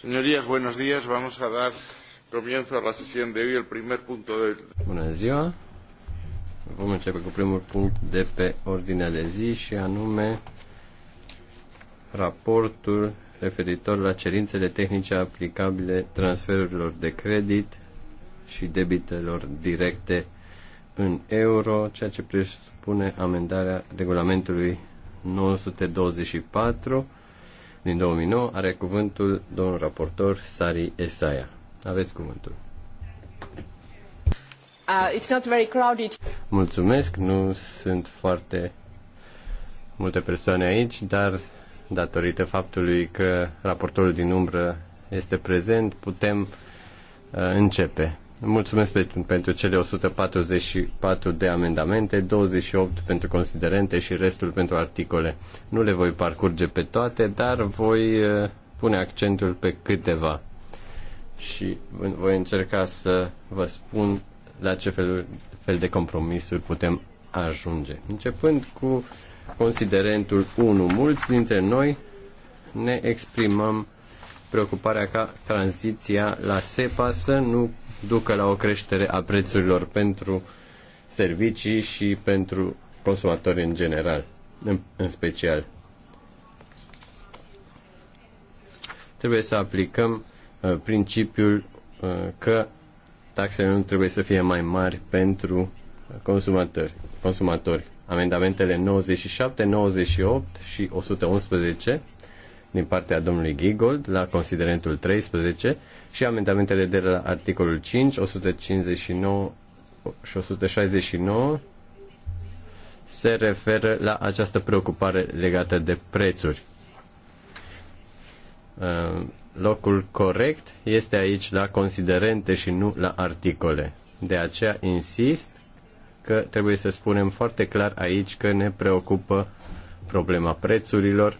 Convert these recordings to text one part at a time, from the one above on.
Señorías, buenos días. Vamos a dar comienzo a la sesión de hoy, el primer punto del... Bună ziua. Vom începe cu primul punct de pe ordinea de zi și anume raportul referitor la cerințele tehnice aplicabile transferurilor de credit și debitelor directe în euro, ceea ce presupune amendarea regulamentului 924 din 2009 are cuvântul domnul raportor Sari Esaia. Aveți cuvântul. Uh, it's not very crowded. Mulțumesc, nu sunt foarte multe persoane aici, dar datorită faptului că raportorul din umbră este prezent, putem uh, începe. Mulțumesc pentru cele 144 de amendamente, 28 pentru considerente și restul pentru articole. Nu le voi parcurge pe toate, dar voi uh, pune accentul pe câteva și voi încerca să vă spun la ce fel, fel de compromisuri putem ajunge. Începând cu considerentul 1, mulți dintre noi ne exprimăm preocuparea ca tranziția la SEPA să nu ducă la o creștere a prețurilor pentru servicii și pentru consumatori în general, în, în special. Trebuie să aplicăm uh, principiul uh, că taxele nu trebuie să fie mai mari pentru uh, consumatori. consumatori. Amendamentele 97, 98 și 111 din partea domnului Gigold la considerentul 13 și amendamentele de la articolul 5, 159 și 169 se referă la această preocupare legată de prețuri. Uh, locul corect este aici la considerente și nu la articole. De aceea insist că trebuie să spunem foarte clar aici că ne preocupă problema prețurilor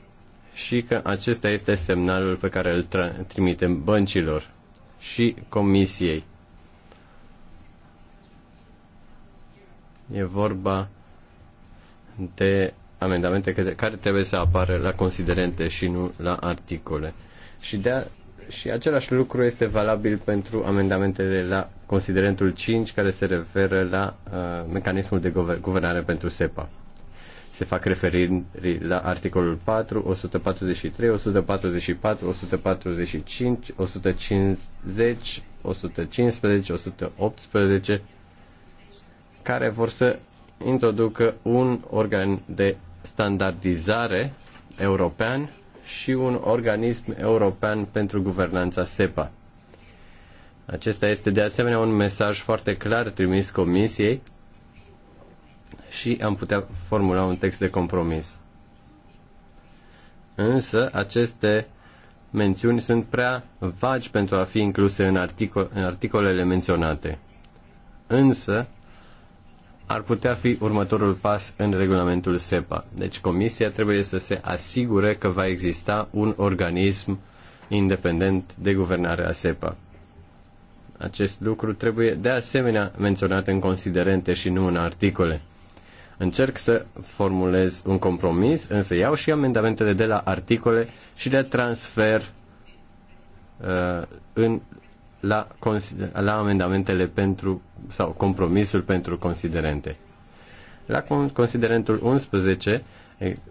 și că acesta este semnalul pe care îl trimitem băncilor și comisiei. E vorba de amendamente care trebuie să apară la considerente și nu la articole. Și, de a, și același lucru este valabil pentru amendamentele la considerentul 5 care se referă la uh, mecanismul de guvernare pentru SEPA se fac referiri la articolul 4, 143, 144, 145, 150, 115, 118, care vor să introducă un organ de standardizare european și un organism european pentru guvernanța SEPA. Acesta este de asemenea un mesaj foarte clar trimis Comisiei și am putea formula un text de compromis. Însă, aceste mențiuni sunt prea vagi pentru a fi incluse în, articol, în articolele menționate. Însă, ar putea fi următorul pas în regulamentul SEPA. Deci, Comisia trebuie să se asigure că va exista un organism independent de guvernare a SEPA. Acest lucru trebuie de asemenea menționat în considerente și nu în articole. Încerc să formulez un compromis, însă iau și amendamentele de la articole și le transfer uh, în, la, la amendamentele pentru sau compromisul pentru considerente. La considerentul 11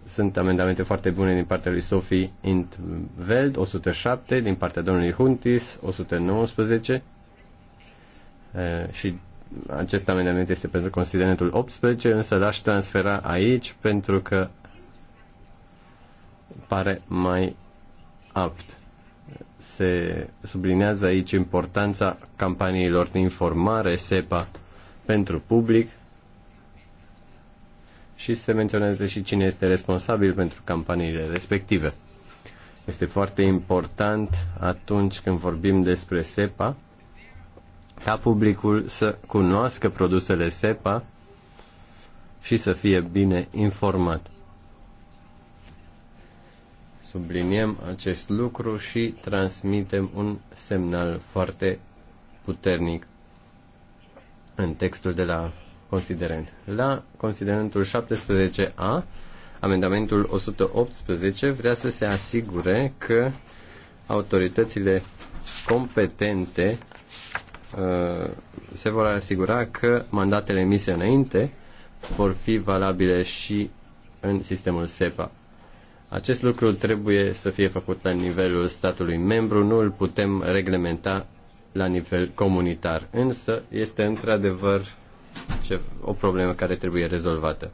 sunt amendamente foarte bune din partea lui Sophie Intveld, 107, din partea domnului Huntis, 119 uh, și acest amendament este pentru considerentul 18, însă l-aș transfera aici pentru că pare mai apt. Se sublinează aici importanța campaniilor de informare SEPA pentru public și se menționează și cine este responsabil pentru campaniile respective. Este foarte important atunci când vorbim despre SEPA ca publicul să cunoască produsele SEPA și să fie bine informat. Subliniem acest lucru și transmitem un semnal foarte puternic în textul de la considerent. La considerentul 17a, amendamentul 118 vrea să se asigure că autoritățile competente Uh, se vor asigura că mandatele emise înainte vor fi valabile și în sistemul SEPA. Acest lucru trebuie să fie făcut la nivelul statului membru, nu îl putem reglementa la nivel comunitar, însă este într-adevăr o problemă care trebuie rezolvată.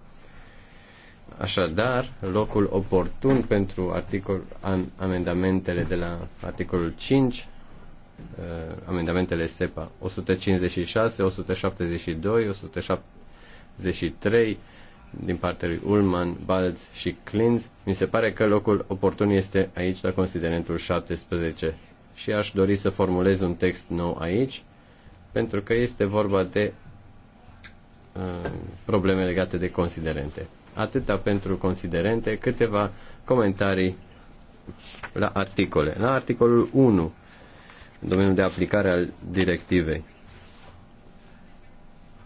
Așadar, locul oportun pentru articol, amendamentele de la articolul 5 uh, amendamentele SEPA 156, 172, 173 din partea lui Ullman, Balz și Klins. Mi se pare că locul oportun este aici la considerentul 17 și aș dori să formulez un text nou aici pentru că este vorba de uh, probleme legate de considerente. Atâta pentru considerente, câteva comentarii la articole. La articolul 1 domeniul de aplicare al directivei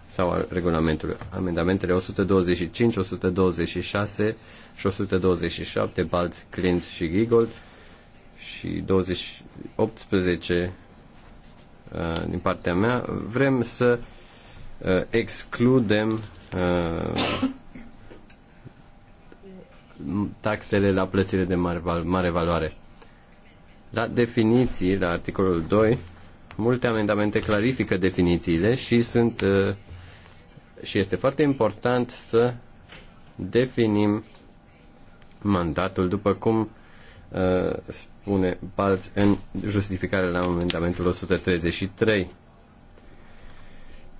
sau al regulamentului. Amendamentele 125, 126 și 127, Balți, Clint și Gigol și 20, uh, din partea mea, vrem să uh, excludem uh, taxele la plățile de mare, mare valoare. La definiții, la articolul 2, multe amendamente clarifică definițiile și sunt uh, și este foarte important să definim mandatul după cum uh, spune Balț în justificare la amendamentul 133.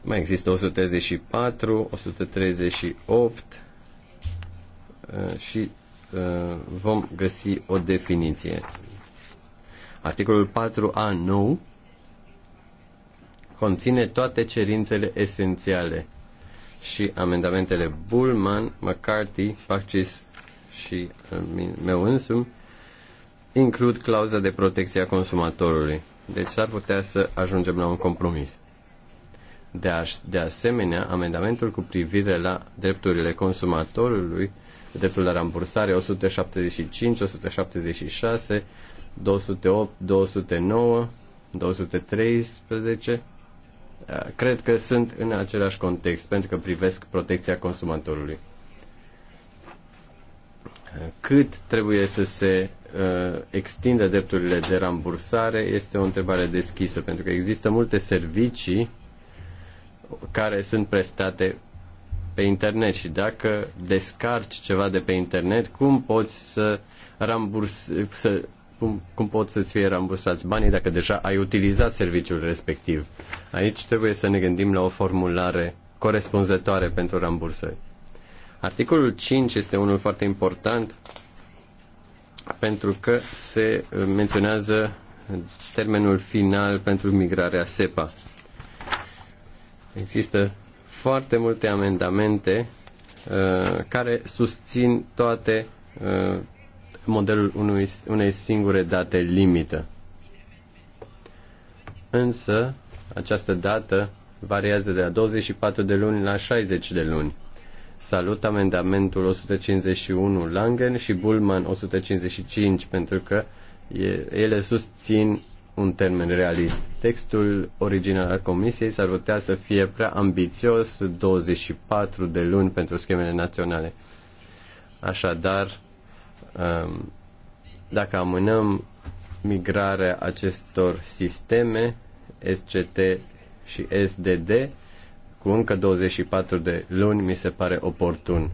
Mai există 134, 138 și uh, vom găsi o definiție. Articolul 4 a nou conține toate cerințele esențiale și amendamentele Bullman, McCarthy, Facis și uh, meu însumi includ clauza de protecție a consumatorului. Deci s-ar putea să ajungem la un compromis. De, a, de asemenea, amendamentul cu privire la drepturile consumatorului, dreptul la rambursare 175, 176, 208, 209, 213, cred că sunt în același context, pentru că privesc protecția consumatorului. Cât trebuie să se extindă drepturile de rambursare este o întrebare deschisă, pentru că există multe servicii care sunt prestate pe internet și dacă descarci ceva de pe internet, cum poți să, rambursi, să cum, cum pot să-ți fie rambursați banii dacă deja ai utilizat serviciul respectiv. Aici trebuie să ne gândim la o formulare corespunzătoare pentru rambursări. Articolul 5 este unul foarte important pentru că se uh, menționează termenul final pentru migrarea SEPA. Există foarte multe amendamente uh, care susțin toate uh, modelul unui, unei singure date limită. Însă, această dată variază de la 24 de luni la 60 de luni. Salut amendamentul 151 Langen și Bulman 155 pentru că ele susțin un termen realist. Textul original al Comisiei s-ar putea să fie prea ambițios, 24 de luni pentru schemele naționale. Așadar, Um, dacă amânăm migrarea acestor sisteme, SCT și SDD, cu încă 24 de luni, mi se pare oportun.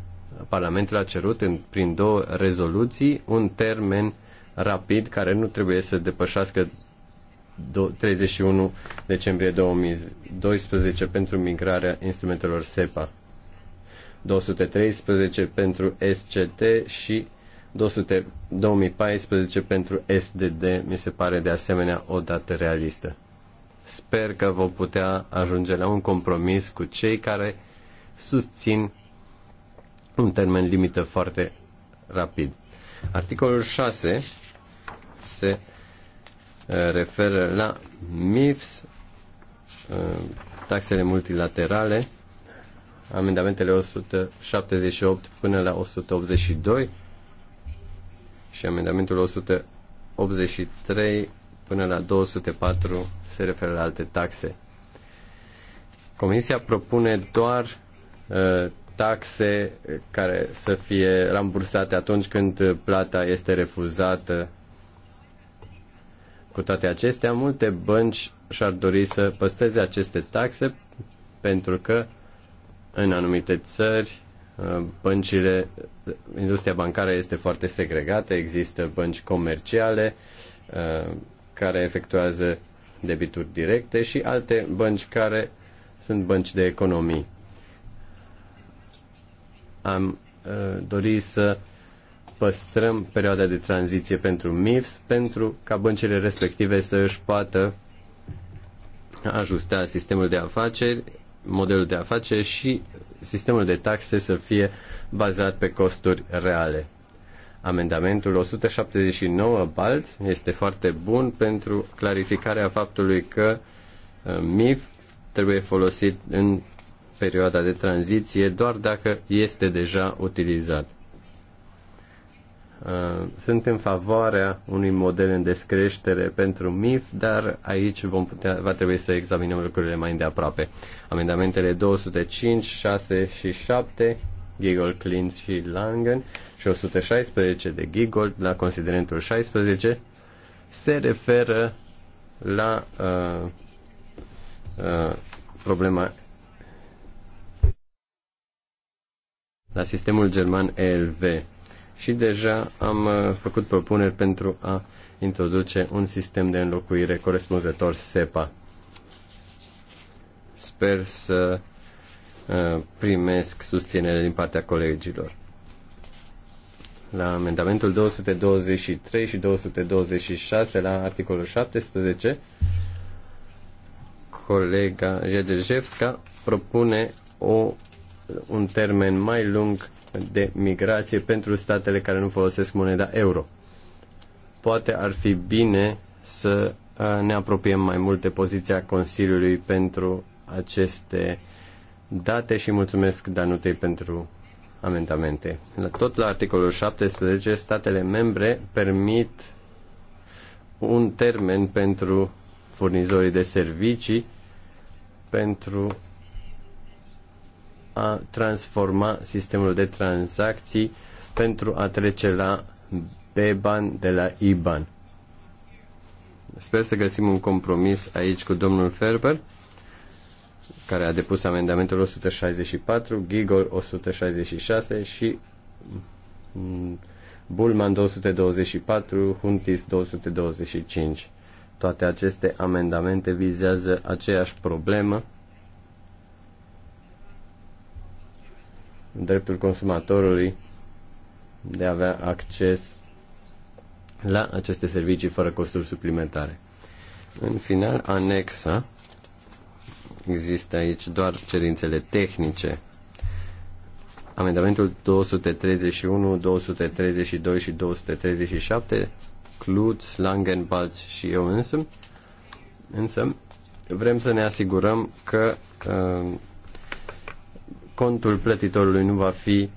Parlamentul a cerut în, prin două rezoluții un termen rapid care nu trebuie să depășească 31 decembrie 2012 pentru migrarea instrumentelor SEPA, 213 pentru SCT și 200, 2014 pentru SDD mi se pare de asemenea o dată realistă. Sper că vom putea ajunge la un compromis cu cei care susțin un termen limită foarte rapid. Articolul 6 se uh, referă la MIFS, uh, taxele multilaterale, amendamentele 178 până la 182 și amendamentul 183 până la 204 se referă la alte taxe. Comisia propune doar uh, taxe care să fie rambursate atunci când plata este refuzată. Cu toate acestea, multe bănci și-ar dori să păstreze aceste taxe pentru că în anumite țări Uh, băncile, industria bancară este foarte segregată, există bănci comerciale uh, care efectuează debituri directe și alte bănci care sunt bănci de economii. Am uh, dorit să păstrăm perioada de tranziție pentru MIFS pentru ca băncile respective să își poată ajusta sistemul de afaceri, modelul de afaceri și sistemul de taxe să fie bazat pe costuri reale. Amendamentul 179 Balț este foarte bun pentru clarificarea faptului că uh, MIF trebuie folosit în perioada de tranziție doar dacă este deja utilizat. Uh, sunt în favoarea unui model în descreștere pentru MIF, dar aici vom putea, va trebui să examinăm lucrurile mai îndeaproape. Amendamentele 205, 6 și 7, Giggle, Clint și Langen și 116 de Giggle la considerentul 16 se referă la uh, uh, problema la sistemul german ELV și deja am uh, făcut propuneri pentru a introduce un sistem de înlocuire corespunzător SEPA. Sper să uh, primesc susținere din partea colegilor. La amendamentul 223 și 226 la articolul 17 colega Jedrzejewska propune o, un termen mai lung de migrație pentru statele care nu folosesc moneda euro. Poate ar fi bine să uh, ne apropiem mai mult de poziția Consiliului pentru aceste date și mulțumesc Danutei pentru amendamente. Tot la articolul 17, statele membre permit un termen pentru furnizorii de servicii pentru a transforma sistemul de tranzacții pentru a trece la BEBAN de la IBAN. Sper să găsim un compromis aici cu domnul Ferber, care a depus amendamentul 164, Gigol 166 și mm, Bulman 224, Huntis 225. Toate aceste amendamente vizează aceeași problemă dreptul consumatorului de a avea acces la aceste servicii fără costuri suplimentare. În final, anexa. Există aici doar cerințele tehnice. Amendamentul 231, 232 și 237, Clutz, Langenbalz și eu însă, însă vrem să ne asigurăm că uh, contul plătitorului nu va fi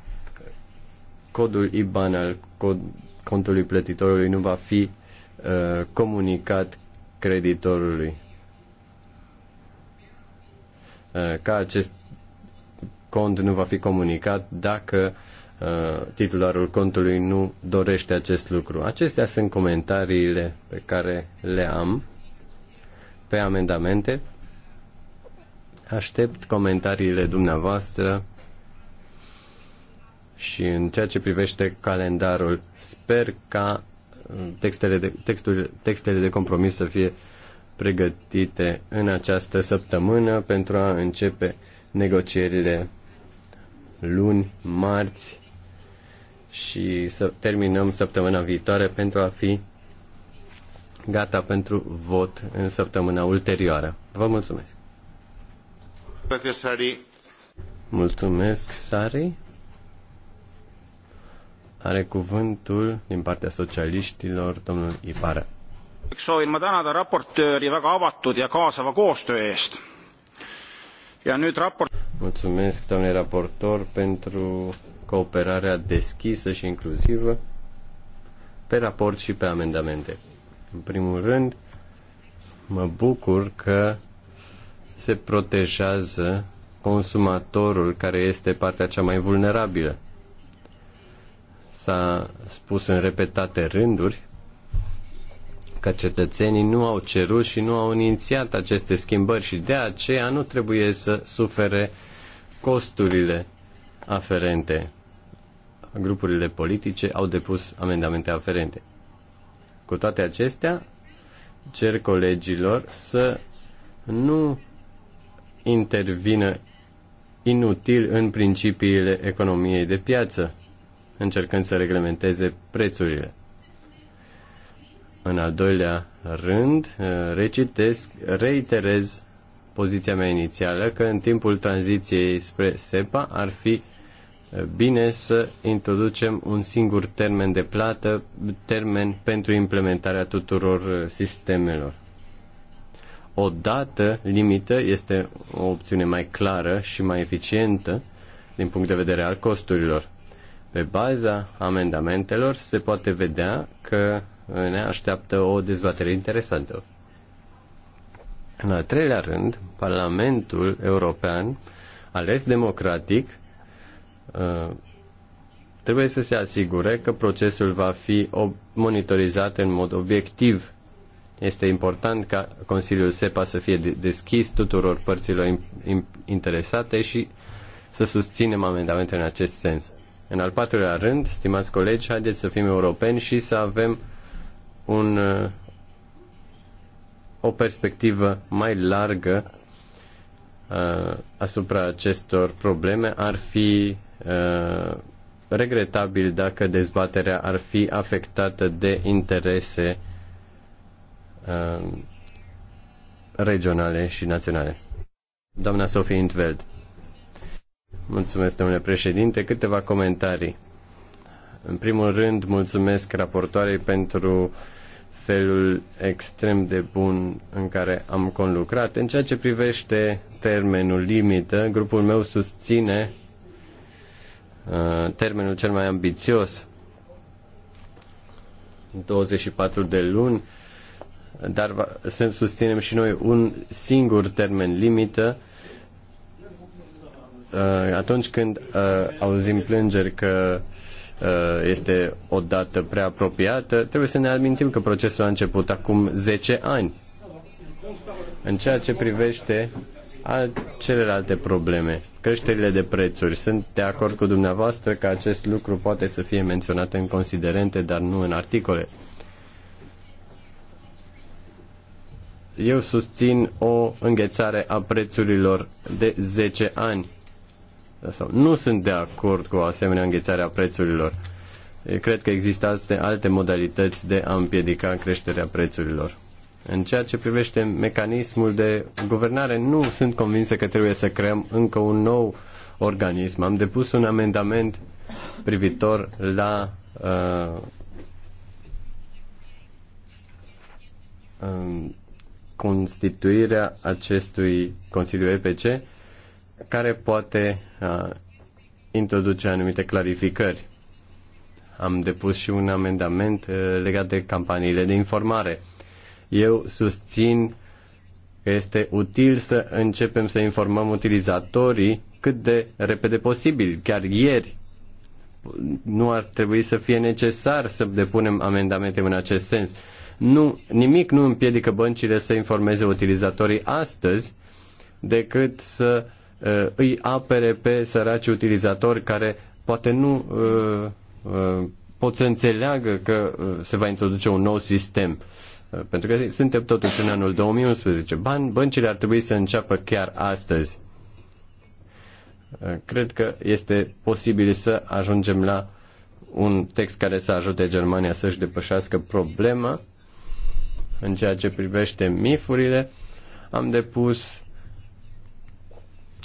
codul IBAN al cod, contului plătitorului nu va fi uh, comunicat creditorului. Uh, ca acest cont nu va fi comunicat dacă uh, titularul contului nu dorește acest lucru. Acestea sunt comentariile pe care le am pe amendamente. Aștept comentariile dumneavoastră și în ceea ce privește calendarul, sper ca uh, textele de, textul, textele de compromis să fie pregătite în această săptămână pentru a începe negocierile luni, marți și să terminăm săptămâna viitoare pentru a fi gata pentru vot în săptămâna ulterioară. Vă mulțumesc! Mulțumesc, Sari. Are cuvântul din partea socialiștilor domnul Ipare. Soovin ma tänada raportööri väga avatud ja kaasava koostöö eest. Ja nüüd raport... Mulțumesc, domnule raportor, pentru cooperarea deschisă și inclusivă pe raport și pe amendamente. În primul rând, mă bucur că se protejează consumatorul care este partea cea mai vulnerabilă. S-a spus în repetate rânduri că cetățenii nu au cerut și nu au inițiat aceste schimbări și de aceea nu trebuie să sufere costurile aferente. Grupurile politice au depus amendamente aferente. Cu toate acestea, cer colegilor să nu intervină inutil în principiile economiei de piață, încercând să reglementeze prețurile. În al doilea rând, uh, recitesc, reiterez poziția mea inițială că în timpul tranziției spre SEPA ar fi uh, bine să introducem un singur termen de plată, termen pentru implementarea tuturor uh, sistemelor o dată limită este o opțiune mai clară și mai eficientă din punct de vedere al costurilor. Pe baza amendamentelor se poate vedea că ne așteaptă o dezbatere interesantă. În al treilea rând, Parlamentul European, ales democratic, ă, trebuie să se asigure că procesul va fi monitorizat în mod obiectiv este important ca Consiliul SEPA să fie deschis tuturor părților interesate și să susținem amendamente în acest sens. În al patrulea rând, stimați colegi, haideți să fim europeni și să avem un, uh, o perspectivă mai largă uh, asupra acestor probleme. Ar fi uh, regretabil dacă dezbaterea ar fi afectată de interese uh, Uh, regionale și naționale. Doamna Sofie Intveld. Mulțumesc, domnule președinte. Câteva comentarii. În primul rând, mulțumesc raportoarei pentru felul extrem de bun în care am conlucrat. În ceea ce privește termenul limită, grupul meu susține uh, termenul cel mai ambițios, 24 de luni, dar să susținem și noi un singur termen limită uh, atunci când uh, auzim plângeri că uh, este o dată prea apropiată, trebuie să ne amintim că procesul a început acum 10 ani. În ceea ce privește celelalte probleme, creșterile de prețuri, sunt de acord cu dumneavoastră că acest lucru poate să fie menționat în considerente, dar nu în articole. Eu susțin o înghețare a prețurilor de 10 ani. Sau nu sunt de acord cu o asemenea înghețare a prețurilor. Eu cred că există alte, alte modalități de a împiedica creșterea prețurilor. În ceea ce privește mecanismul de guvernare, nu sunt convinsă că trebuie să creăm încă un nou organism. Am depus un amendament privitor la uh, um, constituirea acestui Consiliu EPC care poate a, introduce anumite clarificări. Am depus și un amendament a, legat de campaniile de informare. Eu susțin că este util să începem să informăm utilizatorii cât de repede posibil, chiar ieri. Nu ar trebui să fie necesar să depunem amendamente în acest sens nu, nimic nu împiedică băncile să informeze utilizatorii astăzi decât să uh, îi apere pe săraci utilizatori care poate nu uh, uh, pot să înțeleagă că uh, se va introduce un nou sistem. Uh, pentru că suntem totuși în anul 2011. Ban, băncile ar trebui să înceapă chiar astăzi. Uh, cred că este posibil să ajungem la un text care să ajute Germania să-și depășească problema în ceea ce privește mifurile, am depus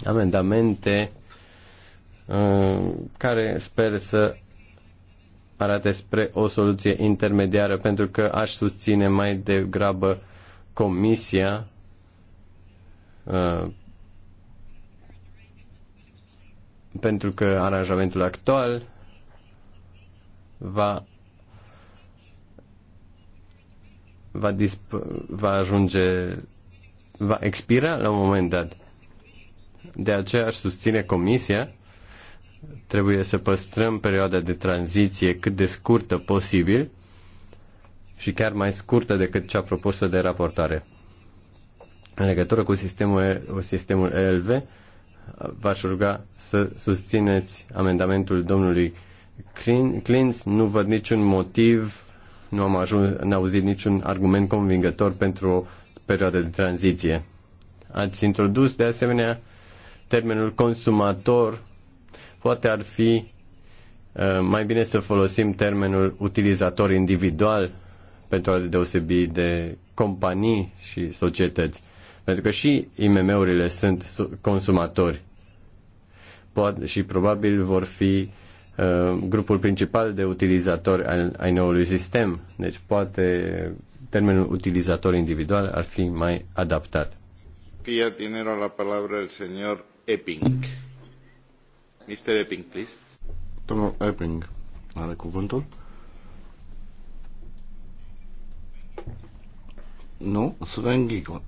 amendamente uh, care sper să arate spre o soluție intermediară, pentru că aș susține mai degrabă comisia uh, pentru că aranjamentul actual va va, disp- va ajunge, va expira la un moment dat. De aceea aș susține Comisia, trebuie să păstrăm perioada de tranziție cât de scurtă posibil și chiar mai scurtă decât cea propusă de raportare. În legătură cu sistemul, sistemul ELV, v-aș ruga să susțineți amendamentul domnului Clins. Nu văd niciun motiv nu am ajuns, auzit niciun argument convingător pentru o perioadă de tranziție. Ați introdus de asemenea termenul consumator, poate ar fi uh, mai bine să folosim termenul utilizator individual pentru a deosebi de companii și societăți. Pentru că și IMM-urile sunt consumatori. Poate, și probabil vor fi Uh, grupul principal de utilizatori al, ai noului sistem. Deci poate termenul utilizator individual ar fi mai adaptat. Pia, Tiene la palabra el señor Epping. Mr. Epping, please. Domnul Epping are cuvântul. Nu? Sven Gigot.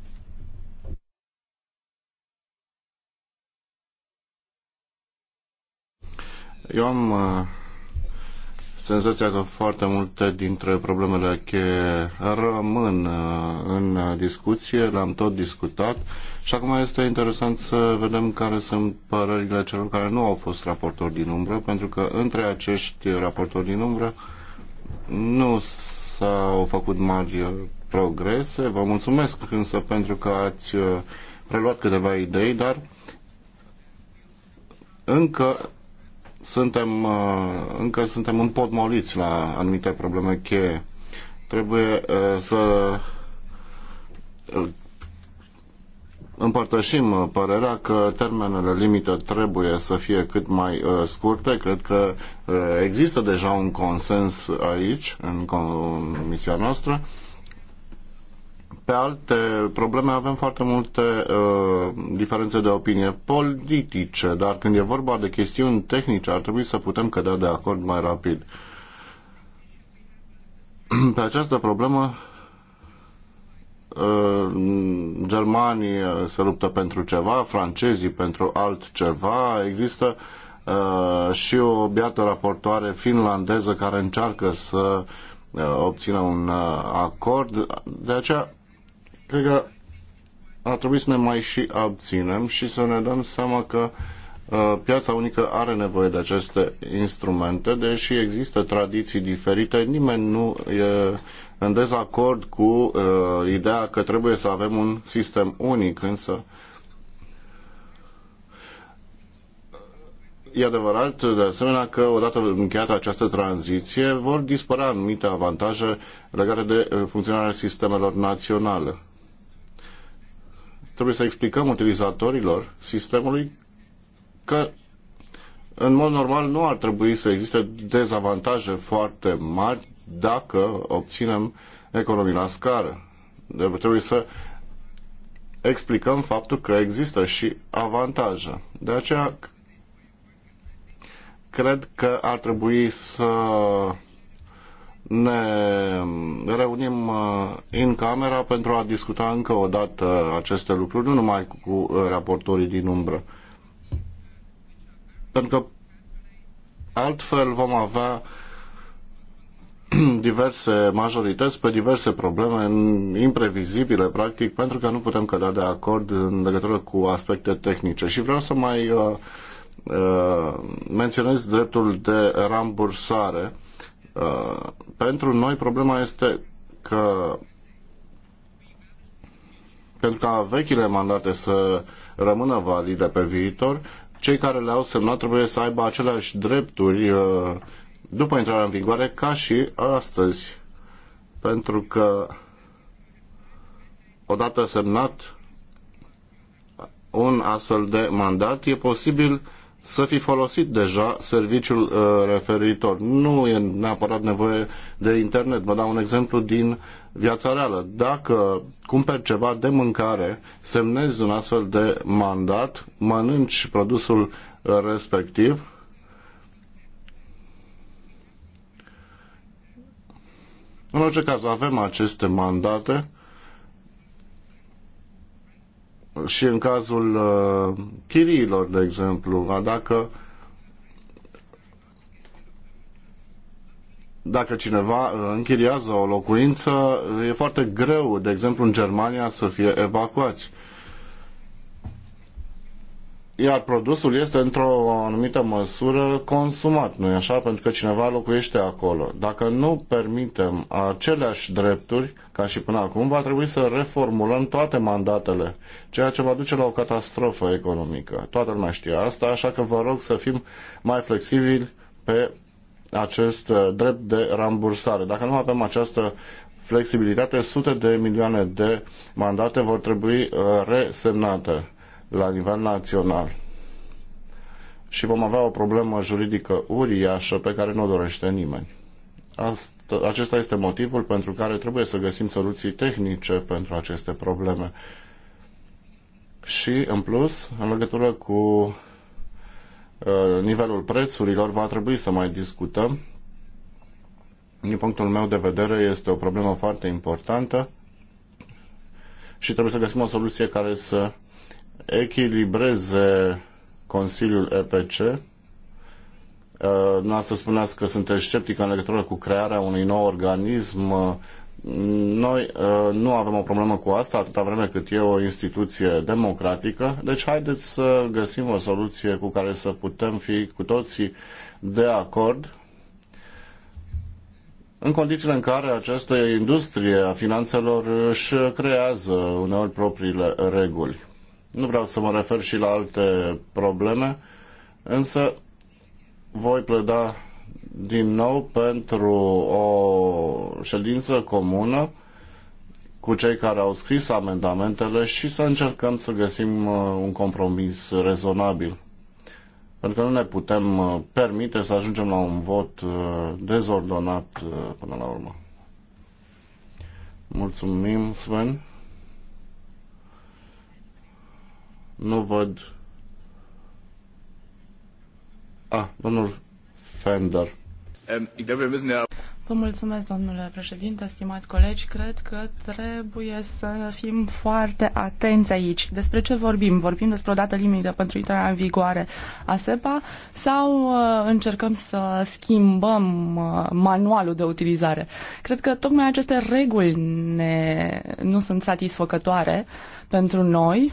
Eu am uh, senzația că foarte multe dintre problemele cheie rămân uh, în discuție, le-am tot discutat și acum este interesant să vedem care sunt părerile celor care nu au fost raportori din umbră, pentru că între acești raportori din umbră nu s-au făcut mari uh, progrese. Vă mulțumesc însă pentru că ați preluat câteva idei, dar încă suntem, uh, încă suntem împotmoliți la anumite probleme cheie. Trebuie uh, să uh, împărtășim părerea că termenele limită trebuie să fie cât mai scurte. Cred că există deja un consens aici, în comisia noastră pe alte probleme avem foarte multe uh, diferențe de opinie politice, dar când e vorba de chestiuni tehnice ar trebui să putem cădea de acord mai rapid. Pe această problemă uh, germanii se luptă pentru ceva, francezii pentru altceva, există uh, și o biată raportoare finlandeză care încearcă să uh, obțină un uh, acord. De aceea Cred că ar trebui să ne mai și abținem și să ne dăm seama că uh, piața unică are nevoie de aceste instrumente, deși există tradiții diferite, nimeni nu e în dezacord cu uh, ideea că trebuie să avem un sistem unic, însă e adevărat, de asemenea, că odată încheiată această tranziție vor dispărea anumite avantaje legate de uh, funcționarea sistemelor naționale. Trebuie să explicăm utilizatorilor sistemului că în mod normal nu ar trebui să existe dezavantaje foarte mari dacă obținem economii la scară. Deci trebuie să explicăm faptul că există și avantaje. De aceea cred că ar trebui să ne mm, reunim uh, în camera pentru a discuta încă o dată aceste lucruri, nu numai cu uh, raportorii din umbră. Pentru că altfel vom avea diverse majorități pe diverse probleme imprevizibile, practic, pentru că nu putem cădea de acord în legătură cu aspecte tehnice. Și vreau să mai uh, uh, menționez dreptul de rambursare Uh, pentru noi problema este că pentru ca vechile mandate să rămână valide pe viitor, cei care le-au semnat trebuie să aibă aceleași drepturi uh, după intrarea în vigoare ca și astăzi. Pentru că odată semnat un astfel de mandat, e posibil să fi folosit deja serviciul uh, referitor. Nu e neapărat nevoie de internet. Vă dau un exemplu din viața reală. Dacă cumperi ceva de mâncare, semnezi un astfel de mandat, mănânci produsul uh, respectiv, În orice caz, avem aceste mandate și în cazul uh, chiriilor, de exemplu, dacă dacă cineva uh, închiriază o locuință, e foarte greu, de exemplu, în Germania să fie evacuați iar produsul este într-o anumită măsură consumat, nu-i așa? Pentru că cineva locuiește acolo. Dacă nu permitem aceleași drepturi ca și până acum, va trebui să reformulăm toate mandatele, ceea ce va duce la o catastrofă economică. Toată lumea știe asta, așa că vă rog să fim mai flexibili pe acest uh, drept de rambursare. Dacă nu avem această flexibilitate, sute de milioane de mandate vor trebui uh, resemnate la nivel național. Și vom avea o problemă juridică uriașă pe care nu o dorește nimeni. Asta, acesta este motivul pentru care trebuie să găsim soluții tehnice pentru aceste probleme. Și, în plus, în legătură cu uh, nivelul prețurilor va trebui să mai discutăm. Din punctul meu de vedere este o problemă foarte importantă și trebuie să găsim o soluție care să echilibreze Consiliul EPC. Nu să spuneați că sunteți sceptică în legătură cu crearea unui nou organism. Uh, noi uh, nu avem o problemă cu asta atâta vreme cât e o instituție democratică, deci haideți să găsim o soluție cu care să putem fi cu toții de acord în condițiile în care această industrie a finanțelor își creează uneori propriile reguli. Nu vreau să mă refer și la alte probleme, însă voi pleda din nou pentru o ședință comună cu cei care au scris amendamentele și să încercăm să găsim uh, un compromis rezonabil. Pentru că nu ne putem uh, permite să ajungem la un vot uh, dezordonat până la urmă. Mulțumim, Sven. Nu văd. Ah, domnul Fender. Vă mulțumesc, domnule președinte, stimați colegi. Cred că trebuie să fim foarte atenți aici. Despre ce vorbim? Vorbim despre o dată limită pentru intrarea în vigoare a SEPA sau uh, încercăm să schimbăm uh, manualul de utilizare? Cred că tocmai aceste reguli ne, nu sunt satisfăcătoare pentru noi,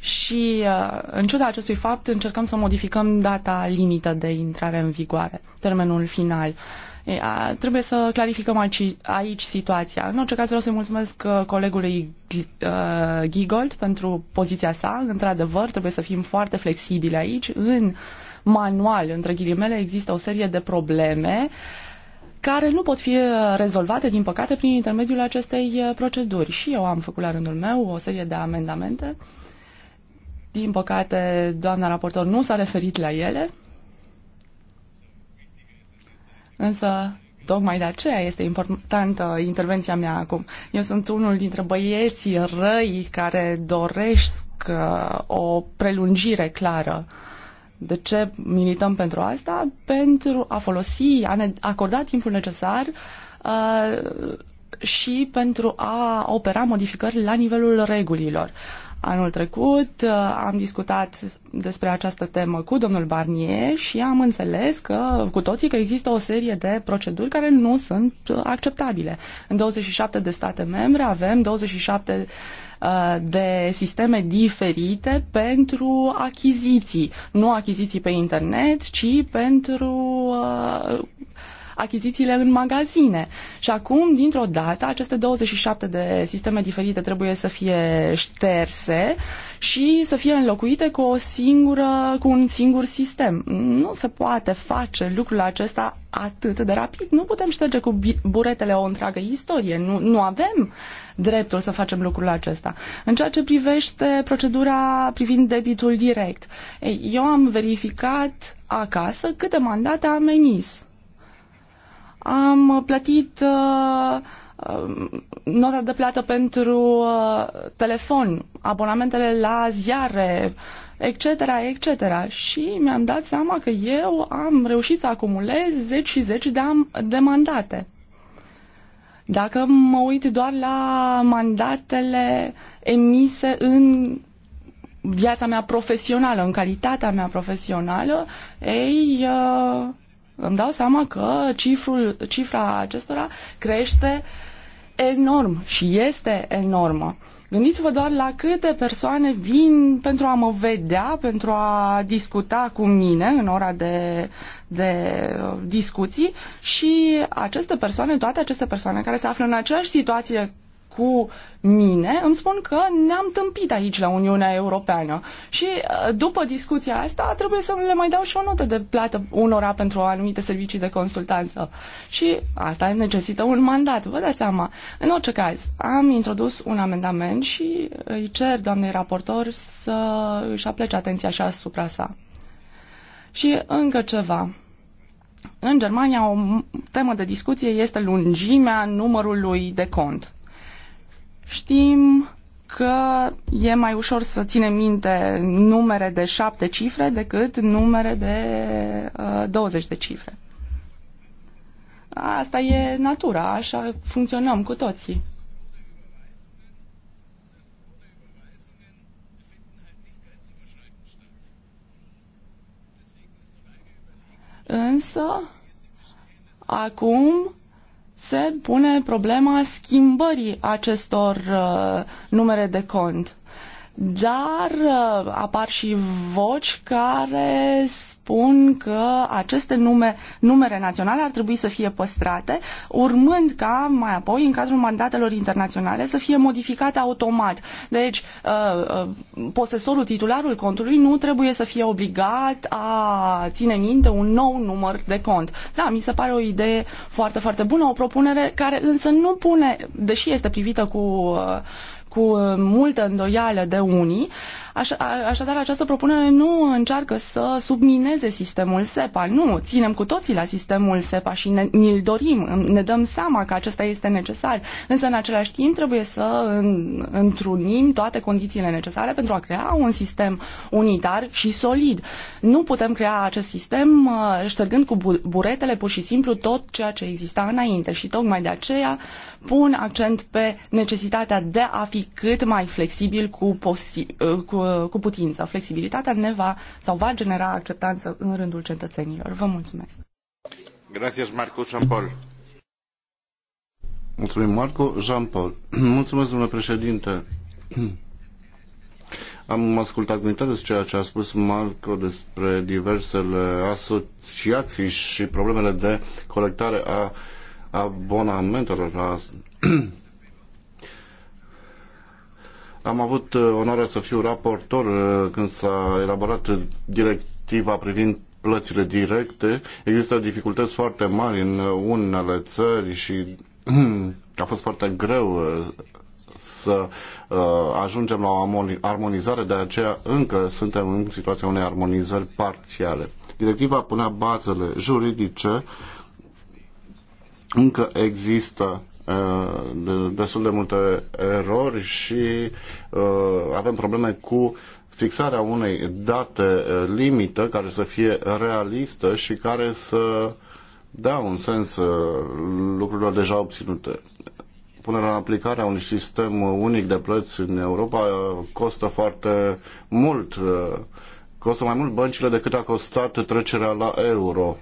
și, uh, în ciuda acestui fapt, încercăm să modificăm data limită de intrare în vigoare, termenul final. trebuie să clarificăm aici, aici situația. În orice caz vreau să-i mulțumesc uh, colegului uh, Gigold pentru poziția sa. Într-adevăr, trebuie să fim foarte flexibili aici. În manual, între ghilimele, există o serie de probleme care nu pot fi rezolvate, din păcate, prin intermediul acestei proceduri. Și eu am făcut la rândul meu o serie de amendamente uh, din păcate, doamna raportor nu s-a referit la ele, însă tocmai de aceea este importantă intervenția mea acum. Eu sunt unul dintre băieții răi care doresc uh, o prelungire clară. De ce milităm pentru asta? Pentru a folosi, a ne acorda timpul necesar uh, și pentru a opera modificări la nivelul regulilor. Anul trecut uh, am discutat despre această temă cu domnul Barnier și am înțeles că cu toții că există o serie de proceduri care nu sunt uh, acceptabile. În 27 de state membre avem 27 uh, de sisteme diferite pentru achiziții. Nu achiziții pe internet, ci pentru achizițiile în magazine. Și acum, dintr-o dată, aceste 27 de sisteme diferite trebuie să fie șterse și să fie înlocuite cu, o singură, cu un singur sistem. Nu se poate face lucrul acesta atât de rapid. Nu putem șterge cu buretele o întreagă istorie. Nu, nu avem dreptul să facem lucrul acesta. În ceea ce privește procedura privind debitul direct, ei, eu am verificat acasă câte mandate am emis am plătit uh, uh, nota de plată pentru uh, telefon, abonamentele la ziare, etc., etc. Și mi-am dat seama că eu am reușit să acumulez zeci și zeci de, de mandate. Dacă mă uit doar la mandatele emise în viața mea profesională, în calitatea mea profesională, ei, uh, îmi dau seama că cifrul, cifra acestora crește enorm și este enormă. Gândiți-vă doar la câte persoane vin pentru a mă vedea, pentru a discuta cu mine în ora de, de uh, discuții și aceste persoane, toate aceste persoane care se află în aceeași situație cu mine îmi spun că ne-am tâmpit aici la Uniunea Europeană și uh, după discuția asta trebuie să le mai dau și o notă de plată unora pentru anumite servicii de consultanță și asta necesită un mandat, vă dați seama. În orice caz, am introdus un amendament și îi cer doamnei raportor să își aplece atenția și asupra sa. Și încă ceva. În Germania o temă de discuție este lungimea numărului de cont. Știm că e mai ușor să ținem minte numere de șapte cifre decât numere de uh, 20 de cifre. Asta e natura, așa funcționăm cu toții. Însă, acum se pune problema schimbării acestor uh, numere de cont dar uh, apar și voci care spun că aceste nume, numere naționale ar trebui să fie păstrate, urmând ca mai apoi, în cadrul mandatelor internaționale, să fie modificate automat. Deci, uh, uh, posesorul, titularul contului nu trebuie să fie obligat a ține minte un nou număr de cont. Da, mi se pare o idee foarte, foarte bună, o propunere care însă nu pune, deși este privită cu cu uh, multă îndoială de unii. Aș, așadar, această propunere nu încearcă să submineze sistemul SEPA, nu, ținem cu toții la sistemul SEPA și ne, l l dorim, ne dăm seama că acesta este necesar, însă în același timp trebuie să în, întrunim toate condițiile necesare pentru a crea un sistem unitar și solid. Nu putem crea acest sistem uh, ștergând cu buretele pur și simplu tot ceea ce exista înainte și tocmai de aceea uh, pun accent pe necesitatea de a fi cât mai flexibil cu, posi- ă, cu, cu putință. Flexibilitatea ne va sau va genera acceptanță în rândul cetățenilor. Vă mulțumesc. Gracias, Marco Jean-Paul. Mulțumim, Marco. Jean-Paul. Mulțumesc, domnule președinte. Am ascultat cu interes ceea ce a spus Marco despre diversele asociații și problemele de colectare a abonamentelor la Am avut uh, onoarea să fiu raportor uh, când s-a elaborat directiva privind plățile directe. Există dificultăți foarte mari în uh, unele țări și a fost foarte greu să ajungem la o armonizare, de aceea încă suntem în situația unei armonizări parțiale. Directiva punea bazele juridice încă există uh, destul de multe erori și uh, avem probleme cu fixarea unei date uh, limită care să fie realistă și care să dea un sens lucrurilor deja obținute. Punerea în aplicare a unui sistem unic de plăți în Europa costă foarte mult, costă mai mult băncile decât a costat trecerea la euro.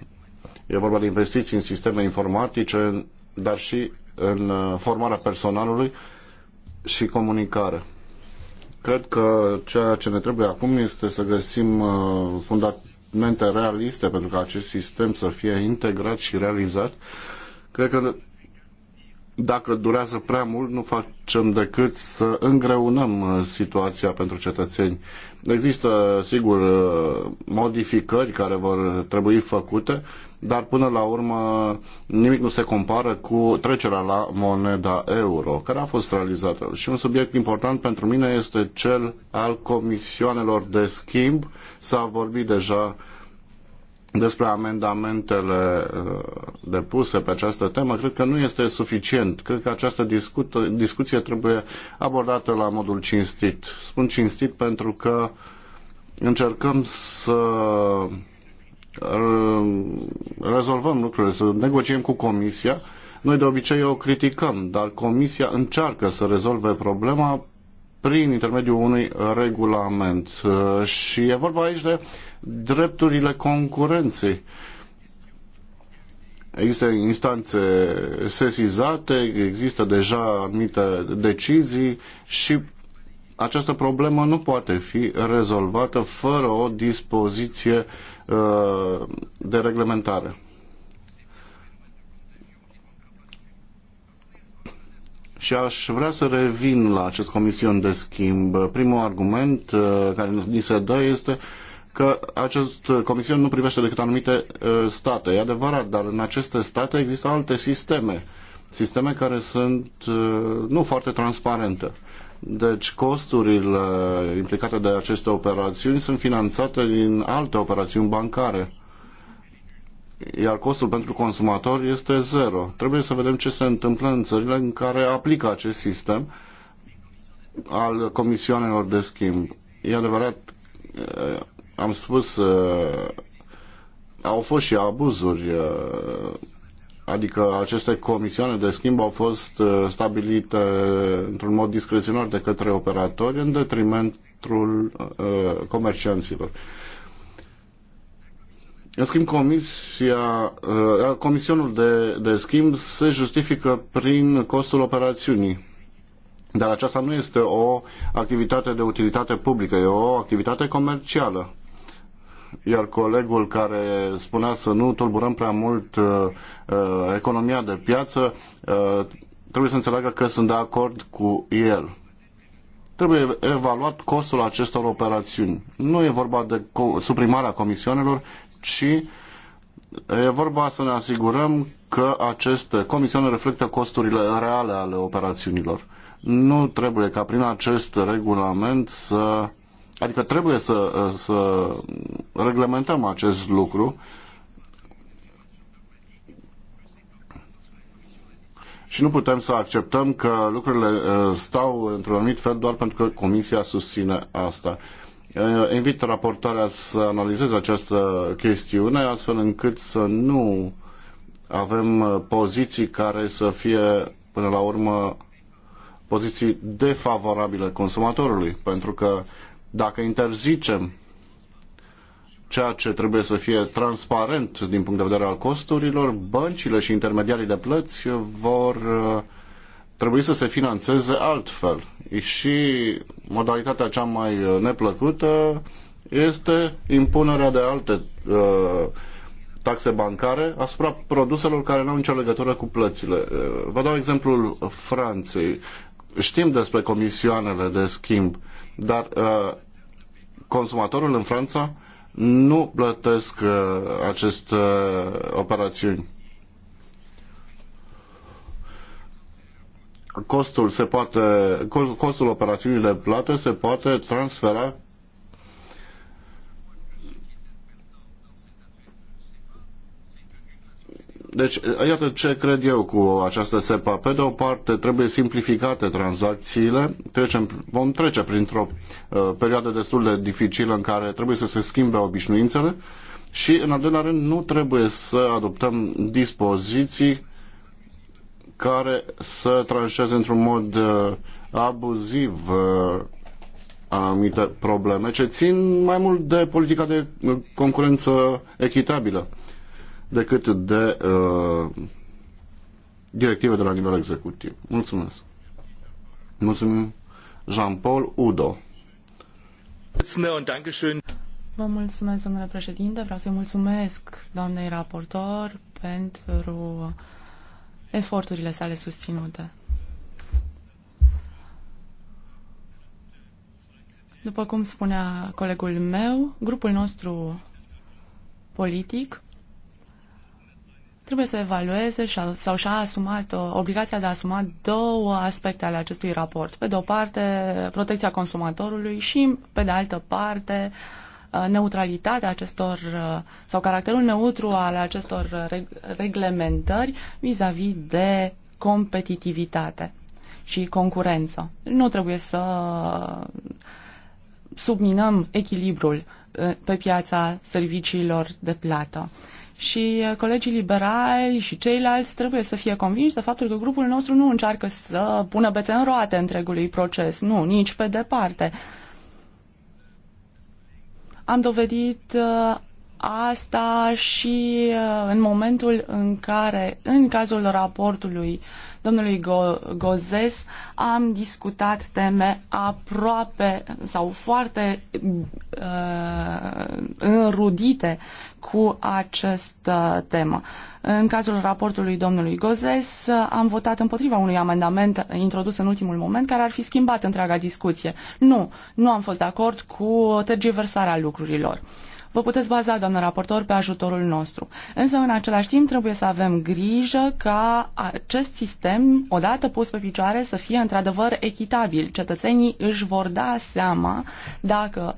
E vorba de investiții în sisteme informatice, dar și în uh, formarea personalului și comunicare. Cred că ceea ce ne trebuie acum este să găsim uh, fundamente realiste pentru ca acest sistem să fie integrat și realizat. Cred că dacă durează prea mult, nu facem decât să îngreunăm uh, situația pentru cetățeni. Există, sigur, uh, modificări care vor trebui făcute, dar până la urmă nimic nu se compară cu trecerea la moneda euro, care a fost realizată. Și un subiect important pentru mine este cel al comisioanelor de schimb. S-a vorbit deja despre amendamentele uh, depuse pe această temă, cred că nu este suficient. Cred că această discută, discuție trebuie abordată la modul cinstit. Spun cinstit pentru că încercăm să uh, rezolvăm lucrurile, să negociem cu Comisia. Noi de obicei o criticăm, dar Comisia încearcă să rezolve problema prin intermediul unui regulament. Uh, și e vorba aici de drepturile concurenței. Există instanțe sesizate, există deja anumite decizii și această problemă nu poate fi rezolvată fără o dispoziție uh, de reglementare. Și aș vrea să revin la acest comision de schimb. Primul argument uh, care ni se dă este uh, că acest uh, comision nu privește decât anumite uh, state. E adevărat, dar în aceste state există alte sisteme, sisteme care sunt uh, nu foarte transparente. Deci costurile implicate de aceste operațiuni sunt finanțate din alte operațiuni bancare iar costul pentru consumator este zero. Trebuie să vedem ce se întâmplă în țările în care aplică acest sistem al comisioanelor de schimb. E adevărat, am spus, uh, au fost și abuzuri, uh, adică aceste comisioane de schimb au fost uh, stabilite într-un mod discreționar de către operatori în detrimentul comercianților. În schimb, comisia, comisionul de, de schimb se justifică prin costul operațiunii. Dar aceasta nu este o activitate de utilitate publică, e o activitate comercială iar colegul care spunea să nu tulburăm prea mult uh, uh, economia de piață, uh, trebuie să înțeleagă că sunt de acord cu el. Trebuie evaluat costul acestor operațiuni. Nu e vorba de suprimarea comisionelor ci e vorba să ne asigurăm că aceste comisioane reflectă costurile reale ale operațiunilor. Nu trebuie ca prin acest regulament să Adică trebuie să, să reglementăm acest lucru și nu putem să acceptăm că lucrurile uh, stau într-un anumit fel doar pentru că Comisia susține asta. Uh, invit raportarea să analizeze această chestiune astfel încât să nu avem uh, poziții care să fie până la urmă poziții defavorabile consumatorului, pentru că dacă interzicem ceea ce trebuie să fie transparent din punct de vedere al costurilor, băncile și intermediarii de plăți vor uh, trebui să se financeze altfel. Și modalitatea cea mai neplăcută este impunerea de alte uh, taxe bancare asupra produselor care nu au nicio legătură cu plățile. Uh, vă dau exemplul Franței. Știm despre comisioanele de schimb uh, dar uh, consumatorul în Franța nu plătesc uh, aceste uh, operațiuni. Costul, se poate, costul operațiunii de plată se poate transfera Deci, iată ce cred eu cu această SEPA. Pe de o parte, trebuie simplificate tranzacțiile. Trecem, vom trece printr-o uh, perioadă destul de dificilă în care trebuie să se schimbe obișnuințele și, în al doilea rând, nu trebuie să adoptăm dispoziții care să tranșeze într-un mod uh, abuziv uh, anumite probleme ce țin mai mult de politica de uh, concurență echitabilă. Uh, decât de uh, directive de la nivel executiv. Mulțumesc. Mulțumim. Jean-Paul Udo. Vă mulțumesc, domnule președinte. Vreau să-i mulțumesc doamnei raportor pentru eforturile sale susținute. După cum spunea colegul meu, grupul nostru politic trebuie să evalueze sau și-a asumat uh, obligația de a asuma două aspecte ale acestui raport. Pe de o parte, protecția consumatorului și, pe de altă parte, uh, neutralitatea acestor uh, sau caracterul neutru al acestor reglementări vis-a-vis -vis de competitivitate și concurență. Nu trebuie să subminăm echilibrul pe piața serviciilor de plată și uh, colegii liberali și ceilalți trebuie să fie convinși de faptul că grupul nostru nu încearcă să pună bețe în roate întregului proces. Nu, nici pe departe. Am dovedit uh, asta și uh, în momentul în care, în cazul raportului uh, domnului Go- Gozes am discutat teme aproape sau foarte uh, înrudite cu această temă. În cazul raportului domnului Gozes, am votat împotriva unui amendament introdus în ultimul moment care ar fi schimbat întreaga discuție. Nu, nu am fost de acord cu tergiversarea lucrurilor. Vă puteți baza, doamnă raportor, pe ajutorul nostru. Însă, în același timp, trebuie să avem grijă ca acest sistem, odată pus pe picioare, să fie într-adevăr echitabil. Cetățenii își vor da seama dacă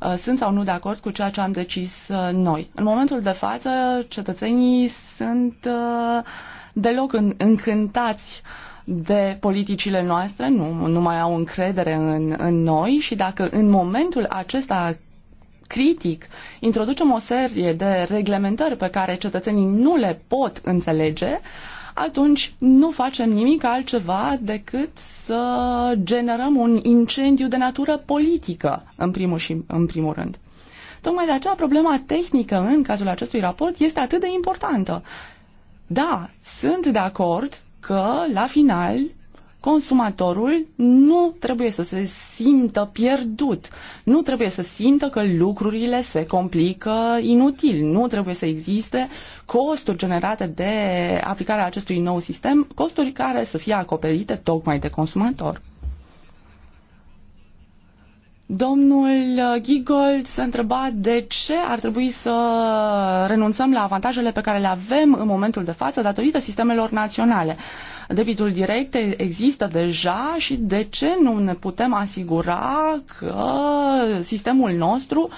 uh, sunt sau nu de acord cu ceea ce am decis uh, noi. În momentul de față, cetățenii sunt uh, deloc încântați de politicile noastre, nu, nu mai au încredere în, în noi și dacă în momentul acesta critic, introducem o serie de reglementări pe care cetățenii nu le pot înțelege, atunci nu facem nimic altceva decât să generăm un incendiu de natură politică, în primul, și, în primul rând. Tocmai de aceea problema tehnică în cazul acestui raport este atât de importantă. Da, sunt de acord că la final Consumatorul nu trebuie să se simtă pierdut, nu trebuie să simtă că lucrurile se complică inutil, nu trebuie să existe costuri generate de aplicarea acestui nou sistem, costuri care să fie acoperite tocmai de consumator. Domnul s se întreba de ce ar trebui să renunțăm la avantajele pe care le avem în momentul de față datorită sistemelor naționale. Uh, debitul direct există deja și de ce nu ne putem asigura că sistemul nostru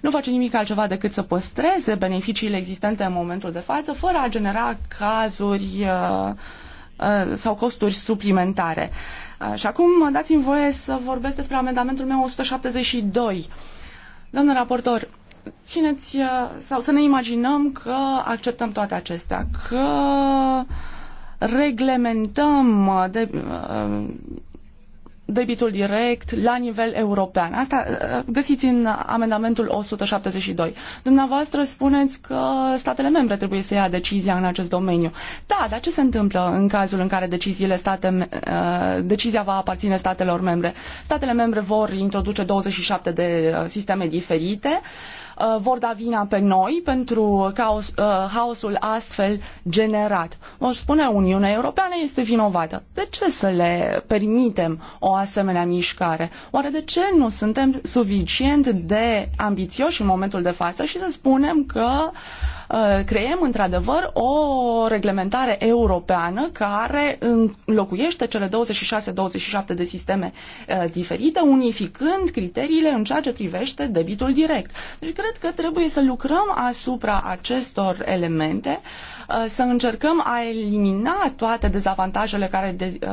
nu face nimic altceva decât să păstreze beneficiile existente în momentul de față, fără a genera cazuri uh, uh, sau costuri suplimentare. Uh, și acum dați-mi voie să vorbesc despre amendamentul meu 172. Domnul raportor, țineți sau să ne imaginăm că acceptăm toate acestea, că uh, reglementăm uh, de, uh, debitul direct la nivel european. Asta uh, găsiți în amendamentul 172. Dumneavoastră spuneți că statele membre trebuie să ia decizia în acest domeniu. Da, dar ce se întâmplă în cazul în care deciziile state, decizia va aparține statelor membre? Statele membre vor introduce 27 de sisteme diferite. Uh, vor da vina pe noi pentru caos, uh, haosul astfel generat. Vor spune Uniunea Europeană este vinovată. De ce să le permitem o asemenea mișcare? Oare de ce nu suntem suficient de ambițioși în momentul de față și să spunem că uh, Uh, creăm într-adevăr o reglementare europeană care înlocuiește cele 26-27 de sisteme uh, diferite, unificând criteriile în ceea ce privește debitul direct. Deci cred că trebuie să lucrăm asupra acestor elemente uh, Uh, să încercăm a elimina toate dezavantajele care de, uh,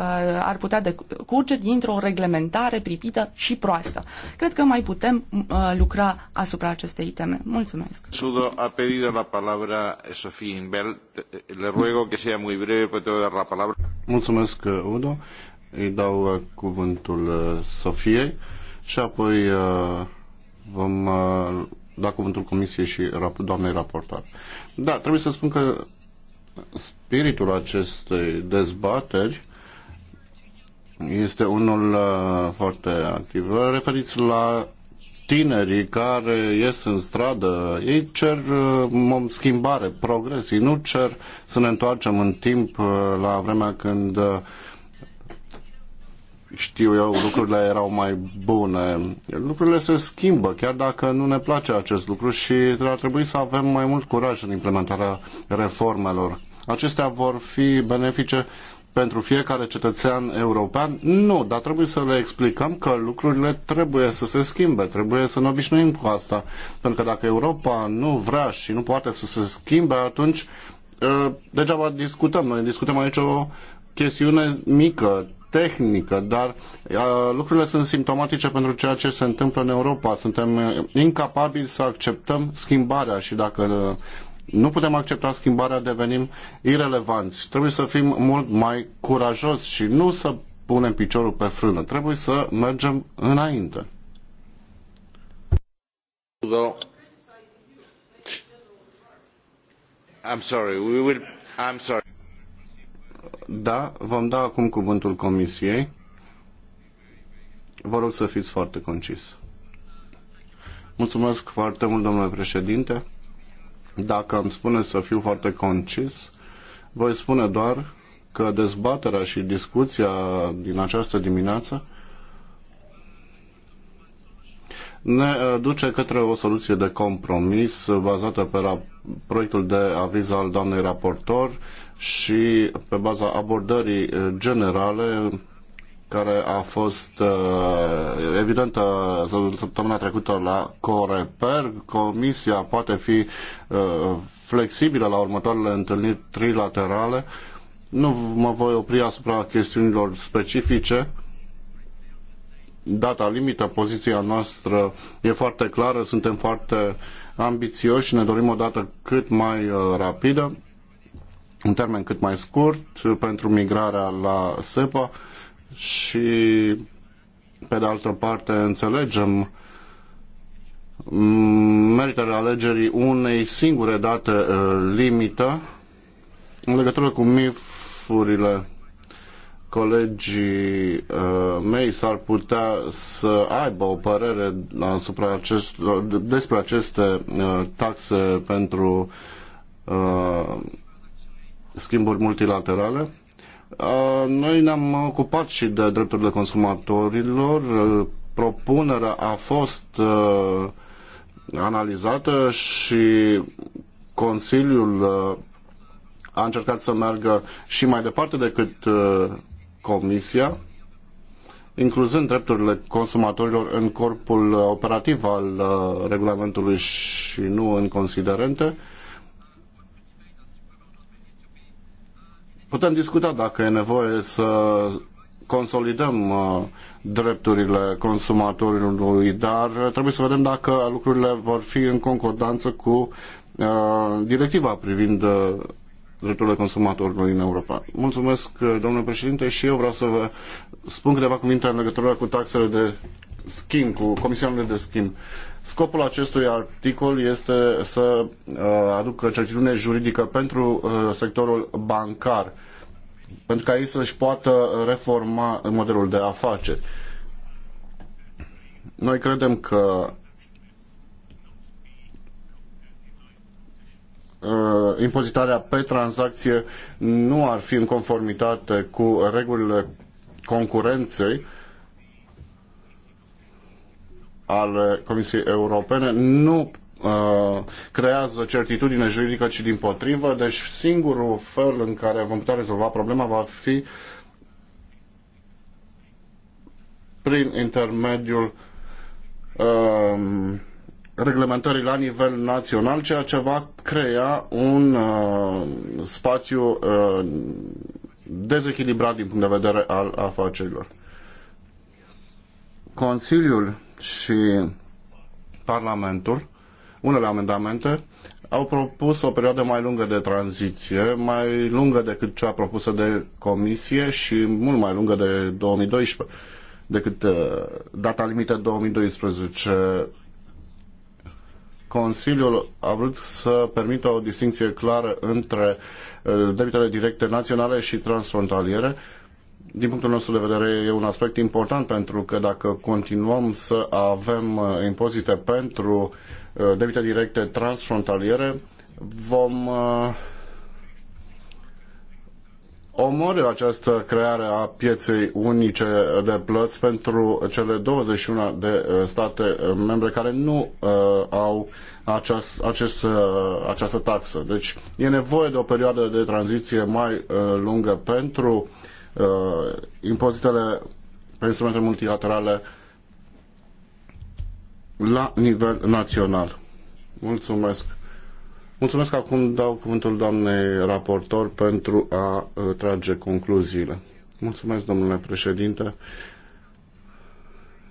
ar putea decurge dintr-o reglementare pripită și proastă. Cred că mai putem uh, lucra asupra acestei teme. Mulțumesc. Sudo a pedido la palabra Sofie Inbel. Le ruego que sea muy breve, porque dar la palabra. Mulțumesc, Udo. Îi dau cuvântul Sofiei și apoi vom da cuvântul Comisiei și doamnei raportoare. Da, trebuie să spun că spiritul acestei dezbateri este unul uh, foarte activ. Vă referiți la tinerii care ies în stradă, ei cer uh, schimbare, progres, ei nu cer să ne întoarcem în timp uh, la vremea când știu eu, lucrurile erau mai bune. Lucrurile se schimbă, chiar dacă nu ne place acest lucru și ar trebui să avem mai mult curaj în implementarea reformelor. Acestea vor fi benefice pentru fiecare cetățean european? Nu, dar trebuie să le explicăm că lucrurile trebuie să se schimbe, trebuie să ne obișnuim cu asta. Pentru că dacă Europa nu vrea și nu poate să se schimbe, atunci eh, degeaba discutăm. Noi discutăm aici o chestiune mică tehnică, dar lucrurile sunt simptomatice pentru ceea ce se întâmplă în Europa. Suntem incapabili să acceptăm schimbarea și dacă nu putem accepta schimbarea, devenim irelevanți. Trebuie să fim mult mai curajoși și nu să punem piciorul pe frână. Trebuie să mergem înainte. I'm sorry, we will... I'm sorry. Da, vom da acum cuvântul Comisiei. Vă rog să fiți foarte concis. Mulțumesc foarte mult, domnule președinte. Dacă îmi spune să fiu foarte concis, voi spune doar că dezbaterea și discuția din această dimineață ne uh, duce către o soluție de compromis bazată pe proiectul de aviz al doamnei raportor și pe baza abordării uh, generale care a fost uh, evidentă săptămâna trecută la Coreper. Comisia poate fi flexibilă la următoarele întâlniri trilaterale. Nu mă voi opri asupra chestiunilor specifice data limită, poziția noastră e foarte clară, suntem foarte ambițioși, ne dorim o dată cât mai uh, rapidă, un termen cât mai scurt uh, pentru migrarea la SEPA și pe de altă parte înțelegem mm, meritele alegerii unei singure date uh, limită în legătură cu MIF-urile colegii uh, mei s-ar putea să aibă o părere asupra acest, despre aceste uh, taxe pentru uh, schimburi multilaterale. Noi ne-am ocupat și de drepturile consumatorilor. Propunerea a fost analizată și Consiliul a încercat să meargă și mai departe decât Comisia, incluzând drepturile consumatorilor în corpul operativ al uh, regulamentului și nu în considerente, putem discuta dacă e nevoie să consolidăm uh, drepturile consumatorului, dar trebuie să vedem dacă lucrurile vor fi în concordanță cu uh, directiva privind drepturile consumatorilor în Europa. Mulțumesc, domnule președinte, și eu vreau să vă spun câteva cuvinte în legătură cu taxele de schimb, cu comisioanele de schimb. Scopul acestui articol este să uh, aducă certitudine juridică pentru uh, sectorul bancar, pentru ca ei să-și poată reforma modelul de afaceri. Noi credem că Uh, impozitarea pe tranzacție nu ar fi în conformitate cu regulile concurenței ale Comisiei Europene, nu uh, creează certitudine juridică, ci din potrivă. Deci singurul fel în care vom putea rezolva problema va fi prin intermediul um, reglementării la nivel național, ceea ce va crea un uh, spațiu uh, dezechilibrat din punct de vedere al afacerilor. Consiliul și Parlamentul, unele amendamente, au propus o perioadă mai lungă de tranziție, mai lungă decât cea propusă de Comisie și mult mai lungă de 2012 decât uh, data limită 2012 Consiliul a vrut să permită o distinție clară între uh, debitele directe naționale și transfrontaliere. Din punctul nostru de vedere e un aspect important pentru că dacă continuăm să avem uh, impozite pentru uh, debite directe transfrontaliere, vom omori această creare a pieței unice de plăți pentru cele 21 de uh, state membre care nu uh, au aceast, acest, uh, această taxă. Deci e nevoie de o perioadă de tranziție mai uh, lungă pentru uh, impozitele pe instrumente multilaterale la nivel național. Mulțumesc! Mulțumesc acum dau cuvântul doamnei raportor pentru a uh, trage concluziile. Mulțumesc, domnule președinte.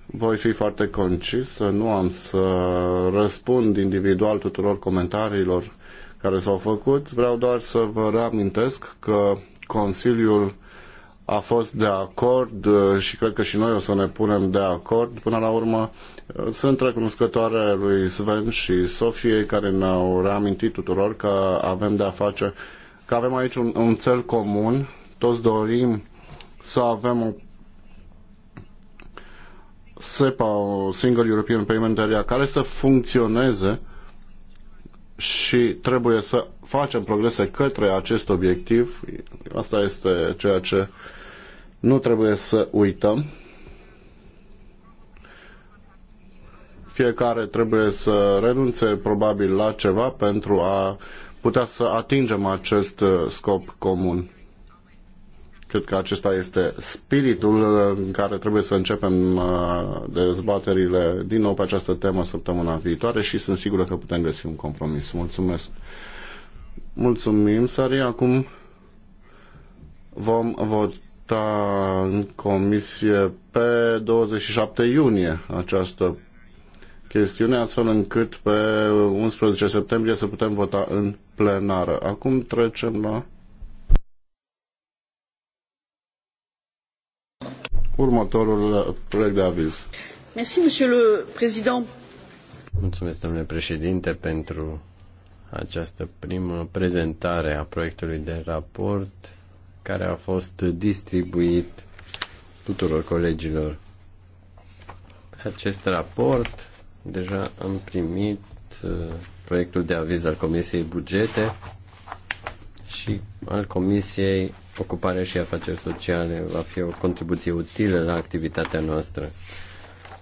Voi fi foarte concis, nu am să răspund individual tuturor comentariilor care s-au făcut. Vreau doar să vă reamintesc că Consiliul a fost de acord uh, și cred că și noi o să ne punem de acord până la urmă. Uh, sunt recunoscătoare lui Sven și Sofiei care ne-au reamintit tuturor că avem de a face, că avem aici un, un cel comun. Toți dorim să avem o SEPA, o Single European Payment Area, care să funcționeze și trebuie să facem progrese către acest obiectiv. Asta este ceea ce nu trebuie să uităm. Fiecare trebuie să renunțe probabil la ceva pentru a putea să atingem acest uh, scop comun. Cred că acesta este spiritul uh, în care trebuie să începem uh, dezbaterile din nou pe această temă săptămâna viitoare și sunt sigur că putem găsi un compromis. Mulțumesc! Mulțumim, Sari. Acum vom vota vota în comisie pe 27 iunie această chestiune, astfel încât pe 11 septembrie să putem vota în plenară. Acum trecem la următorul proiect de aviz. Merci, monsieur le président. Mulțumesc, domnule președinte, pentru această primă prezentare a proiectului de raport care a fost distribuit tuturor colegilor. Acest raport deja am primit uh, proiectul de aviz al Comisiei Bugete și al Comisiei Ocupare și Afaceri Sociale va fi o contribuție utilă la activitatea noastră.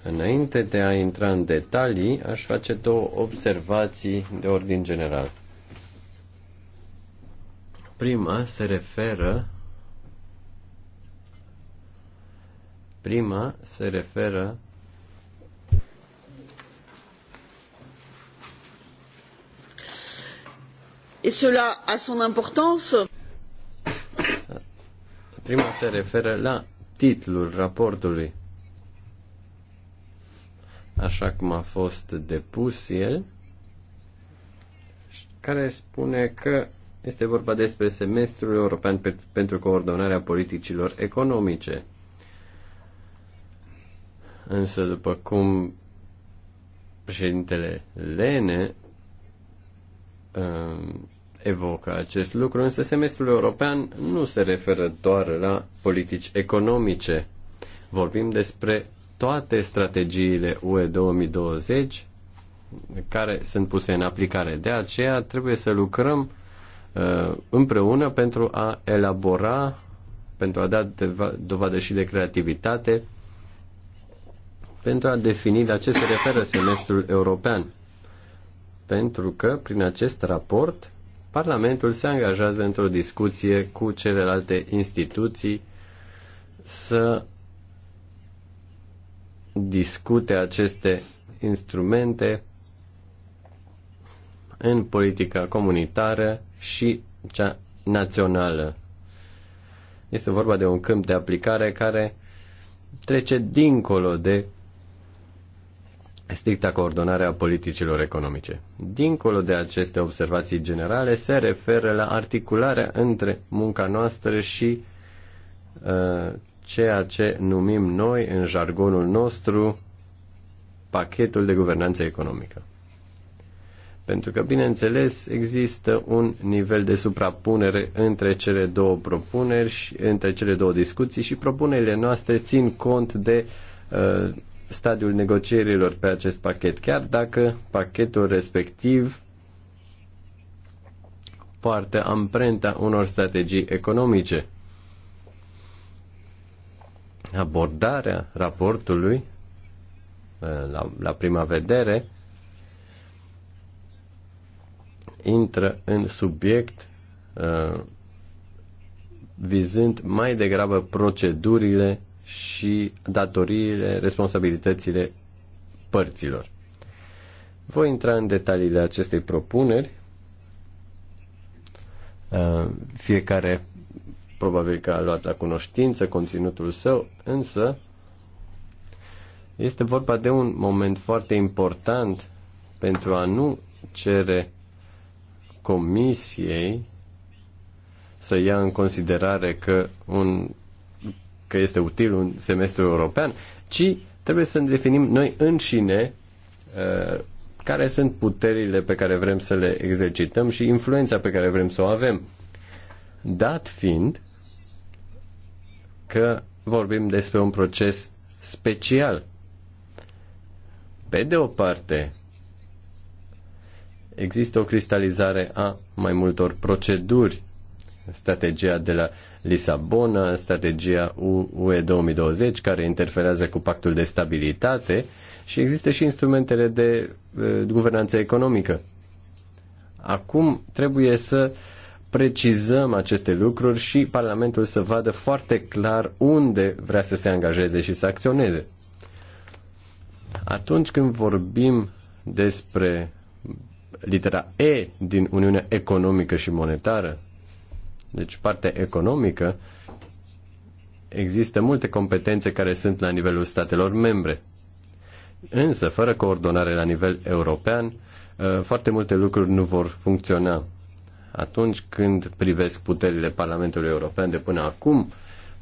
Înainte de a intra în detalii, aș face două observații de ordin general. Prima se referă Prima se referă Et cela a son importance. Prima se referă la titlul raportului. Așa cum a fost depus el, care spune că este vorba despre semestrul european pentru coordonarea politicilor economice. Însă, după cum președintele Lene um, evocă acest lucru, însă semestrul european nu se referă doar la politici economice. Vorbim despre toate strategiile UE 2020 care sunt puse în aplicare. De aceea trebuie să lucrăm Uh, împreună pentru a elabora, pentru a da dovadă și de creativitate, pentru a defini la ce se referă semestrul european. Pentru că, prin acest raport, Parlamentul se angajează într-o discuție cu celelalte instituții să discute aceste instrumente în politica comunitară și cea națională. Este vorba de un câmp de aplicare care trece dincolo de stricta coordonare a politicilor economice. Dincolo de aceste observații generale, se referă la articularea între munca noastră și uh, ceea ce numim noi în jargonul nostru pachetul de guvernanță economică. Pentru că, bineînțeles, există un nivel de suprapunere între cele două propuneri și între cele două discuții și propunerile noastre țin cont de uh, stadiul negocierilor pe acest pachet, chiar dacă pachetul respectiv poartă amprenta unor strategii economice. Abordarea raportului uh, la, la prima vedere intră în subiect uh, vizând mai degrabă procedurile și datoriile, responsabilitățile părților. Voi intra în detaliile acestei propuneri. Uh, fiecare probabil că a luat la cunoștință conținutul său, însă este vorba de un moment foarte important pentru a nu cere comisiei să ia în considerare că, un, că este util un semestru european, ci trebuie să definim noi înșine uh, care sunt puterile pe care vrem să le exercităm și influența pe care vrem să o avem. Dat fiind că vorbim despre un proces special. Pe de o parte, există o cristalizare a mai multor proceduri. Strategia de la Lisabona, strategia UE 2020, care interferează cu pactul de stabilitate și există și instrumentele de eh, guvernanță economică. Acum trebuie să precizăm aceste lucruri și Parlamentul să vadă foarte clar unde vrea să se angajeze și să acționeze. Atunci când vorbim despre litera E din Uniunea Economică și Monetară. Deci partea economică există multe competențe care sunt la nivelul statelor membre. Însă, fără coordonare la nivel european, uh, foarte multe lucruri nu vor funcționa. Atunci când privesc puterile Parlamentului European de până acum,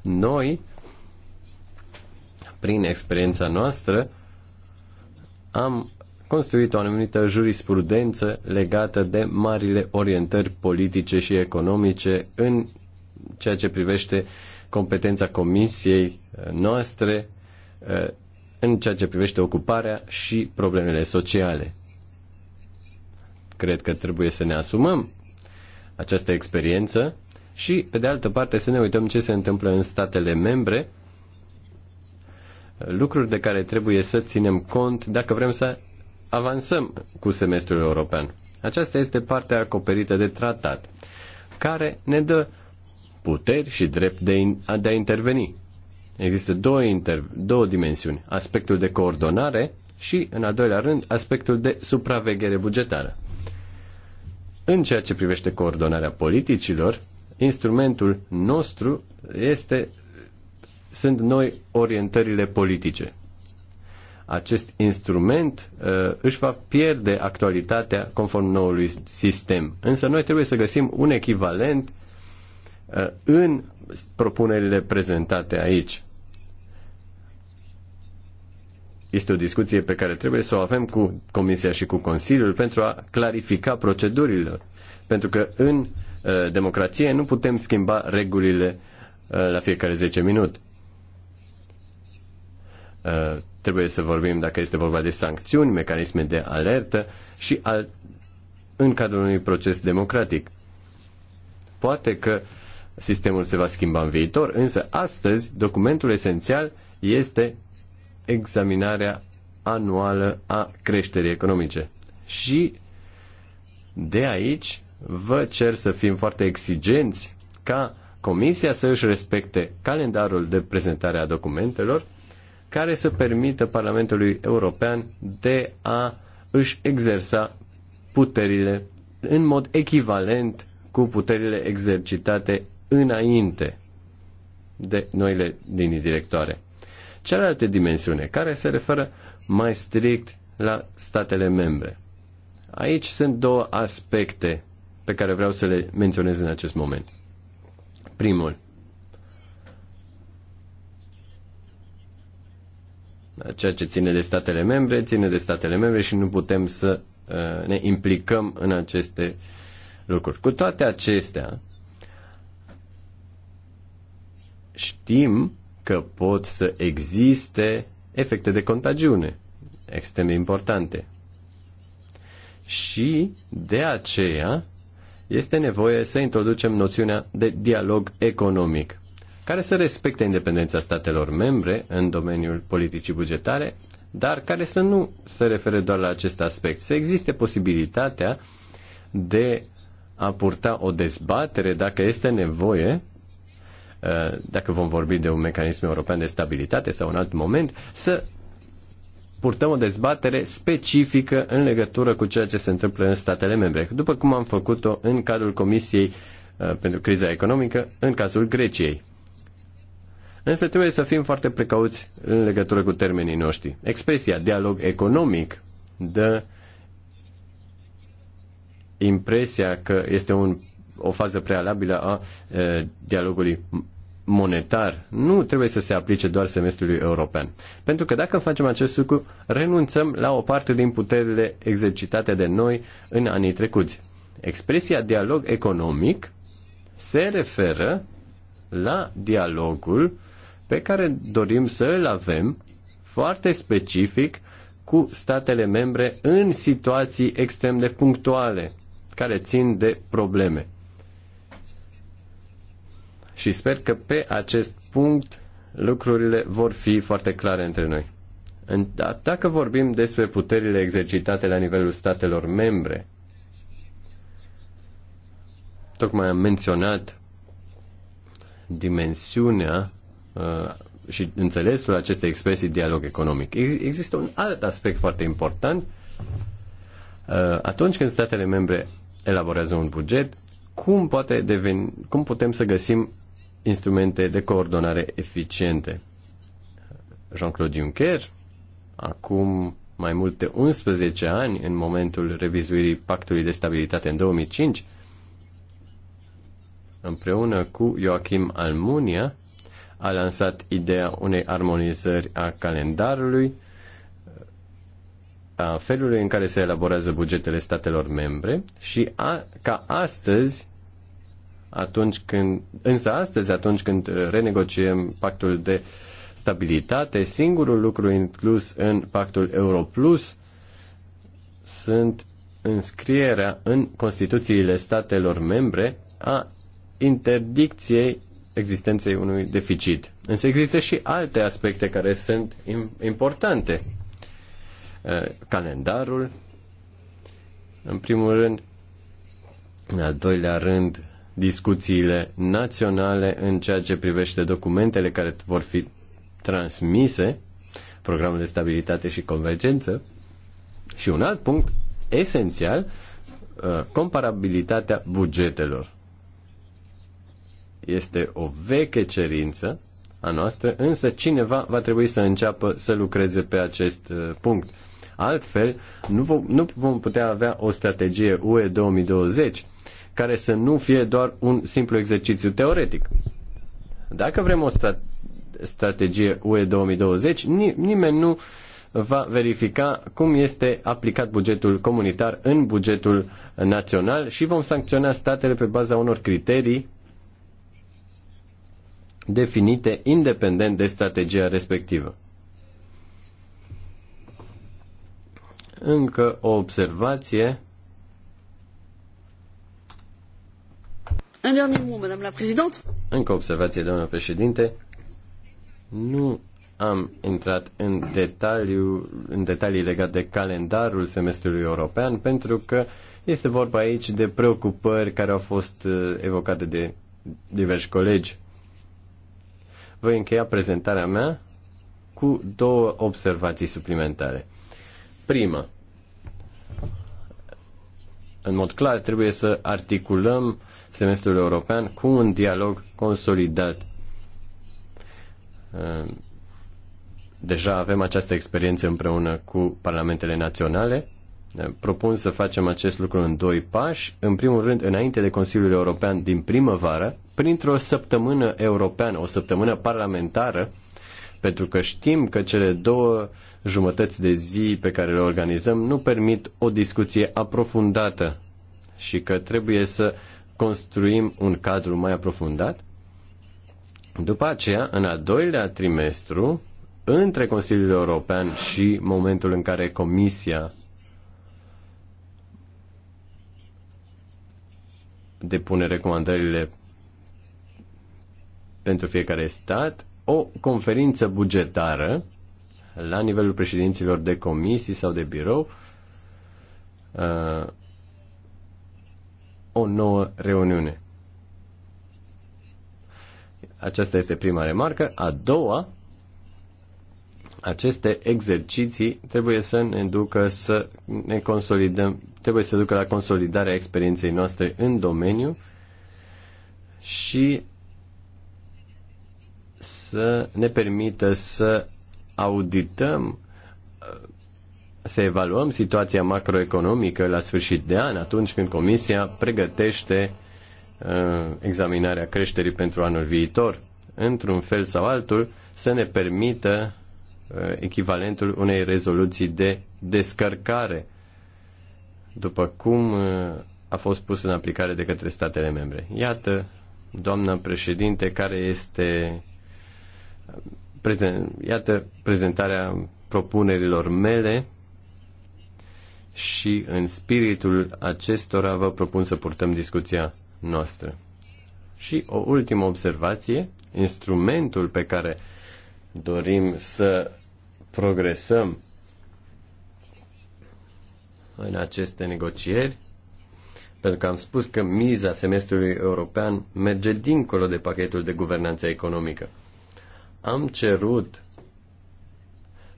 noi, prin experiența noastră, am construit o anumită jurisprudență legată de marile orientări politice și economice în ceea ce privește competența comisiei uh, noastre uh, în ceea ce privește ocuparea și problemele sociale. Cred că trebuie să ne asumăm această experiență și, pe de altă parte, să ne uităm ce se întâmplă în statele membre, uh, lucruri de care trebuie să ținem cont dacă vrem să avansăm cu semestrul european. Aceasta este partea acoperită de tratat, care ne dă puteri și drept de, in, de a interveni. Există două, inter, două dimensiuni, aspectul de coordonare și, în al doilea rând, aspectul de supraveghere bugetară. În ceea ce privește coordonarea politicilor, instrumentul nostru este, sunt noi orientările politice acest instrument uh, își va pierde actualitatea conform noului sistem. Însă noi trebuie să găsim un echivalent uh, în propunerile prezentate aici. Este o discuție pe care trebuie să o avem cu Comisia și cu Consiliul pentru a clarifica procedurile. Pentru că în uh, democrație nu putem schimba regulile uh, la fiecare 10 minute Uh, trebuie să vorbim dacă este vorba de sancțiuni, mecanisme de alertă și al, în cadrul unui proces democratic. Poate că sistemul se va schimba în viitor, însă astăzi documentul esențial este examinarea anuală a creșterii economice. Și de aici vă cer să fim foarte exigenți ca Comisia să își respecte calendarul de prezentare a documentelor care să permită Parlamentului European de a își exersa puterile în mod echivalent cu puterile exercitate înainte de noile linii directoare. Cealaltă dimensiune, care se referă mai strict la statele membre. Aici sunt două aspecte pe care vreau să le menționez în acest moment. Primul, Ceea ce ține de statele membre, ține de statele membre și nu putem să uh, ne implicăm în aceste lucruri. Cu toate acestea, știm că pot să existe efecte de contagiune extrem de importante. Și de aceea este nevoie să introducem noțiunea de dialog economic care să respecte independența statelor membre în domeniul politicii bugetare, dar care să nu se refere doar la acest aspect. Să existe posibilitatea de a purta o dezbatere dacă este nevoie, uh, dacă vom vorbi de un mecanism european de stabilitate sau un alt moment, să purtăm o dezbatere specifică în legătură cu ceea ce se întâmplă în statele membre, după cum am făcut-o în cadrul Comisiei uh, pentru criza economică în cazul Greciei. Însă trebuie să fim foarte precauți în legătură cu termenii noștri. Expresia dialog economic dă impresia că este un, o fază prealabilă a e, dialogului monetar nu trebuie să se aplice doar semestrului european. Pentru că dacă facem acest lucru, renunțăm la o parte din puterile exercitate de noi în anii trecuți. Expresia dialog economic se referă la dialogul pe care dorim să îl avem foarte specific cu statele membre în situații extrem de punctuale care țin de probleme. Și sper că pe acest punct lucrurile vor fi foarte clare între noi. Da, dacă vorbim despre puterile exercitate la nivelul statelor membre, tocmai am menționat dimensiunea Uh, și înțelesul acestei expresii dialog economic. Există un alt aspect foarte important. Uh, atunci când statele membre elaborează un buget, cum, poate deveni, cum putem să găsim instrumente de coordonare eficiente? Jean-Claude Juncker, acum mai mult de 11 ani, în momentul revizuirii Pactului de Stabilitate în 2005, împreună cu Joachim Almunia, a lansat ideea unei armonizări a calendarului, a felului în care se elaborează bugetele statelor membre și a, ca astăzi, atunci când, însă astăzi, atunci când renegociem pactul de stabilitate, singurul lucru inclus în pactul Europlus sunt înscrierea în Constituțiile statelor membre a interdicției existenței unui deficit. Însă există și alte aspecte care sunt importante. Uh, calendarul, în primul rând, în al doilea rând, discuțiile naționale în ceea ce privește documentele care vor fi transmise, programul de stabilitate și convergență. Și un alt punct esențial, uh, comparabilitatea bugetelor. Este o veche cerință a noastră, însă cineva va trebui să înceapă să lucreze pe acest uh, punct. Altfel, nu vom, nu vom putea avea o strategie UE 2020 care să nu fie doar un simplu exercițiu teoretic. Dacă vrem o stra- strategie UE 2020, ni- nimeni nu va verifica cum este aplicat bugetul comunitar în bugetul național și vom sancționa statele pe baza unor criterii definite independent de strategia respectivă. Încă o observație. Un dernier mot, Madame la Présidente. Încă o observație, doamnă președinte. Nu am intrat în, detaliu, în detalii legate de calendarul semestrului european, pentru că este vorba aici de preocupări care au fost uh, evocate de diversi colegi. Voi încheia prezentarea mea cu două observații suplimentare. Prima, în mod clar, trebuie să articulăm semestrul european cu un dialog consolidat. Deja avem această experiență împreună cu parlamentele naționale. Propun să facem acest lucru în doi pași. În primul rând, înainte de Consiliul European din primăvară, printr-o săptămână europeană, o săptămână parlamentară, pentru că știm că cele două jumătăți de zi pe care le organizăm nu permit o discuție aprofundată și că trebuie să construim un cadru mai aprofundat. După aceea, în al doilea trimestru, între Consiliul European și momentul în care Comisia depune recomandările pentru fiecare stat o conferință bugetară la nivelul președinților de comisii sau de birou, uh, o nouă reuniune. Aceasta este prima remarcă. A doua, aceste exerciții trebuie să ne ducă să ne consolidăm, trebuie să ducă la consolidarea experienței noastre în domeniu și să ne permită să audităm, să evaluăm situația macroeconomică la sfârșit de an, atunci când Comisia pregătește uh, examinarea creșterii pentru anul viitor, într-un fel sau altul, să ne permită uh, echivalentul unei rezoluții de descărcare, după cum uh, a fost pus în aplicare de către statele membre. Iată, doamna președinte, care este Prezen, iată prezentarea propunerilor mele și în spiritul acestora vă propun să purtăm discuția noastră. Și o ultimă observație, instrumentul pe care dorim să progresăm în aceste negocieri, pentru că am spus că miza semestrului european merge dincolo de pachetul de guvernanță economică am cerut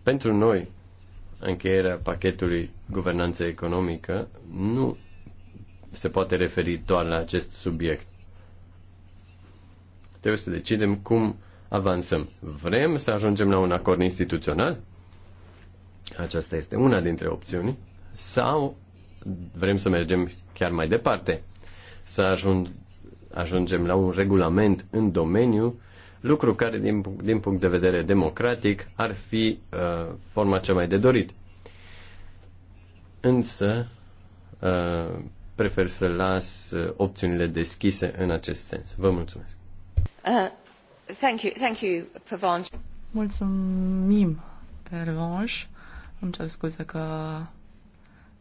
pentru noi încheierea pachetului guvernanță economică nu se poate referi doar la acest subiect. Trebuie să decidem cum avansăm. Vrem să ajungem la un acord instituțional? Aceasta este una dintre opțiuni. Sau vrem să mergem chiar mai departe? Să ajung, ajungem la un regulament în domeniu lucru care, din, din punct de vedere democratic, ar fi uh, forma cea mai de dorit. Însă, uh, prefer să las uh, opțiunile deschise în acest sens. Vă mulțumesc. Uh, thank you, thank you, Mulțumim, Pervanj. Îmi cer scuze că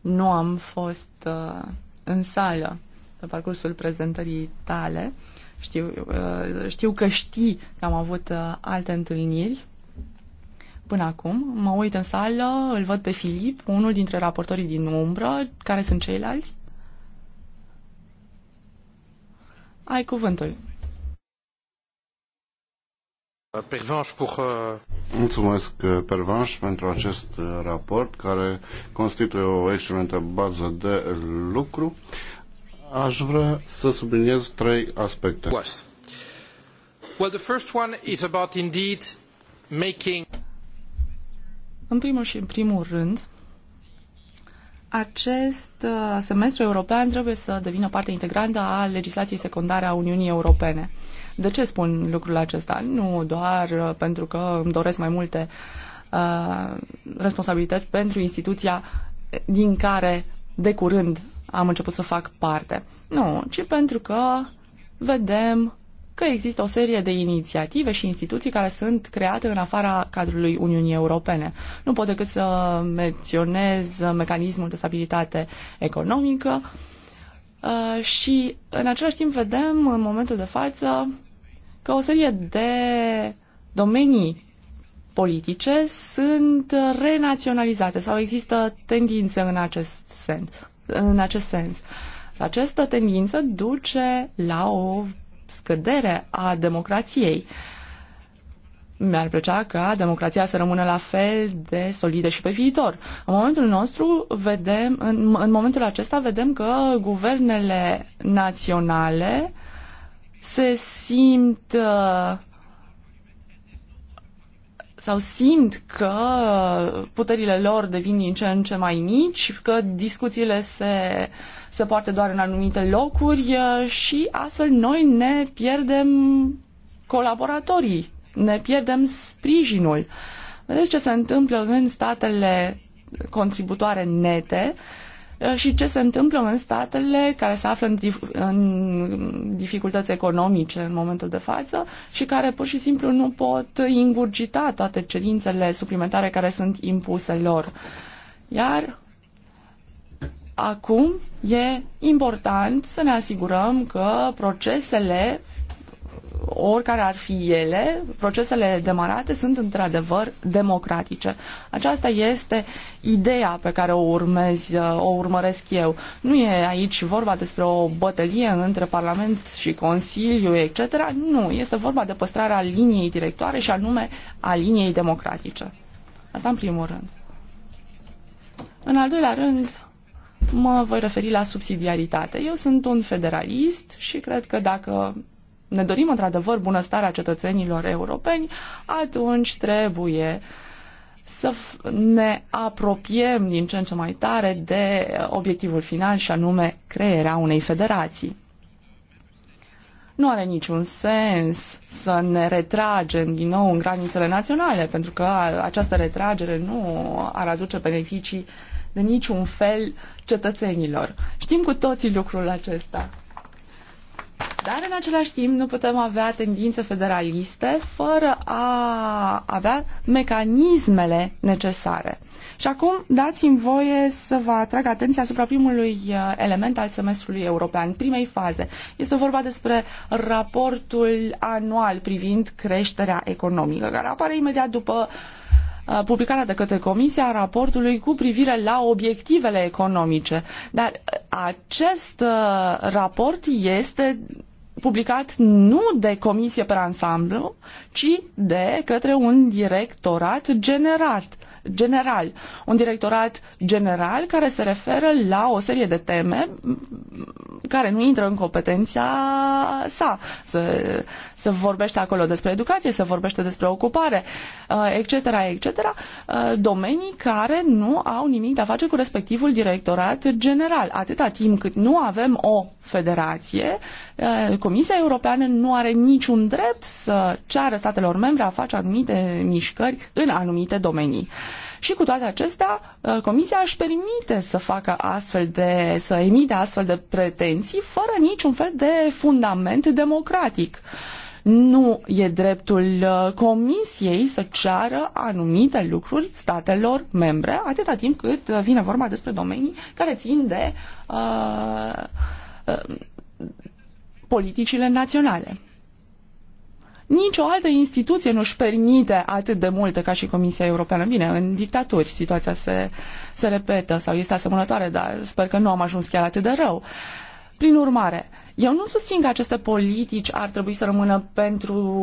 nu am fost uh, în sală pe parcursul prezentării tale. Știu, uh, știu că știi că am avut uh, alte întâlniri până acum. Mă uit în sală, îl văd pe Filip, unul dintre raportorii din umbră. Care sunt ceilalți? Ai cuvântul. Uh, Pervanș, Mulțumesc, Pervanș, pentru acest raport care constituie o excelentă bază de lucru aș vrea să subliniez trei aspecte. Well, the first one is about indeed making în primul și în primul rând, acest uh, semestru european trebuie să devină parte integrantă a legislației secundare a Uniunii Europene. De ce spun lucrul acesta? Nu doar uh, pentru că îmi doresc mai multe uh, responsabilități pentru instituția din care de curând am început să fac parte. Nu, ci pentru că vedem că există o serie de inițiative și instituții care sunt create în afara cadrului Uniunii Europene. Nu pot decât să menționez mecanismul de stabilitate economică uh, și în același timp vedem în momentul de față că o serie de domenii politice sunt renaționalizate sau există tendințe în acest sens în acest sens. Această tendință duce la o scădere a democrației. Mi-ar plăcea ca democrația să rămână la fel de solidă și pe viitor. În momentul nostru vedem, în, în momentul acesta vedem că guvernele naționale se simt uh, sau simt că puterile lor devin din ce în ce mai mici, că discuțiile se, se poartă doar în anumite locuri uh, și astfel noi ne pierdem colaboratorii, ne pierdem sprijinul. Vedeți ce se întâmplă în statele contributoare nete, uh, Uh, și ce se întâmplă în statele care se află în, dif- în dificultăți economice în momentul de față și care pur și simplu nu pot ingurgita toate cerințele suplimentare care sunt impuse lor. Iar acum e important să ne asigurăm că procesele oricare ar fi ele, procesele demarate sunt într-adevăr democratice. Aceasta este ideea pe care o urmez, o urmăresc eu. Nu e aici vorba despre o bătălie între Parlament și Consiliu, etc. Nu, este vorba de păstrarea liniei directoare și anume a liniei democratice. Asta în primul rând. În al doilea rând, mă voi referi la subsidiaritate. Eu sunt un federalist și cred că dacă ne dorim într-adevăr bunăstarea cetățenilor europeni, atunci trebuie să ne apropiem din ce în ce mai tare de obiectivul final și anume crearea unei federații. Nu are niciun sens să ne retragem din nou în granițele naționale, pentru că această retragere nu ar aduce beneficii de niciun fel cetățenilor. Știm cu toții lucrul acesta. Dar în același timp nu putem avea tendințe federaliste fără a avea mecanismele necesare. Și acum dați-mi voie să vă atrag atenția asupra primului uh, element al semestrului european, primei faze. Este vorba despre raportul anual privind creșterea economică, care apare imediat după uh, Uh, publicarea de către Comisia a raportului cu privire la obiectivele economice. Dar uh, acest uh, raport este publicat nu de comisie pe ansamblu, ci de către un directorat general, general. Un directorat general care se referă la o serie de teme care nu intră în competența sa. Se vorbește acolo despre educație, se vorbește despre ocupare, etc., uh, etc., uh, domenii care nu au nimic de a face cu respectivul directorat general. Atâta timp cât nu avem o federație, uh, Comisia Europeană nu are niciun drept să ceară statelor membre a face anumite mișcări în anumite domenii. Și cu toate acestea, Comisia își permite să facă astfel de, să emite astfel de pretenții fără niciun fel de fundament democratic. Nu e dreptul uh, Comisiei să ceară anumite lucruri statelor membre atâta timp cât uh, vine vorba despre domenii care țin de uh, uh, politicile naționale. Nici o altă instituție nu își permite atât de multe ca și Comisia Europeană. Bine, în dictaturi situația se, se repetă sau este asemănătoare, dar sper că nu am ajuns chiar atât de rău. Prin urmare, eu nu susțin că aceste politici ar trebui să rămână pentru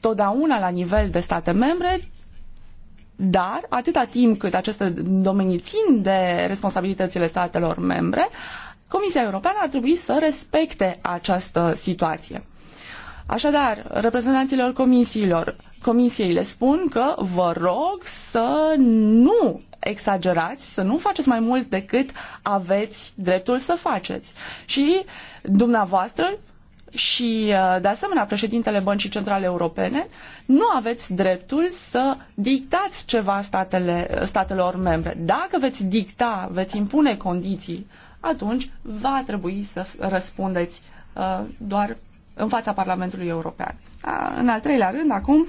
totdeauna la nivel de state membre, dar atâta timp cât aceste domenii țin de responsabilitățile statelor membre, Comisia Europeană ar trebui să respecte această situație. Așadar, reprezentanților comisiilor, comisiei le spun că vă rog să nu exagerați, să nu faceți mai mult decât aveți dreptul să faceți. Și dumneavoastră și, uh, de asemenea, președintele Băncii Centrale Europene, nu aveți dreptul să dictați ceva statele, statelor membre. Dacă veți dicta, veți impune condiții, atunci va trebui să răspundeți uh, doar în fața Parlamentului European. În al treilea rând, acum,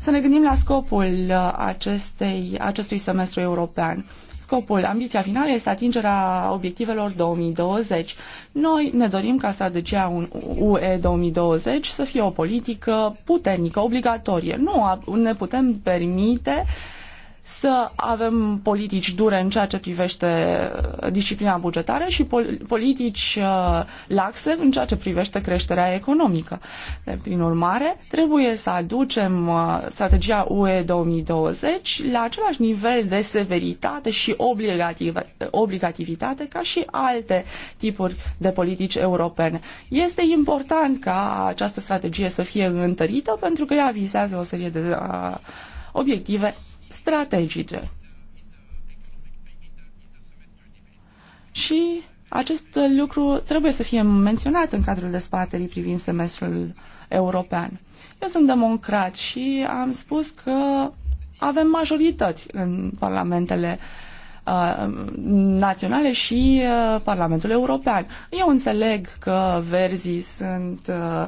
să ne gândim la scopul uh, acestei, acestui semestru european. Scopul, ambiția finală este atingerea obiectivelor 2020. Noi ne dorim ca strategia UE 2020 să fie o politică puternică, obligatorie. Nu ne putem permite uh, să avem politici dure în ceea ce privește uh, disciplina bugetară și politici uh, laxe în ceea ce privește creșterea economică. De prin urmare, trebuie să aducem uh, strategia UE 2020 la același nivel de severitate și obligativitate ca și alte tipuri de politici europene. Este important ca această strategie să fie întărită pentru că ea vizează o serie de obiective strategice. Și acest lucru trebuie să fie menționat în cadrul dezbaterii privind semestrul european. Eu sunt democrat și am spus că avem majorități în parlamentele uh, naționale și uh, Parlamentul European. Eu înțeleg că verzii sunt uh,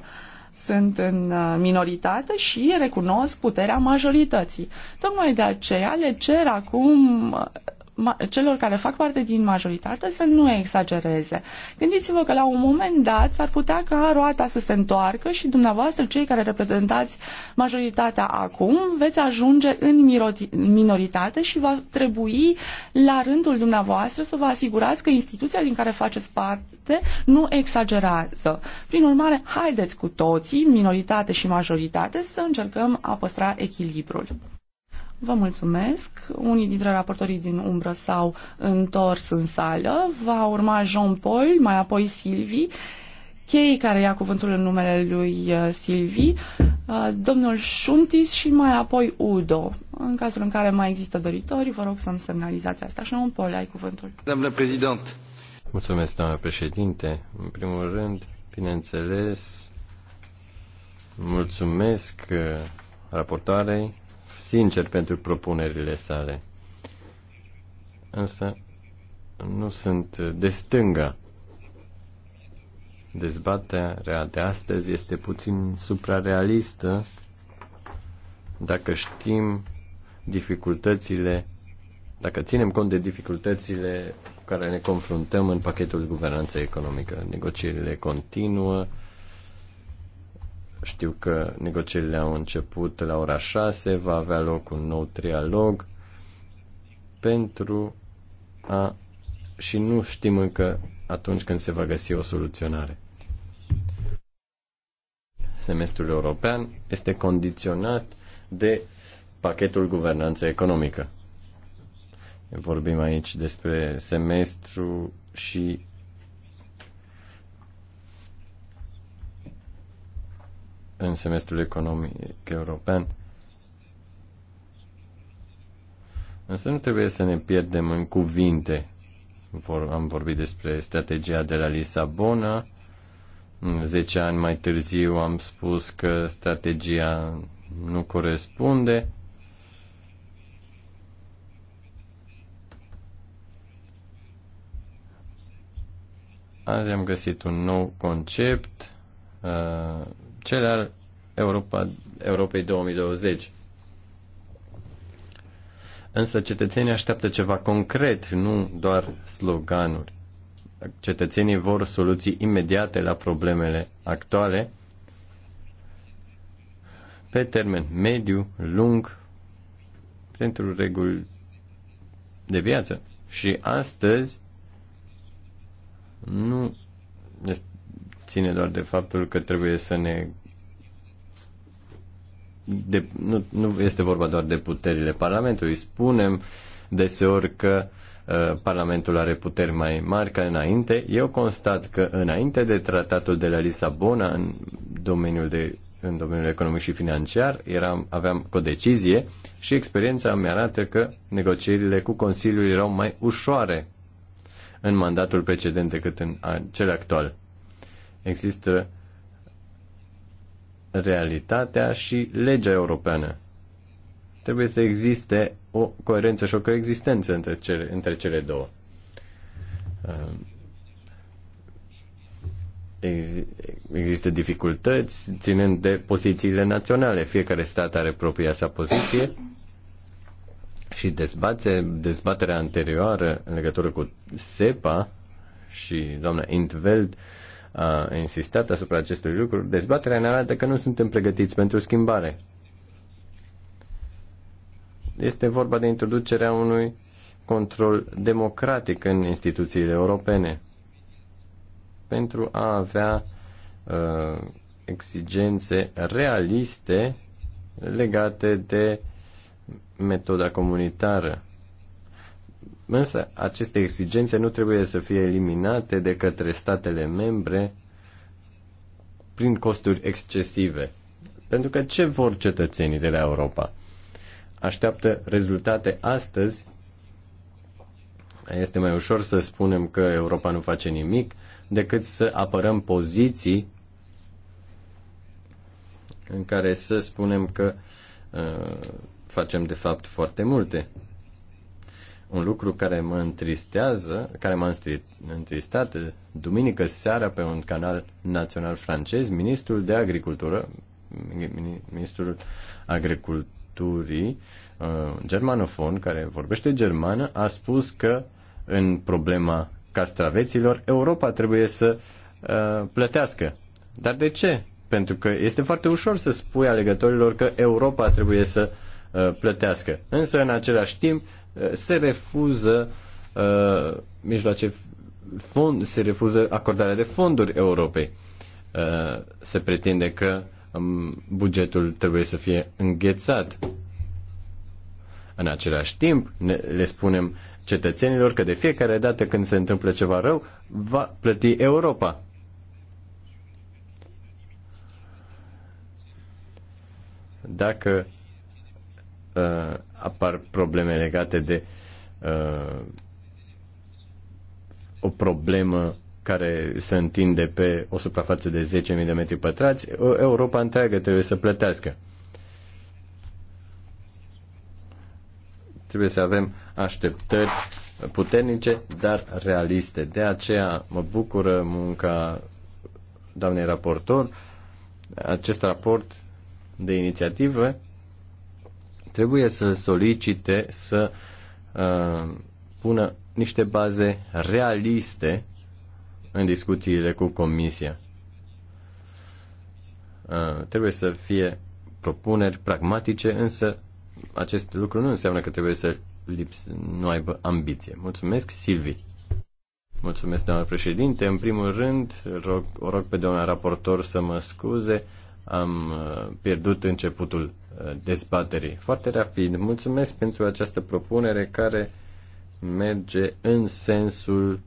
sunt în uh, minoritate și recunosc puterea majorității. Tocmai de aceea le cer acum uh, celor care fac parte din majoritate să nu exagereze. Gândiți-vă că la un moment dat s-ar putea ca roata să se întoarcă și dumneavoastră, cei care reprezentați majoritatea acum, veți ajunge în minoritate și va trebui la rândul dumneavoastră să vă asigurați că instituția din care faceți parte nu exagerează. Prin urmare, haideți cu toții, minoritate și majoritate, să încercăm a păstra echilibrul. Vă mulțumesc. Unii dintre raportorii din umbră s-au întors în sală. Va urma Jean-Paul, mai apoi Silvi, Chei care ia cuvântul în numele lui uh, Silvi, uh, domnul Șuntis și mai apoi Udo. În cazul în care mai există doritori, vă rog să-mi semnalizați asta. jean pol ai cuvântul. Doamna președinte. Mulțumesc, doamna președinte. În primul rând, bineînțeles, mulțumesc uh, raportoarei sincer pentru propunerile sale. Însă nu sunt de stânga. Dezbaterea de astăzi este puțin suprarealistă dacă știm dificultățile, dacă ținem cont de dificultățile cu care ne confruntăm în pachetul guvernanței economică. Negocierile continuă, știu că negocierile au început la ora 6, va avea loc un nou trialog pentru a și nu știm încă atunci când se va găsi o soluționare. Semestrul european este condiționat de pachetul guvernanță economică. Vorbim aici despre semestru și în semestrul economic european. Însă nu trebuie să ne pierdem în cuvinte. Am vorbit despre strategia de la Lisabona. Zece ani mai târziu am spus că strategia nu corespunde. Azi am găsit un nou concept uh, cele al Europa, Europei 2020. Însă cetățenii așteaptă ceva concret, nu doar sloganuri. Cetățenii vor soluții imediate la problemele actuale, pe termen mediu, lung, pentru reguli de viață. Și astăzi nu este ține doar de faptul că trebuie să ne. De, nu, nu este vorba doar de puterile Parlamentului. Spunem deseori că uh, Parlamentul are puteri mai mari ca înainte. Eu constat că înainte de tratatul de la Lisabona în domeniul de în domeniul economic și financiar, eram, aveam o decizie și experiența mi arată că negocierile cu Consiliul erau mai ușoare în mandatul precedent decât în cel actual. Există realitatea și legea europeană. Trebuie să existe o coerență și o coexistență între cele, între cele două. Ehm, există dificultăți ținând de pozițiile naționale. Fiecare stat are propria sa poziție și dezbate, dezbaterea anterioară în legătură cu SEPA și doamna Intveld uh, a insistat asupra acestui lucru, dezbaterea ne arată că nu suntem pregătiți pentru schimbare. Este vorba de introducerea unui control democratic în instituțiile europene pentru a avea uh, exigențe realiste legate de metoda comunitară. Însă aceste exigențe nu trebuie să fie eliminate de către statele membre prin costuri excesive. Pentru că ce vor cetățenii de la Europa? Așteaptă rezultate astăzi. Este mai ușor să spunem că Europa nu face nimic decât să apărăm poziții în care să spunem că uh, facem de fapt foarte multe. Un lucru care mă întristează, care m-a întristat, duminică seara pe un canal național francez, ministrul de agricultură, ministrul agriculturii uh, germanofon, care vorbește germană, a spus că în problema castraveților, Europa trebuie să uh, plătească. Dar de ce? Pentru că este foarte ușor să spui alegătorilor că Europa trebuie să uh, plătească. Însă, în același timp, se refuză uh, mijloace fond, se refuză acordarea de fonduri Europei. Uh, se pretinde că um, bugetul trebuie să fie înghețat. În același timp, ne, le spunem cetățenilor că de fiecare dată când se întâmplă ceva rău, va plăti Europa. Dacă uh, apar probleme legate de uh, o problemă care se întinde pe o suprafață de 10.000 de metri pătrați, Europa întreagă trebuie să plătească. Trebuie să avem așteptări puternice, dar realiste. De aceea mă bucură munca doamnei raportor. Acest raport de inițiativă trebuie să solicite să uh, pună niște baze realiste în discuțiile cu Comisia. Uh, trebuie să fie propuneri pragmatice, însă acest lucru nu înseamnă că trebuie să lips, nu aibă ambiție. Mulțumesc, Silvi. Mulțumesc, doamnă președinte. În primul rând, rog, o rog pe doamna raportor să mă scuze am uh, pierdut începutul uh, dezbaterii. Foarte rapid, mulțumesc pentru această propunere care merge în sensul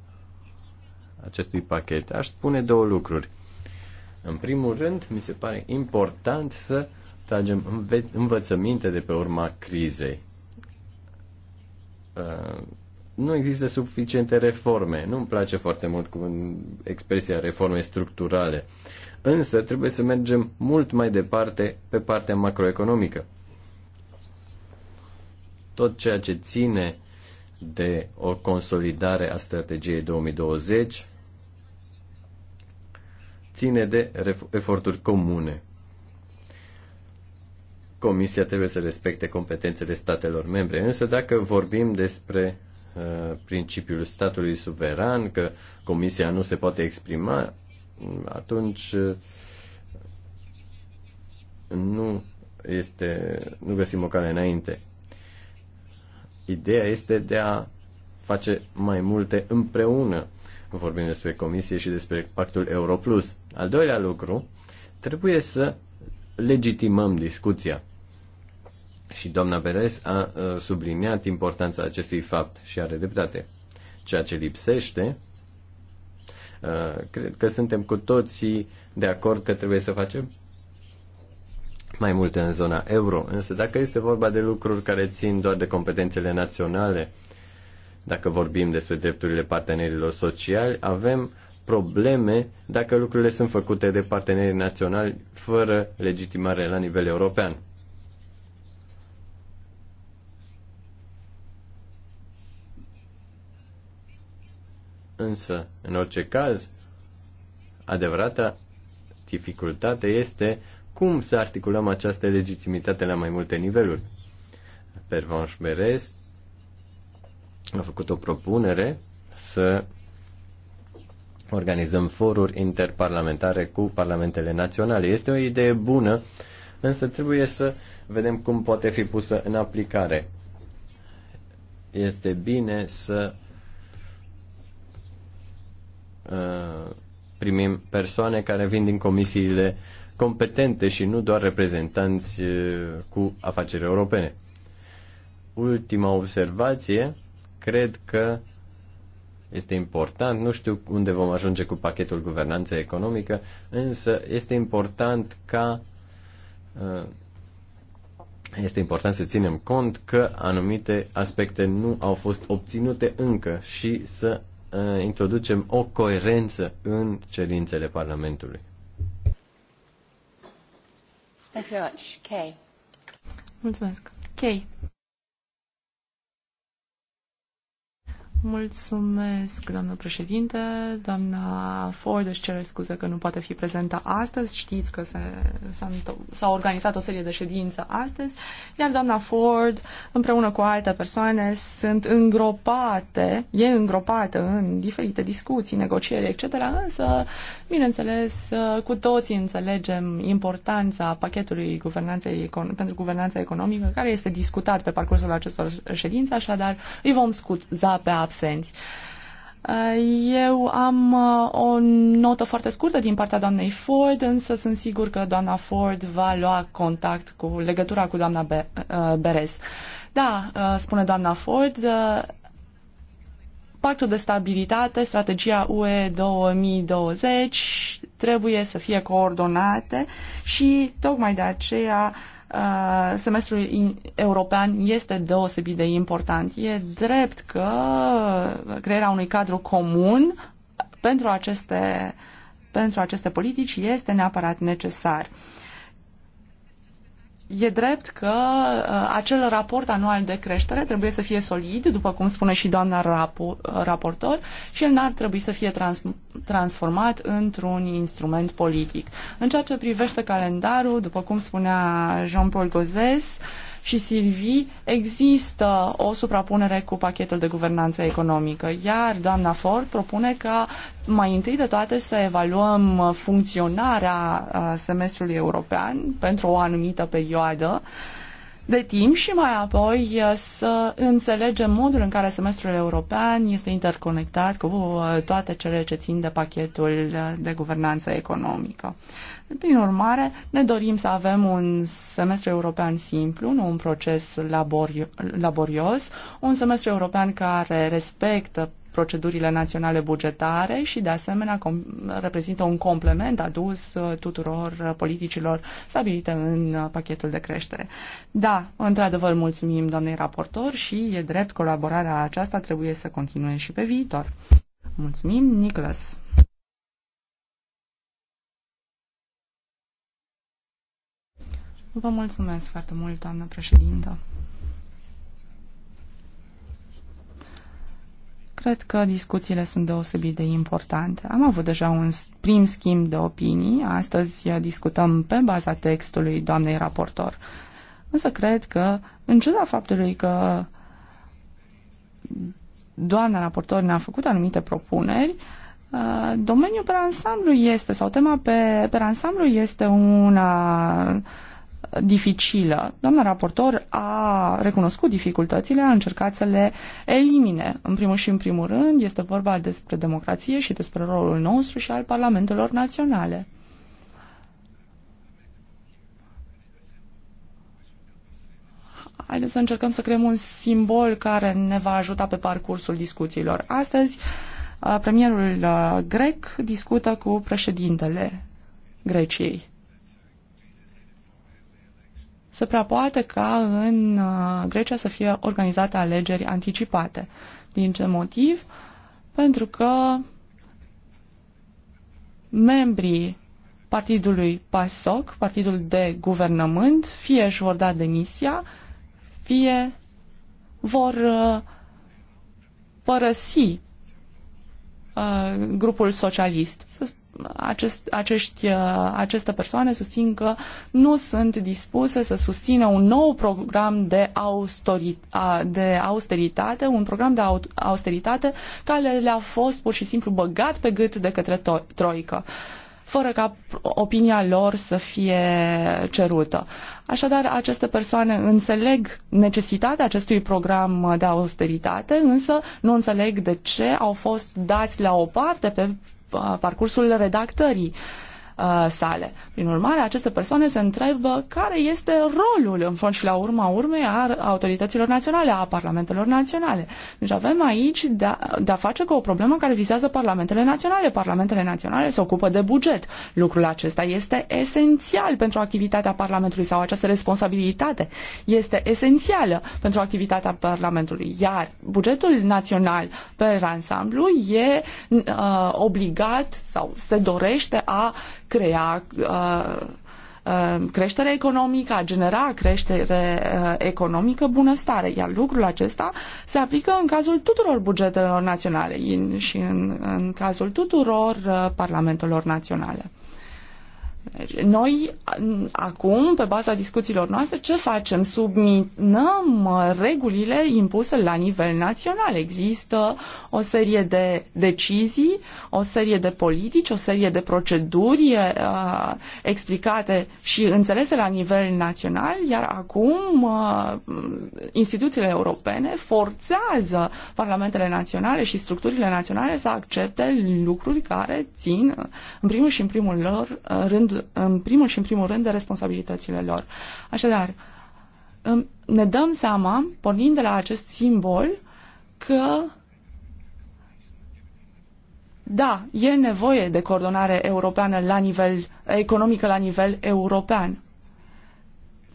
acestui pachet. Aș spune două lucruri. În primul rând, mi se pare important să tragem învățăminte de pe urma crizei. Uh, nu există suficiente reforme. Nu-mi place foarte mult cu expresia reforme structurale însă trebuie să mergem mult mai departe pe partea macroeconomică. Tot ceea ce ține de o consolidare a strategiei 2020 ține de eforturi comune. Comisia trebuie să respecte competențele statelor membre, însă dacă vorbim despre uh, principiul statului suveran, că Comisia nu se poate exprima atunci nu este, nu găsim o cale înainte. Ideea este de a face mai multe împreună. Vorbim despre comisie și despre pactul Euro Plus. Al doilea lucru, trebuie să legitimăm discuția. Și doamna Beres a subliniat importanța acestui fapt și are dreptate. Ceea ce lipsește Uh, cred că suntem cu toții de acord că trebuie să facem mai multe în zona euro. Însă dacă este vorba de lucruri care țin doar de competențele naționale, dacă vorbim despre drepturile partenerilor sociali, avem probleme dacă lucrurile sunt făcute de parteneri naționali fără legitimare la nivel european. Însă, în orice caz, adevărata dificultate este cum să articulăm această legitimitate la mai multe niveluri. Pervanș Berez a făcut o propunere să organizăm foruri interparlamentare cu parlamentele naționale. Este o idee bună, însă trebuie să vedem cum poate fi pusă în aplicare. Este bine să Uh, primim persoane care vin din comisiile competente și nu doar reprezentanți uh, cu afaceri europene. Ultima observație, cred că este important, nu știu unde vom ajunge cu pachetul guvernanță economică, însă este important ca uh, este important să ținem cont că anumite aspecte nu au fost obținute încă și să Eh, introducem o coerență în cerințele Parlamentului. Thank you very much, Kay. Mulțumesc. Kay. Mulțumesc, doamnă președinte. Doamna Ford își cere scuze că nu poate fi prezentă astăzi. Știți că s-a organizat o serie de ședințe astăzi, iar doamna Ford, împreună cu alte persoane, sunt îngropate, e îngropată în diferite discuții, negocieri, etc. Însă, bineînțeles, cu toții înțelegem importanța pachetului guvernanței, pentru guvernanța economică, care este discutat pe parcursul acestor ședințe, așadar îi vom scuza pe absolut absenți. Uh, eu am uh, o notă foarte scurtă din partea doamnei Ford, însă sunt sigur că doamna Ford va lua contact cu legătura cu doamna uh, Beres. Da, spune doamna Ford, pactul de stabilitate, strategia UE 2020 trebuie să fie coordonate și tocmai de aceea Uh, semestrul european este deosebit de important. E drept că crearea unui cadru comun pentru aceste, pentru aceste politici este neapărat necesar. E drept că uh, acel raport anual de creștere trebuie să fie solid, după cum spune și doamna rapo uh, raportor, și el n-ar trebui să fie trans- transformat într-un instrument politic. În ceea ce privește calendarul, după cum spunea Jean-Paul Gozes, uh, și Silvi, există o suprapunere cu pachetul de guvernanță economică, iar doamna Ford propune ca mai întâi de toate să evaluăm funcționarea uh, semestrului european pentru o anumită perioadă uh, de timp și mai apoi uh, să înțelegem modul în care semestrul european este interconectat cu uh, toate cele ce țin de pachetul de guvernanță economică. Prin urmare, ne dorim să avem un semestru european simplu, nu un proces laborio- laborios, un semestru european care respectă procedurile naționale bugetare și, de asemenea, reprezintă un complement adus uh, tuturor uh, politicilor stabilite în uh, pachetul de creștere. Da, într-adevăr, mulțumim doamnei raportor și e drept colaborarea aceasta trebuie să continue și pe viitor. Mulțumim, Niclas. Vă mulțumesc foarte mult, doamnă președintă. cred că discuțiile sunt deosebit de importante. Am avut deja un prim schimb de opinii. Astăzi discutăm pe baza textului doamnei raportor. Însă cred că, în ciuda faptului că doamna raportor ne-a făcut anumite propuneri, ă, domeniul pe ansamblu este, sau tema pe, pe ansamblu este una dificilă. Doamna raportor a recunoscut dificultățile, a încercat să le elimine. În primul și în primul rând este vorba despre democrație și despre rolul nostru și al parlamentelor naționale. Haideți să încercăm să creăm un simbol care ne va ajuta pe parcursul discuțiilor. Astăzi, uh, premierul uh, grec discută cu președintele Greciei se prea poate ca în uh, Grecia să fie organizate alegeri anticipate. Din ce motiv? Pentru că membrii partidului PASOK, partidul de guvernământ, fie își vor da demisia, fie vor uh, părăsi uh, grupul socialist acest, acești, uh, aceste persoane susțin că nu sunt dispuse să susțină un nou program de, austori, de austeritate, un program de austeritate care le-a fost pur și simplu băgat pe gât de către Troică fără ca opinia lor să fie cerută. Așadar, aceste persoane înțeleg necesitatea acestui program de austeritate, însă nu înțeleg de ce au fost dați la o parte pe parcursul redactării Uh, sale. Prin urmare, aceste persoane se întrebă care este rolul, în fond și la urma urmei, a autorităților naționale, a parlamentelor naționale. Deci avem aici de-a, de face cu o problemă care vizează parlamentele naționale. Parlamentele naționale se ocupă de buget. Lucrul acesta este esențial pentru activitatea Parlamentului sau această responsabilitate este esențială pentru activitatea Parlamentului. Iar bugetul național pe ansamblu e uh, obligat sau se dorește a crea uh, uh, creștere economică, a genera creștere uh, economică, bunăstare. Iar lucrul acesta se aplică în cazul tuturor bugetelor naționale și în, în cazul tuturor parlamentelor naționale. Noi, acum, pe baza discuțiilor noastre, ce facem? Subminăm regulile impuse la nivel național. Există o serie de decizii, o serie de politici, o serie de proceduri uh, explicate și înțelese la nivel național, iar acum uh, instituțiile europene forțează parlamentele naționale și structurile naționale să accepte lucruri care țin, în primul și în primul lor uh, rând, în primul și în primul rând de responsabilitățile lor. Așadar, ne dăm seama, pornind de la acest simbol, că da, e nevoie de coordonare europeană la nivel economică la nivel european.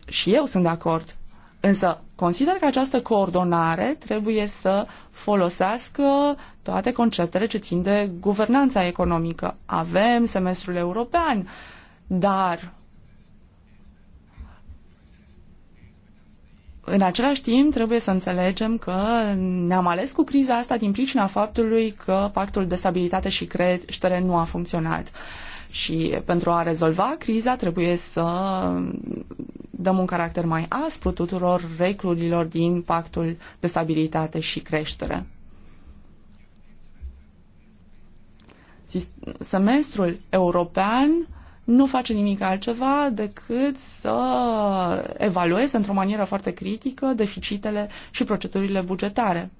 Și eu sunt de acord. Însă consider că această coordonare trebuie să folosească toate conceptele ce țin de guvernanța economică. Avem semestrul european, uh, dar În același timp, trebuie să înțelegem că ne-am ales cu criza asta din pricina faptului că pactul de stabilitate și creștere nu a funcționat. Și pentru a rezolva criza trebuie să dăm un caracter mai aspru tuturor reclurilor din pactul de stabilitate și creștere. Semestrul european nu face nimic altceva decât să evalueze într-o manieră foarte critică deficitele și procedurile bugetare.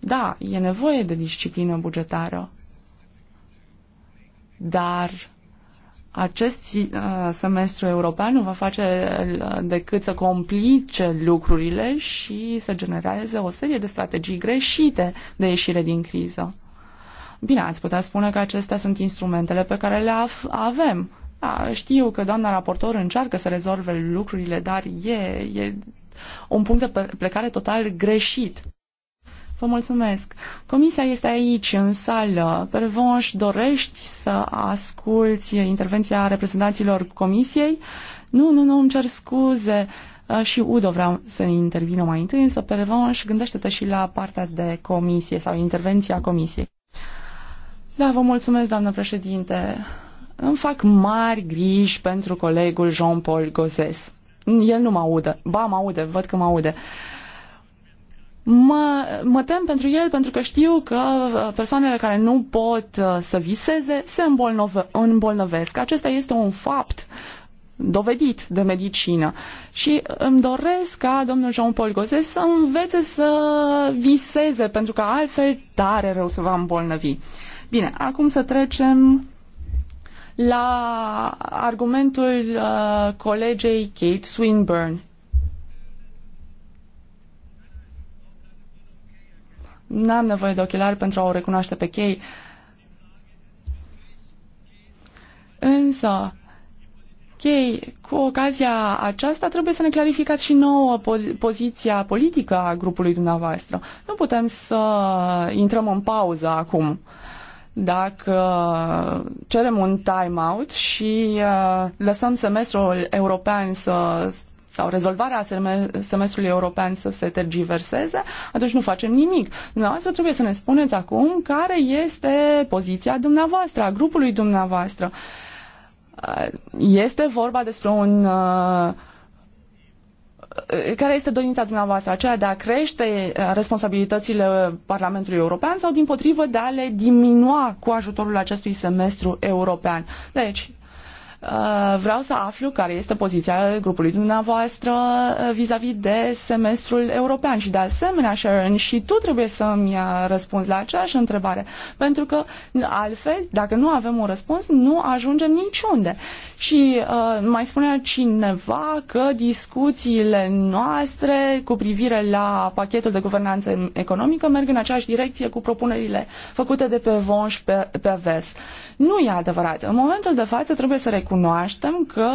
Da, e nevoie de disciplină bugetară, dar acest uh, semestru european nu va face uh, decât să complice lucrurile și să genereze o serie de strategii greșite de ieșire din criză. Bine, ați putea spune că acestea sunt instrumentele pe care le avem. Da, știu că doamna raportor încearcă să rezolve lucrurile, dar e, e un punct de plecare total greșit. Vă mulțumesc. Comisia este aici, în sală. Pervonș, dorești să asculți intervenția reprezentanților comisiei? Nu, nu, nu, îmi cer scuze. Și Udo vreau să intervină mai întâi, însă Pervonș, gândește-te și la partea de comisie sau intervenția comisiei. Da, vă mulțumesc, doamnă președinte. Îmi fac mari griji pentru colegul Jean-Paul Gozes. El nu mă aude. Ba, mă aude, văd că mă aude. Uh, Mă, mă tem pentru el pentru că știu că uh, persoanele care nu pot uh, să viseze se îmbolnăve, îmbolnăvesc. Acesta este un fapt dovedit de medicină. Și îmi doresc ca domnul Jean-Paul Gozes să învețe să viseze, pentru că altfel tare rău se va îmbolnăvi. Bine, acum să trecem la argumentul uh, colegei Kate Swinburne. N-am nevoie de ochelari pentru a o recunoaște pe chei. Însă, chei, cu ocazia aceasta trebuie să ne clarificați și nouă po- poziția politică a grupului dumneavoastră. Nu putem să intrăm în pauză acum dacă cerem un time-out și uh, lăsăm semestrul european să, sau rezolvarea semestrului european să se tergiverseze, atunci nu facem nimic. Dumneavoastră trebuie să ne spuneți acum care este poziția dumneavoastră, a grupului dumneavoastră. Este vorba despre un uh, care este dorința dumneavoastră, aceea de a crește uh, responsabilitățile Parlamentului European sau, din potrivă, de a le diminua cu ajutorul acestui semestru european? Deci, Uh, vreau să aflu care este poziția grupului dumneavoastră uh, vis-a-vis -vis de semestrul european și de asemenea, Sharon, și tu trebuie să-mi uh, răspunzi la aceeași întrebare, pentru că altfel, dacă nu avem un răspuns, nu ajungem niciunde. Și uh, mai spunea cineva că discuțiile noastre cu privire la pachetul de guvernanță economică merg în aceeași direcție cu propunerile făcute de pe Vonș pe, pe VES. Nu e adevărat. În momentul de față trebuie să recunoaștem că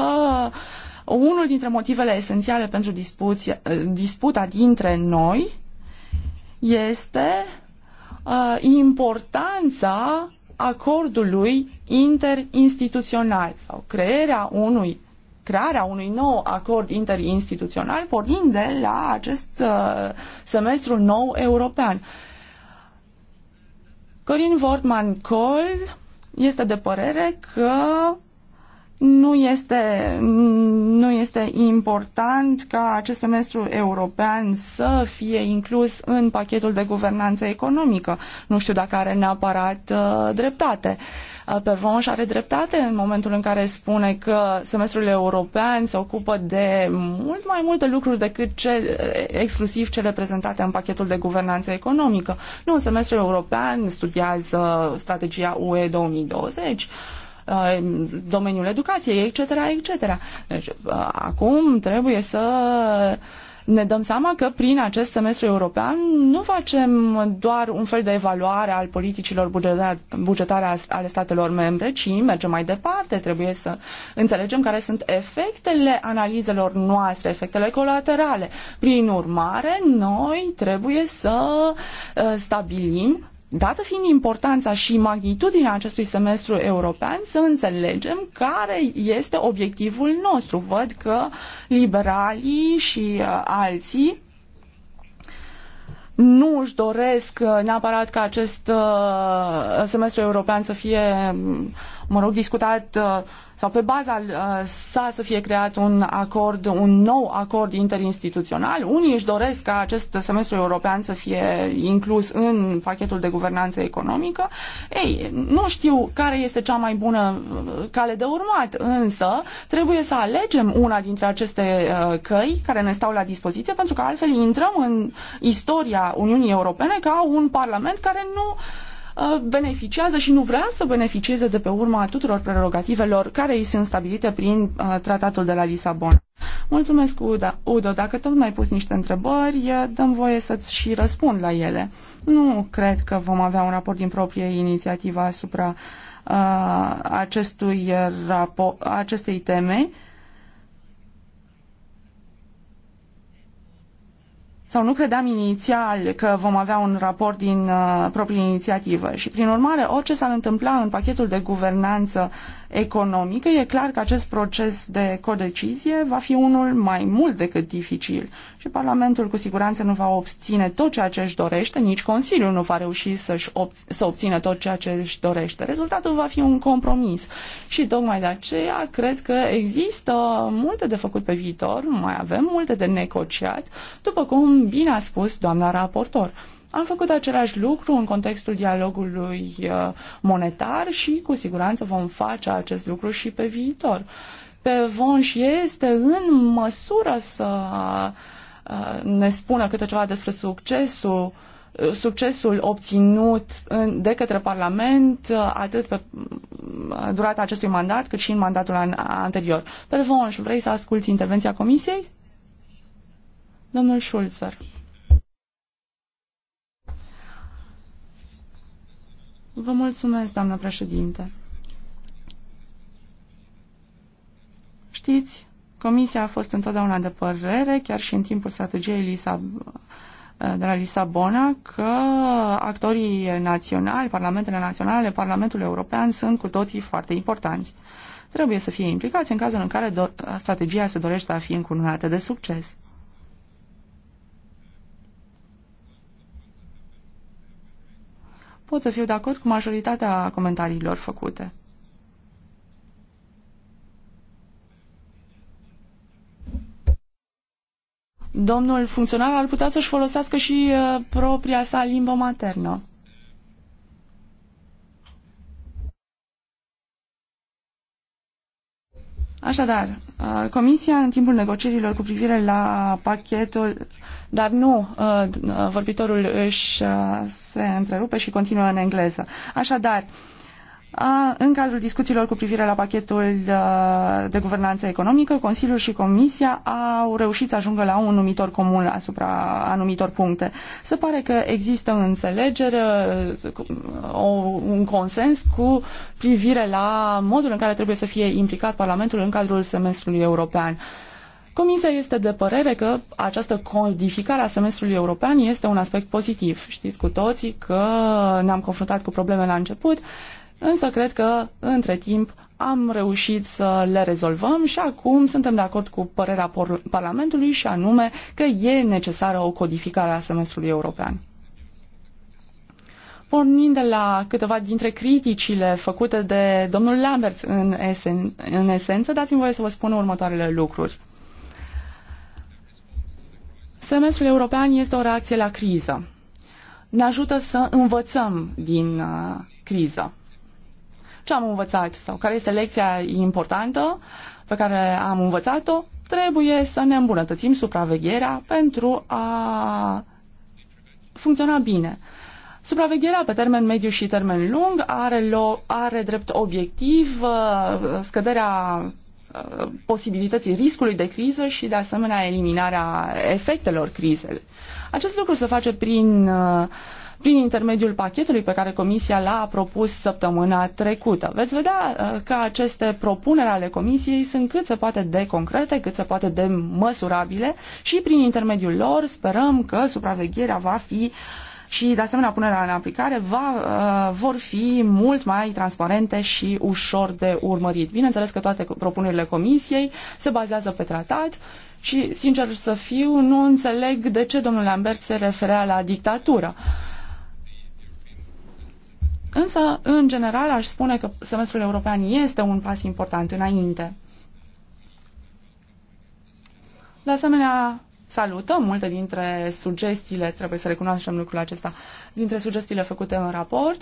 unul dintre motivele esențiale pentru dispuția, disputa dintre noi este uh, importanța acordului interinstituțional sau crearea unui crearea unui nou acord interinstituțional pornind de la acest uh, semestru nou european. Corin Wortman Kohl este de părere că nu este, nu este important ca acest semestru european să fie inclus în pachetul de guvernanță economică. Nu știu dacă are neapărat uh, dreptate. Uh, Uh, Pervonș are dreptate în momentul în care spune că semestrul european se ocupă de mult mai multe lucruri decât ce, uh, exclusiv cele prezentate în pachetul de guvernanță economică. Nu, semestrul european studiază strategia UE 2020 uh, domeniul educației, etc., etc. Deci, acum trebuie să ne dăm seama că prin acest semestru european nu facem doar un fel de evaluare al politicilor bugetare ale statelor membre, ci mergem mai departe. Trebuie să înțelegem care sunt efectele analizelor noastre, efectele colaterale. Prin urmare, noi trebuie să uh, stabilim Dată fiind importanța și magnitudinea acestui semestru european, să înțelegem care este obiectivul nostru. Văd că liberalii și uh, alții nu își doresc uh, neapărat ca acest uh, semestru european să fie, mă rog, discutat uh, sau pe baza uh, sa să fie creat un acord, un nou acord interinstituțional. Unii își doresc ca acest semestru european să fie inclus în pachetul de guvernanță economică. Ei, nu știu care este cea mai bună uh, cale de urmat, însă trebuie să alegem una dintre aceste uh, căi care ne stau la dispoziție, pentru că altfel intrăm în istoria Uniunii Europene ca un parlament care nu Uh, beneficiază și nu vrea să beneficieze de pe urma tuturor prerogativelor care îi sunt stabilite prin uh, tratatul de la Lisabona. Mulțumesc, Udo. Dacă tot mai pus niște întrebări, dăm voie să-ți și răspund la ele. Nu cred că vom avea un raport din proprie inițiativă asupra uh, acestui uh, rapo- acestei teme. Uh, sau nu credeam inițial că vom avea un raport din uh, proprie inițiativă și prin urmare orice s-ar întâmpla în pachetul de guvernanță uh, economică, e clar că acest proces de codecizie va fi unul mai mult decât dificil și Parlamentul cu siguranță nu va obține tot ceea ce își dorește, nici Consiliul nu va reuși să-și ob- să obțină tot ceea ce își dorește. Rezultatul va fi un compromis și tocmai de aceea cred că există multe de făcut pe viitor, mai avem multe de negociat, după cum bine a spus doamna raportor. Am făcut același lucru în contextul dialogului uh, monetar și cu siguranță vom face acest lucru și pe viitor. Pe Vonș este în măsură să uh, ne spună câte ceva despre succesul uh, succesul obținut de către Parlament atât pe durata acestui mandat cât și în mandatul an- anterior. Pervonș, vrei să asculți intervenția Comisiei? Domnul Schulzer. Vă mulțumesc, doamnă președinte. Știți, Comisia a fost întotdeauna de părere, chiar și în timpul strategiei Lisab- de la Lisabona, că actorii naționali, parlamentele naționale, Parlamentul European sunt cu toții foarte importanți. Trebuie să fie implicați în cazul în care strategia se dorește a fi încununată de succes. pot să fiu de acord cu majoritatea comentariilor făcute. Domnul funcționar ar putea să-și folosească și uh, propria sa limbă maternă. Așadar, uh, Comisia, în timpul negocierilor cu privire la pachetul dar nu, uh, vorbitorul își uh, se întrerupe și continuă în engleză. Așadar, a, în cadrul discuțiilor cu privire la pachetul uh, de guvernanță economică, Consiliul și Comisia au reușit să ajungă la un numitor comun asupra anumitor puncte. Se pare că există înțelegere, o, un consens cu privire la modul în care trebuie să fie implicat Parlamentul în cadrul semestrului european. Comisia este de părere că această codificare a semestrului european este un aspect pozitiv. Știți cu toții că ne-am confruntat cu probleme la început, însă cred că între timp am reușit să le rezolvăm și acum suntem de acord cu părerea Parlamentului și anume că e necesară o codificare a semestrului european. Pornind de la câteva dintre criticile făcute de domnul Lambert în, esen, în esență, dați-mi voie să vă spun următoarele lucruri. Semestrul european este o reacție la criză. Ne ajută să învățăm din uh, criză. Ce am învățat sau care este lecția importantă pe care am învățat-o? Trebuie să ne îmbunătățim supravegherea pentru a funcționa bine. Supravegherea pe termen mediu și termen lung are, lo- are drept obiectiv uh, scăderea Uh, posibilității riscului de criză și, de asemenea, eliminarea efectelor crizei. Acest lucru se face prin, uh, prin intermediul pachetului pe care Comisia l-a propus săptămâna trecută. Veți vedea uh, că aceste propuneri ale Comisiei sunt cât se poate de concrete, cât se poate de măsurabile și prin intermediul lor sperăm că supravegherea va fi uh, și, de asemenea, punerea în aplicare va, uh, vor fi mult mai transparente și ușor de urmărit. Bineînțeles că toate propunerile Comisiei se bazează pe tratat și, sincer să fiu, nu înțeleg de ce domnul Lambert se referea la dictatură. Însă, în general, aș spune că semestrul european este un pas important înainte. De asemenea, salutăm multe dintre sugestiile, trebuie să recunoaștem lucrul acesta, dintre sugestiile făcute în raport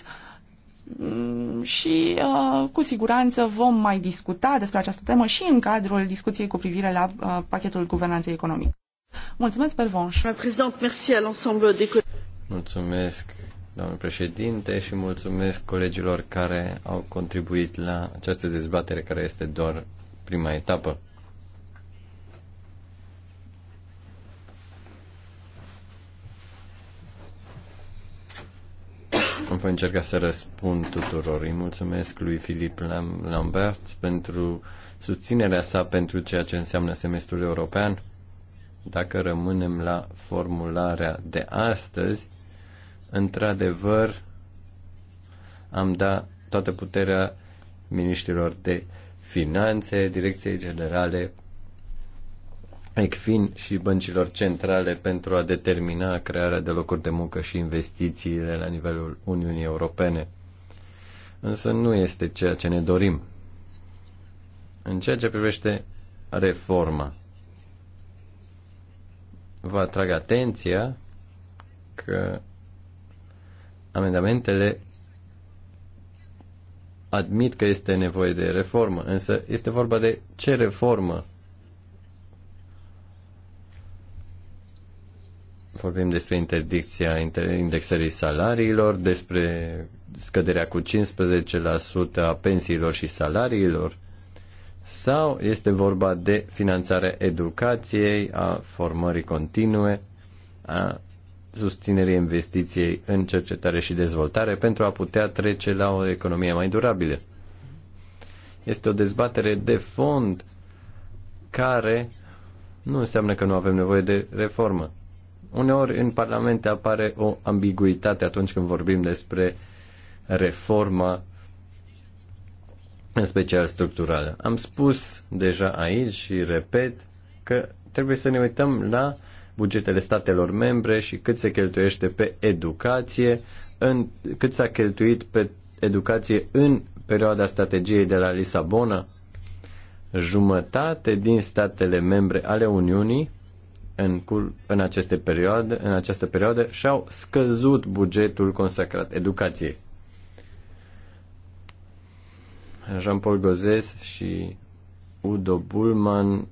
mm, și uh, cu siguranță vom mai discuta despre această temă și în cadrul discuției cu privire la uh, pachetul guvernanței economice. Mulțumesc, Pervonș. Mulțumesc, doamnă președinte, și mulțumesc colegilor care au contribuit la această dezbatere, care este doar prima etapă. Voi încerca să răspund tuturor. Îi mulțumesc lui Filip Lambert pentru susținerea sa pentru ceea ce înseamnă semestrul european. Dacă rămânem la formularea de astăzi, într-adevăr am dat toată puterea ministrilor de finanțe, direcției generale ECFIN și băncilor centrale pentru a determina crearea de locuri de muncă și investițiile la nivelul Uniunii Europene. Însă nu este ceea ce ne dorim. În ceea ce privește reforma, vă atrag atenția că amendamentele admit că este nevoie de reformă, însă este vorba de ce reformă vorbim despre interdicția indexării salariilor, despre scăderea cu 15% a pensiilor și salariilor, sau este vorba de finanțarea educației, a formării continue, a susținerii investiției în cercetare și dezvoltare pentru a putea trece la o economie mai durabilă. Este o dezbatere de fond care nu înseamnă că nu avem nevoie de reformă. Uneori în Parlamente apare o ambiguitate atunci când vorbim despre reforma în special structurală. Am spus deja aici și repet că trebuie să ne uităm la bugetele statelor membre și cât se cheltuiește pe educație, în, cât s-a cheltuit pe educație în perioada strategiei de la Lisabona. Jumătate din statele membre ale Uniunii în, în, aceste perioade, în această perioadă și-au scăzut bugetul consacrat educației. Jean-Paul Gozes și Udo Bullman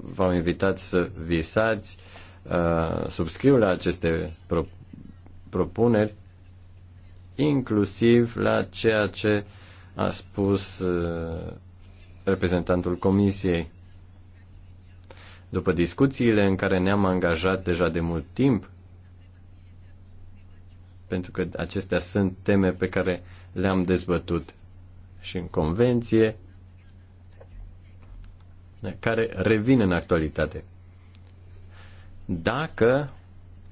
v-au invitat să visați, uh, subscriu la aceste pro- propuneri, inclusiv la ceea ce a spus uh, reprezentantul Comisiei după discuțiile în care ne-am angajat deja de mult timp, pentru că acestea sunt teme pe care le-am dezbătut și în convenție, care revin în actualitate. Dacă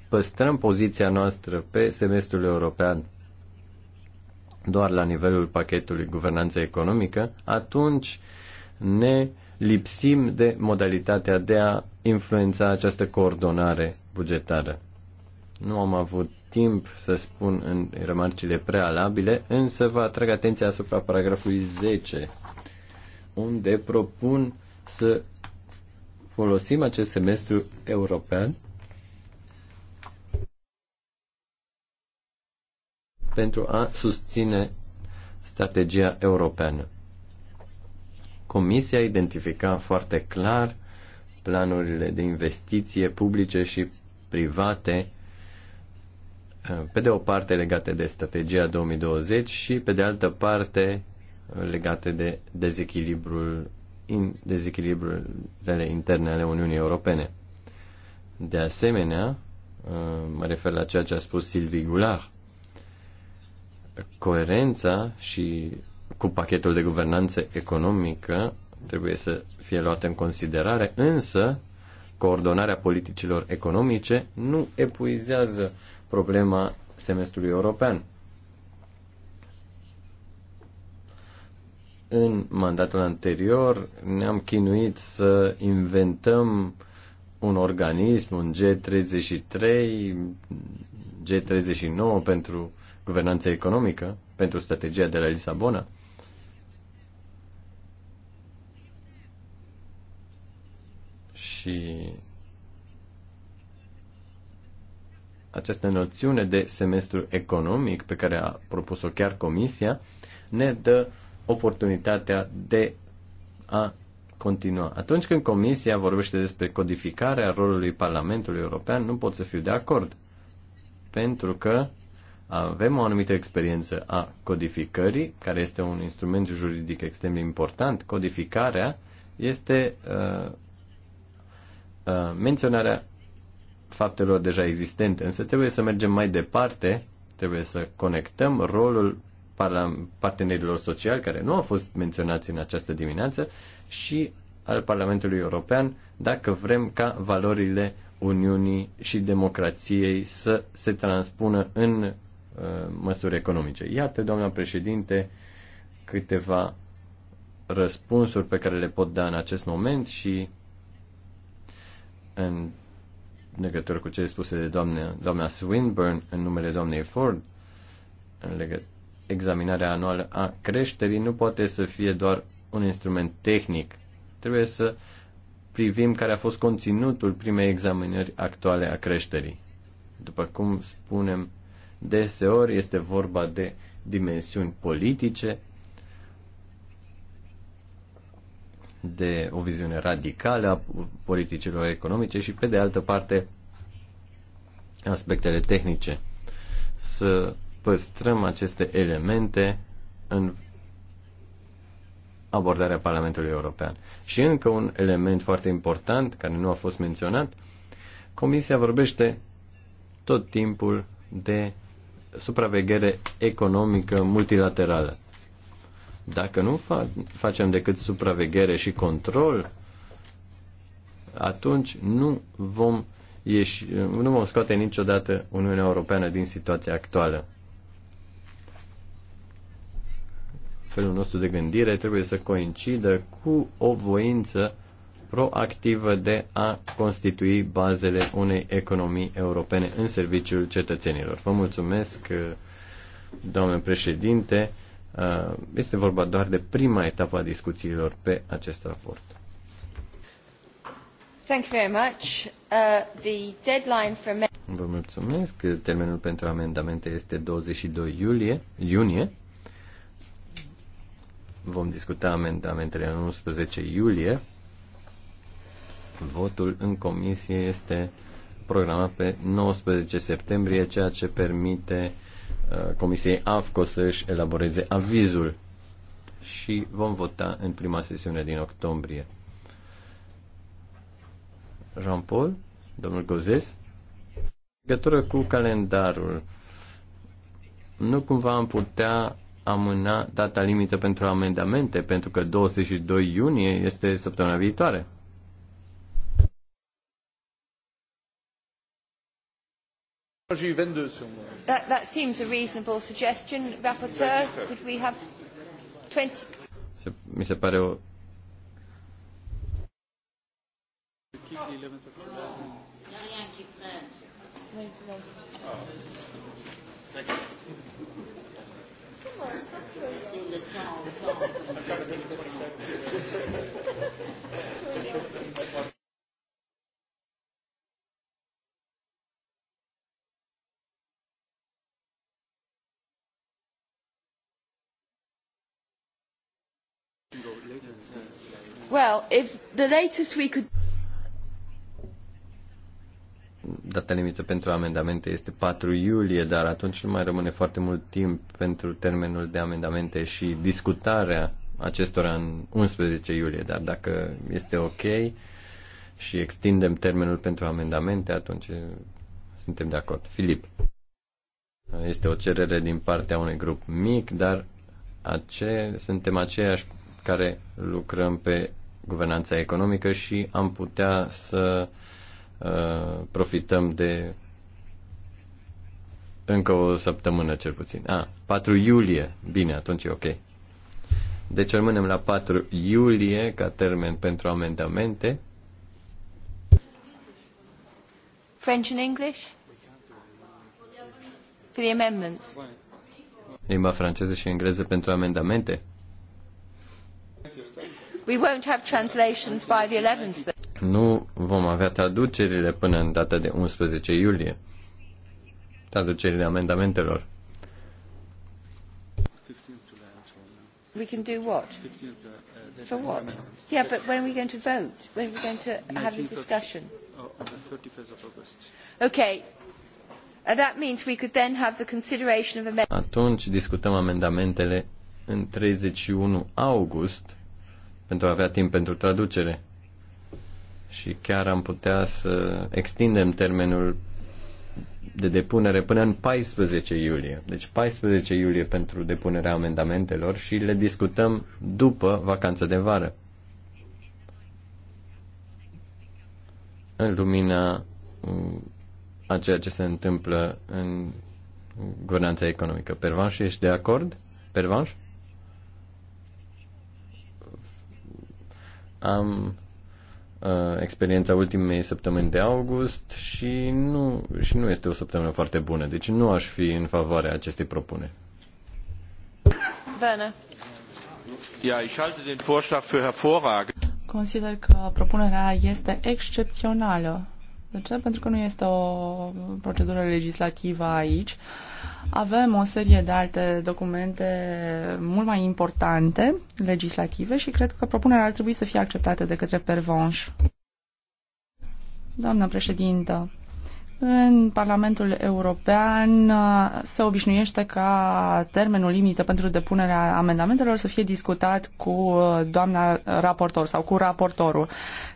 păstrăm poziția noastră pe semestrul european doar la nivelul pachetului guvernanță economică, atunci ne lipsim de modalitatea de a influența această coordonare bugetară. Nu am avut timp să spun în remarcile prealabile, însă vă atrag atenția asupra paragrafului 10, unde propun să folosim acest semestru european pentru a susține strategia europeană. Comisia identifica foarte clar planurile de investiție publice și private, uh, pe de o parte legate de strategia 2020 și pe de altă parte uh, legate de dezechilibrul, in, dezechilibrurile interne ale Uniunii Europene. De asemenea, uh, mă refer la ceea ce a spus Silvi Goulart, coerența și cu pachetul de guvernanță economică trebuie să fie luată în considerare, însă coordonarea politicilor economice nu epuizează problema semestrului european. În mandatul anterior ne-am chinuit să inventăm un organism, un G33, G39 pentru guvernanța economică, pentru strategia de la Lisabona. și această noțiune de semestru economic pe care a propus-o chiar Comisia ne dă oportunitatea de a continua. Atunci când Comisia vorbește despre codificarea rolului Parlamentului European, nu pot să fiu de acord. Pentru că avem o anumită experiență a codificării, care este un instrument juridic extrem de important. Codificarea este uh, Uh, menționarea faptelor deja existente, însă trebuie să mergem mai departe, trebuie să conectăm rolul partenerilor sociali care nu au fost menționați în această dimineață și al Parlamentului European dacă vrem ca valorile Uniunii și democrației să se transpună în uh, măsuri economice. Iată, doamna președinte, câteva răspunsuri pe care le pot da în acest moment și în legătură cu ce spuse de doamne, doamna Swinburne în numele doamnei Ford, în legătură examinarea anuală a creșterii nu poate să fie doar un instrument tehnic. Trebuie să privim care a fost conținutul primei examinări actuale a creșterii. După cum spunem, deseori este vorba de dimensiuni politice de o viziune radicală a politicilor economice și, pe de altă parte, aspectele tehnice. Să păstrăm aceste elemente în abordarea Parlamentului European. Și încă un element foarte important, care nu a fost menționat, Comisia vorbește tot timpul de supraveghere economică multilaterală. Dacă nu fa- facem decât supraveghere și control, atunci nu vom, ieși, nu vom scoate niciodată Uniunea Europeană din situația actuală. Felul nostru de gândire trebuie să coincidă cu o voință proactivă de a constitui bazele unei economii europene în serviciul cetățenilor. Vă mulțumesc, doamnă președinte. Uh, este vorba doar de prima etapă a discuțiilor pe acest raport. Thank you very much. Uh, the deadline for Vă mulțumesc. Termenul pentru amendamente este 22 iulie, iunie. Vom discuta amendamentele în 11 iulie. Votul în comisie este programat pe 19 septembrie, ceea ce permite uh, Uh, Comisiei AFCO să își elaboreze avizul și vom vota în prima sesiune din octombrie. Jean-Paul, domnul Gozes, legătură cu calendarul, nu cumva am putea amâna data limită pentru amendamente, pentru că 22 iunie este săptămâna viitoare. That, that seems a reasonable suggestion. Rapporteur, could we have 20? Mi se pare o... Well, if the latest we could... Data limită pentru amendamente este 4 iulie, dar atunci nu mai rămâne foarte mult timp pentru termenul de amendamente și discutarea acestora în 11 iulie. Dar dacă este ok și extindem termenul pentru amendamente, atunci suntem de acord. Filip. Este o cerere din partea unui grup mic, dar ace- suntem aceeași care lucrăm pe guvernanța economică și am putea să uh, profităm de încă o săptămână cel puțin. A, ah, 4 iulie. Bine, atunci e ok. Deci rămânem la 4 iulie ca termen pentru amendamente. French and English? For the amendments. Limba franceză și engleză pentru amendamente? We won't have translations by the 11th. Nu vom avea traducerile până în data de 11 iulie. Traducerile amendamentelor. We can do what? So what? Yeah, but when are we going to vote? When are we going to have a discussion? On the 31st of August. Okay. And uh, That means we could then have the consideration of amendments. Atunci discutăm amendamentele în 31 august pentru a avea timp pentru traducere. Și chiar am putea să extindem termenul de depunere până în 14 iulie. Deci 14 iulie pentru depunerea amendamentelor și le discutăm după vacanța de vară. În lumina mm, a ceea ce se întâmplă în guvernanța economică. Pervanș, ești de acord? Pervanș? Am uh, experiența ultimei săptămâni de august și nu, și nu este o săptămână foarte bună, deci nu aș fi în favoarea acestei propuneri. Bine. Ja, ich halte den Vorschlag für hervorragend. Consider că propunerea este excepțională. De deci, ce? Pentru că nu este o procedură legislativă aici. Avem o serie de alte documente mult mai importante, legislative, și cred că propunerea ar trebui să fie acceptată de către Pervonș. Doamna președintă, în Parlamentul European uh, se obișnuiește ca termenul limită pentru depunerea amendamentelor să fie discutat cu uh, doamna raportor sau cu raportorul.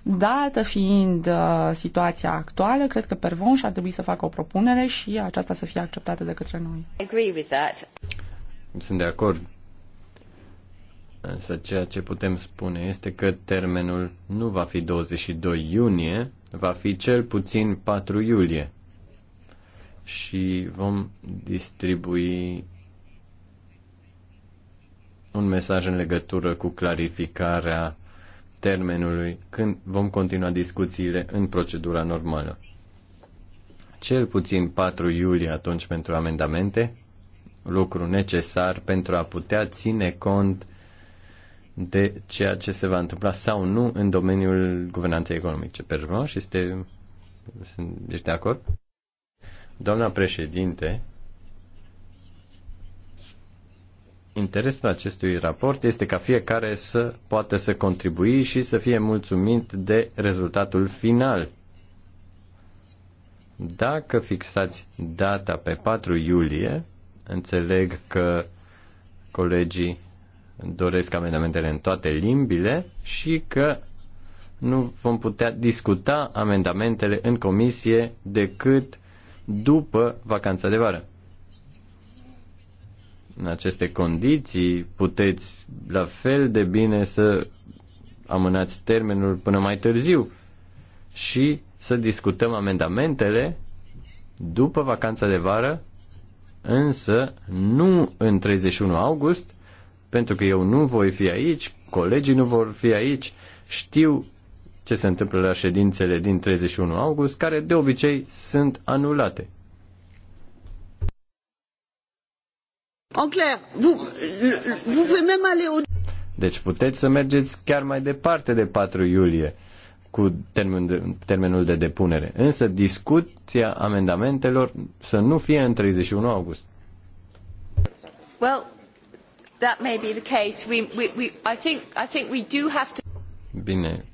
Dată fiind uh, situația actuală, cred că Pervonș ar trebui să facă o propunere și aceasta să fie acceptată de către noi. Sunt de acord. Însă ceea ce putem spune este că termenul nu va fi 22 iunie, va fi cel puțin 4 iulie și vom distribui un mesaj în legătură cu clarificarea termenului când vom continua discuțiile în procedura normală. Cel puțin 4 iulie atunci pentru amendamente, lucru necesar pentru a putea ține cont de ceea ce se va întâmpla sau nu în domeniul guvernanței economice. pe Și este, ești de acord? Doamna președinte, interesul acestui raport este ca fiecare să poată să contribui și să fie mulțumit de rezultatul final. Dacă fixați data pe 4 iulie, înțeleg că colegii doresc amendamentele în toate limbile și că nu vom putea discuta amendamentele în comisie decât după vacanța de vară. În aceste condiții puteți la fel de bine să amânați termenul până mai târziu și să discutăm amendamentele după vacanța de vară, însă nu în 31 august, pentru că eu nu voi fi aici, colegii nu vor fi aici, știu ce se întâmplă la ședințele din 31 august, care de obicei sunt anulate. En clair, vous, vous pouvez même aller au... Deci puteți să mergeți chiar mai departe de 4 iulie cu termen de, termenul de depunere. Însă discuția amendamentelor să nu fie în 31 august. Well, that may be the case. We, we, we, I think, I think we do have to... Bine,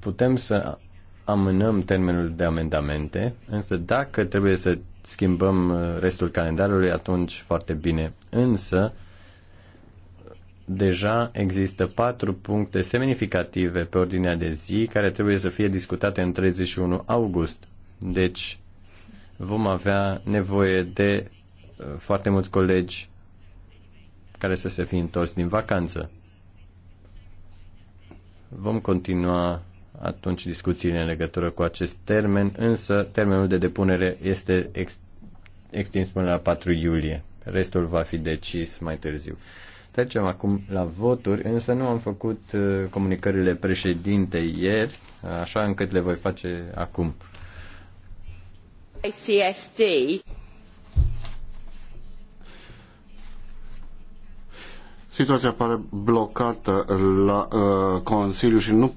putem să amânăm termenul de amendamente, însă dacă trebuie să schimbăm uh, restul calendarului, atunci foarte bine. Însă, deja există patru puncte semnificative pe ordinea de zi care trebuie să fie discutate în 31 august. Deci, vom avea nevoie de uh, foarte mulți colegi care să se fi întors din vacanță. Vom continua atunci discuțiile în legătură cu acest termen, însă termenul de depunere este ex- extins până la 4 iulie. Restul va fi decis mai târziu. Trecem acum la voturi, însă nu am făcut uh, comunicările președintei ieri, așa încât le voi face acum. ICSD. Situația pare blocată la uh, Consiliu și nu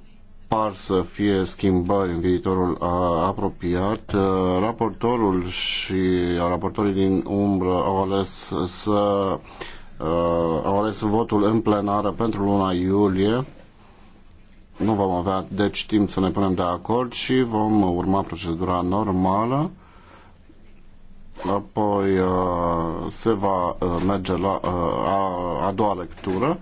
par să fie schimbări în viitorul apropiat. Raportorul și raportorii din umbră au ales să au ales votul în plenară pentru luna iulie. Nu vom avea deci timp să ne punem de acord și vom urma procedura normală. Apoi se va merge la a, a doua lectură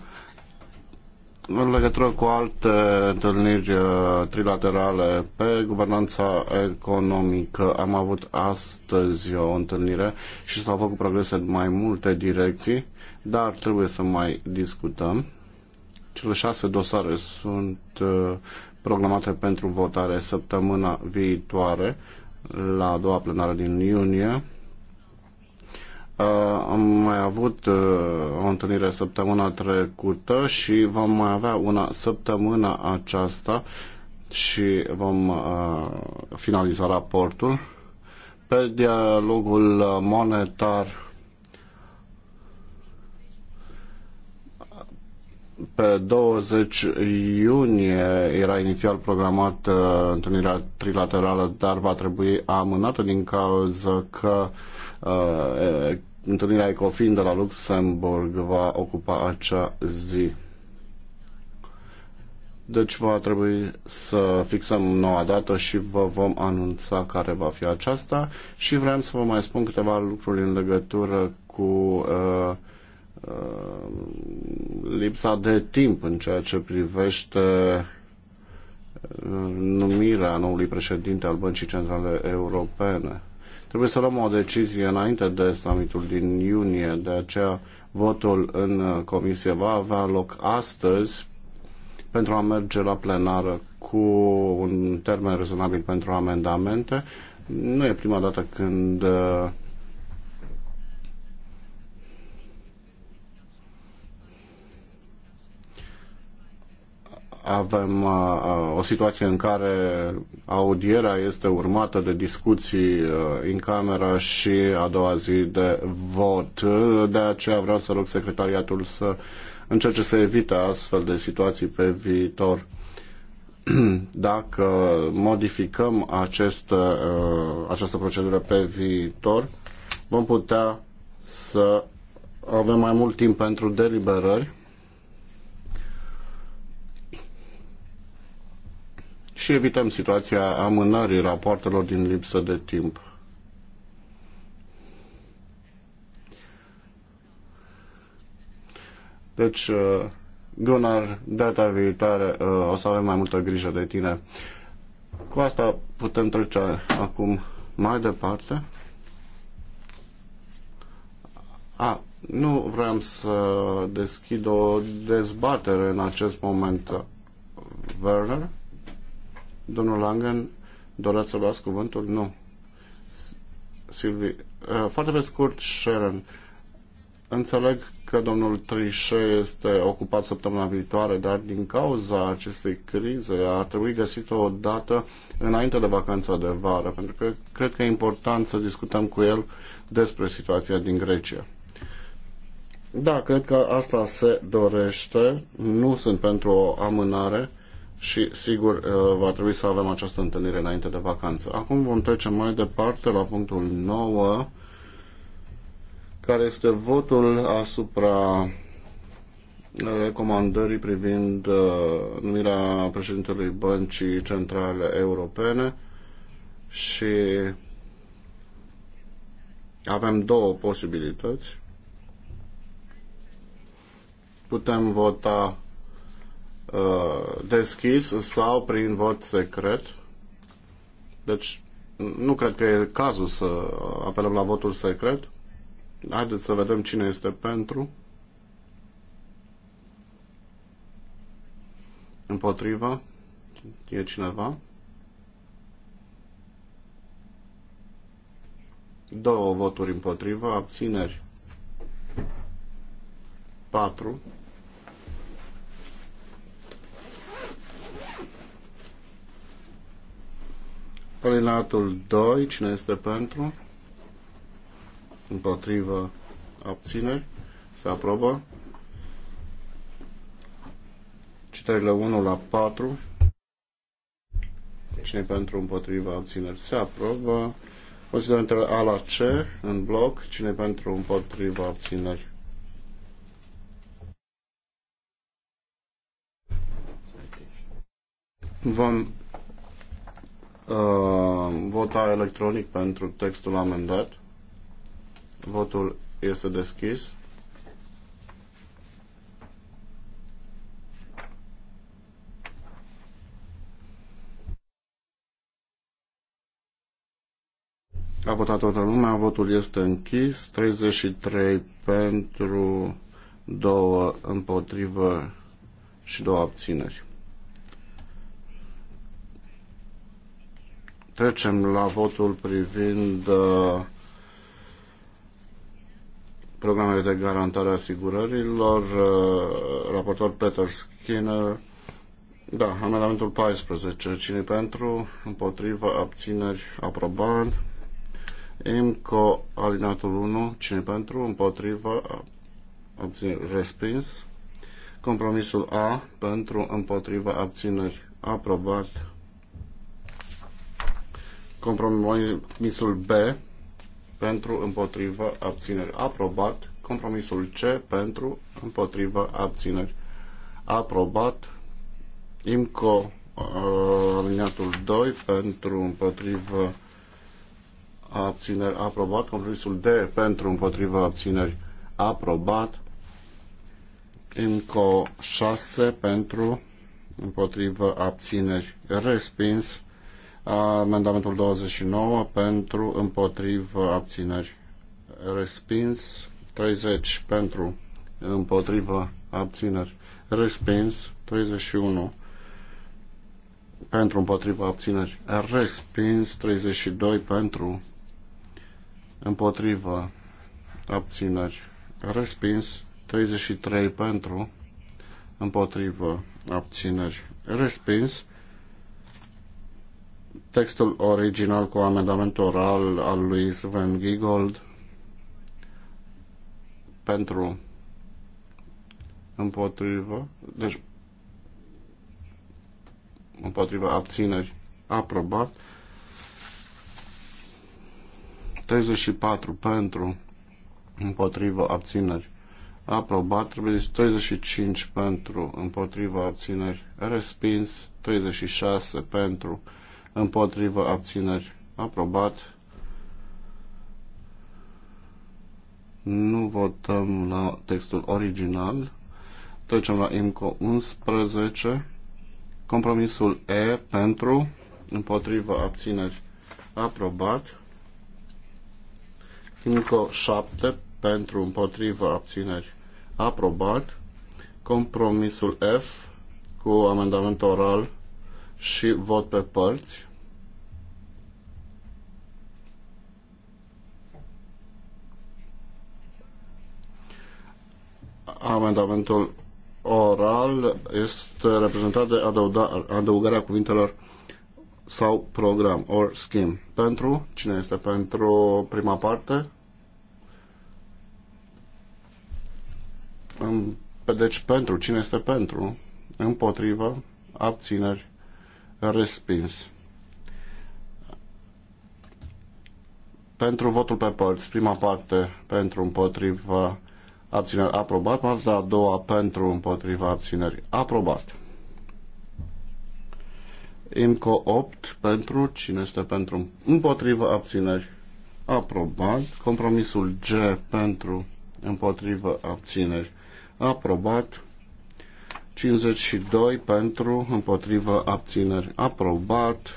în legătură cu alte întâlniri uh, trilaterale pe guvernanța economică, am avut astăzi o întâlnire și s-au făcut progrese în mai multe direcții, dar trebuie să mai discutăm. Cele șase dosare sunt uh, programate pentru votare săptămâna viitoare, la a doua plenară din iunie. Uh, am mai avut uh, o întâlnire săptămâna trecută și vom mai avea una săptămâna aceasta și vom uh, finaliza raportul. Pe dialogul monetar pe 20 iunie era inițial programat uh, întâlnirea trilaterală, dar va trebui amânată din cauza că uh, întâlnirea ECOFIN de la Luxemburg va ocupa acea zi. Deci va trebui să fixăm noua dată și vă vom anunța care va fi aceasta și vrem să vă mai spun câteva lucruri în legătură cu uh, uh, lipsa de timp în ceea ce privește uh, numirea noului președinte al Băncii Centrale Europene. Trebuie să luăm o decizie înainte de summitul din iunie, de aceea votul în uh, comisie va avea loc astăzi pentru a merge la plenară cu un termen rezonabil pentru amendamente. Nu e prima dată când uh, avem uh, uh, o situație în care audierea este urmată de discuții uh, în camera și a doua zi de vot. De aceea vreau să rog secretariatul să încerce să evite astfel de situații pe viitor. Dacă modificăm acest, această procedură pe viitor, vom putea să avem mai mult timp pentru deliberări și evităm situația amânării rapoartelor din lipsă de timp. Deci, uh, Gunnar, data viitoare uh, o să avem mai multă grijă de tine. Cu asta putem trece acum mai departe. A, nu vreau să deschid o dezbatere în acest moment, Werner. Domnul Langen, doreați să luați cuvântul? Nu. Silvi, uh, foarte pe scurt, Sharon, înțeleg că domnul Trișe este ocupat săptămâna viitoare, dar din cauza acestei crize ar trebui găsit o dată înainte de vacanța de vară, pentru că cred că e important să discutăm cu el despre situația din Grecia. Da, cred că asta se dorește. Nu sunt pentru o amânare și sigur uh, va trebui să avem această întâlnire înainte de vacanță. Acum vom trece mai departe la punctul 9 care este votul asupra recomandării privind uh, numirea președintelui Băncii Centrale Europene și avem două posibilități. Putem vota Uh, deschis sau prin vot secret. Deci nu cred că e cazul să apelăm la votul secret. Haideți să vedem cine este pentru. Împotriva? E cineva? Două voturi împotriva, abțineri. Patru. Alinatul 2, cine este pentru? Împotrivă, abțineri, se aprobă. Citările 1 la 4, cine pentru, împotrivă, abțineri, se aprobă. Considerentele A la C, în bloc, cine pentru, împotrivă, abțineri, vom Uh, vota electronic pentru textul amendat. Votul este deschis. A votat toată lumea, votul este închis, 33 pentru, 2 împotrivă și 2 abțineri. Trecem la votul privind uh, programele de garantare a asigurărilor. Uh, raportor Peter Skinner. Da, amendamentul 14. Cine pentru? Împotrivă? Abțineri? Aprobat. IMCO alinatul 1. Cine pentru? Împotrivă? Abțineri? Respins. Compromisul A pentru împotriva abțineri aprobat. Compromisul B pentru împotrivă abțineri aprobat. Compromisul C pentru împotrivă abțineri aprobat. IMCO uh, aliniatul 2 pentru împotrivă abțineri aprobat. Compromisul D pentru împotrivă abțineri aprobat. IMCO 6 pentru împotrivă abțineri respins. Amendamentul 29 pentru, împotrivă, abțineri. Respins. 30 pentru, împotrivă, abțineri. Respins. 31 pentru, împotrivă, abțineri. Respins. 32 pentru, împotrivă, abțineri. Respins. 33 pentru, împotrivă, abțineri. Respins textul original cu amendament oral al lui Sven Giegold pentru împotrivă, deci împotriva abțineri aprobat 34 pentru împotriva abțineri aprobat 35 pentru împotriva abțineri respins 36 pentru împotrivă, abțineri, aprobat. Nu votăm la textul original. Trecem la IMCO 11. Compromisul E pentru, împotrivă, abțineri, aprobat. IMCO 7 pentru, împotrivă, abțineri, aprobat. Compromisul F cu amendament oral și vot pe părți. Amendamentul oral este reprezentat de adăuga, adăugarea cuvintelor sau program or scheme. Pentru cine este pentru prima parte? Deci pentru cine este pentru? Împotrivă? Abțineri? respins. Pentru votul pe părți, prima parte pentru împotriva abțineri aprobat, partea a doua pentru împotriva abțineri aprobat. IMCO 8 pentru, cine este pentru împotriva abțineri aprobat. Compromisul G pentru împotriva abțineri aprobat. 52 pentru, împotrivă, abțineri. Aprobat.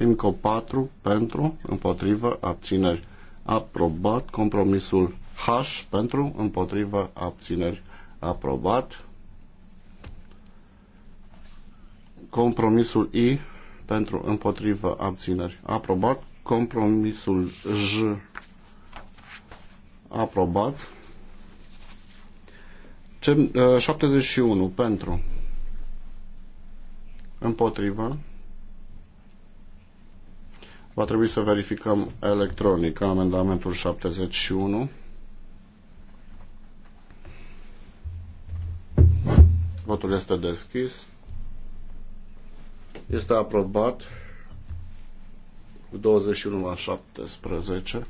IMCO 4 pentru, împotrivă, abțineri. Aprobat. Compromisul H pentru, împotrivă, abțineri. Aprobat. Compromisul I pentru, împotrivă, abțineri. Aprobat. Compromisul J aprobat. 71 uh, pentru împotrivă va trebui să verificăm electronic amendamentul 71 votul este deschis este aprobat cu 21 la 17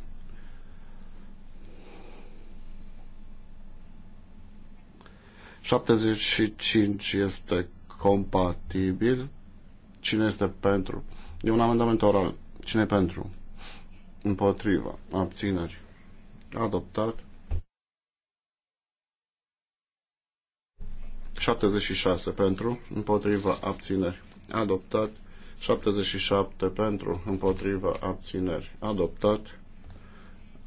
75 este compatibil. Cine este pentru? E un amendament oral. Cine pentru? Împotriva. Abțineri. Adoptat. 76 pentru, împotriva abțineri. Adoptat. 77 pentru, împotriva abțineri. Adoptat.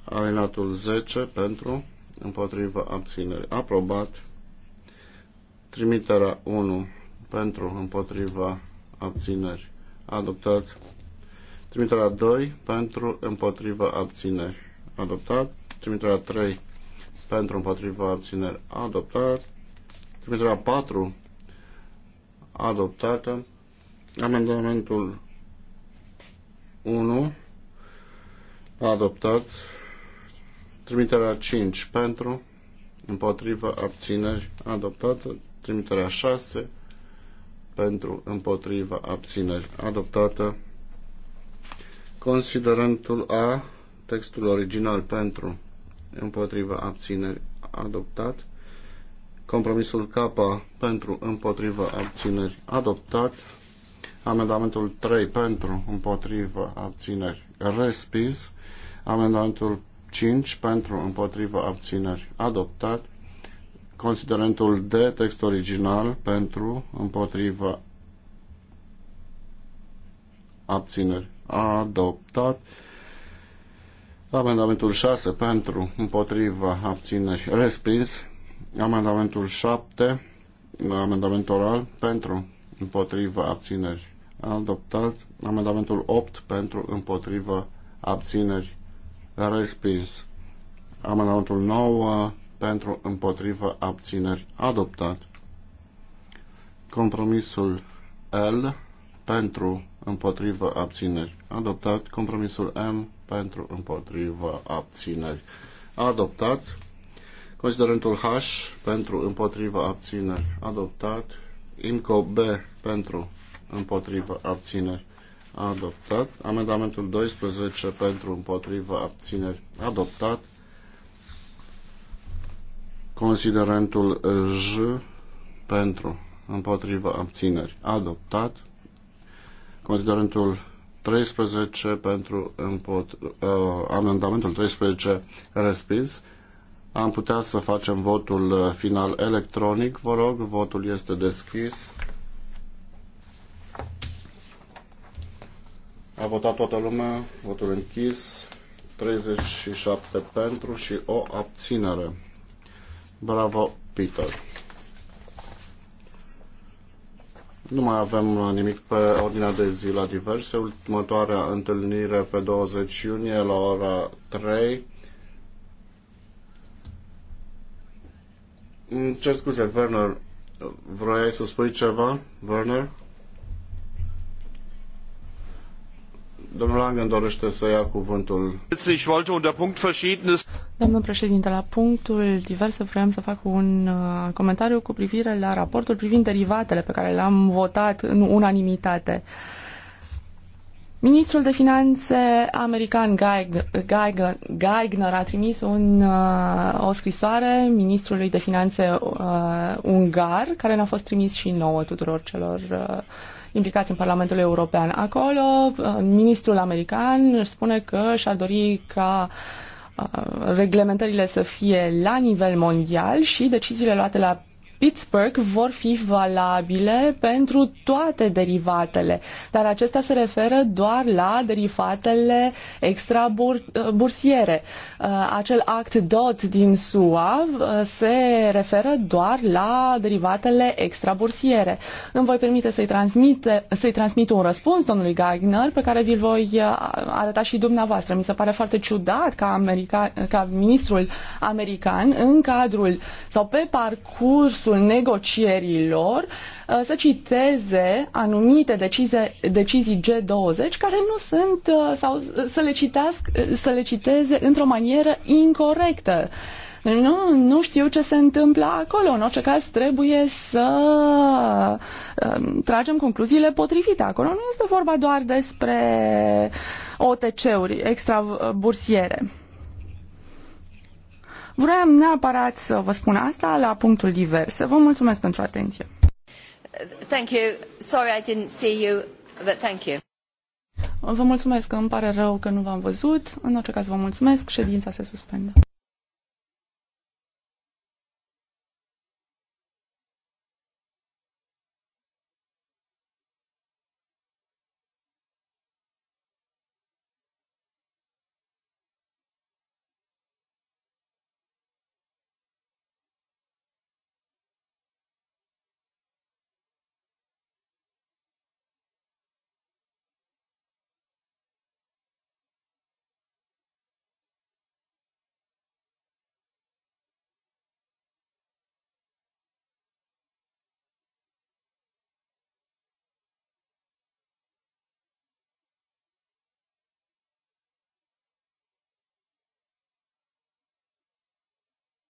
Alinatul 10 pentru, împotriva abțineri. Aprobat. Trimiterea 1 pentru împotriva abțineri adoptat. Trimiterea 2 pentru împotriva abțineri adoptat. Trimiterea 3 pentru împotriva abțineri adoptat. Trimiterea 4 adoptată. Amendamentul 1 adoptat. Trimiterea 5 pentru împotriva abțineri adoptată trimiterea 6 pentru împotriva abțineri adoptată considerentul A textul original pentru împotriva abțineri adoptat compromisul K pentru împotriva abțineri adoptat amendamentul 3 pentru împotriva abțineri respins amendamentul 5 pentru împotriva abțineri adoptat Considerentul de text original, pentru, împotriva, abțineri. Adoptat. Amendamentul 6 pentru, împotriva, abțineri, respins. Amendamentul 7, amendament oral, pentru, împotriva, abțineri, adoptat. Amendamentul 8 pentru, împotriva, abțineri, respins. Amendamentul 9 pentru împotrivă abțineri adoptat. Compromisul L pentru împotrivă abțineri adoptat. Compromisul M pentru împotrivă abțineri adoptat. Considerentul H pentru împotrivă abțineri adoptat. Inco B pentru împotrivă abțineri adoptat. Amendamentul 12 pentru împotrivă abțineri adoptat. Considerentul J pentru, împotriva abțineri adoptat. Considerentul 13 pentru împot, uh, amendamentul 13 respins. Am putea să facem votul final electronic, vă rog, votul este deschis. A votat toată lumea, votul închis, 37 pentru și o abținere. Bravo, Peter. Nu mai avem nimic pe ordinea de zi la diverse. Următoarea întâlnire pe 20 iunie la ora 3. Ce scuze, Werner, vrei să spui ceva, Werner? Domnul Langen dorește să ia cuvântul. Domnul președinte, la punctul diverse vreau să fac un uh, comentariu cu privire la raportul privind derivatele pe care l-am votat în unanimitate. Ministrul de Finanțe american Geigner a trimis un, uh, o scrisoare ministrului de Finanțe uh, ungar, care ne-a fost trimis și nouă tuturor celor uh, implicați în Parlamentul European. Acolo, uh, ministrul american își spune că și-ar dori ca uh, reglementările să fie la nivel mondial și deciziile luate la Pittsburgh vor fi valabile pentru toate derivatele, dar acestea se referă doar la derivatele extrabursiere. Uh, acel act DOT din SUA uh, se referă doar la derivatele extrabursiere. Îmi voi permite să-i, transmite, să-i transmit un răspuns domnului Gagner pe care vi-l voi uh, arăta și dumneavoastră. Mi se pare foarte ciudat ca, America, ca ministrul american în cadrul sau pe parcursul cursul negocierilor uh, să citeze anumite decize, decizii G20 care nu sunt uh, sau uh, să le, citească, să le citeze într-o manieră incorrectă. Deci nu, nu știu ce se întâmplă acolo. În orice caz, trebuie să um, tragem concluziile potrivite. Acolo nu este vorba doar despre OTC-uri extrabursiere. Vreau neapărat să vă spun asta la punctul divers. Vă mulțumesc pentru atenție. Thank you. Sorry I didn't see you, but thank you. Vă mulțumesc, că, îmi pare rău că nu v-am văzut. În orice caz vă mulțumesc, ședința se suspendă.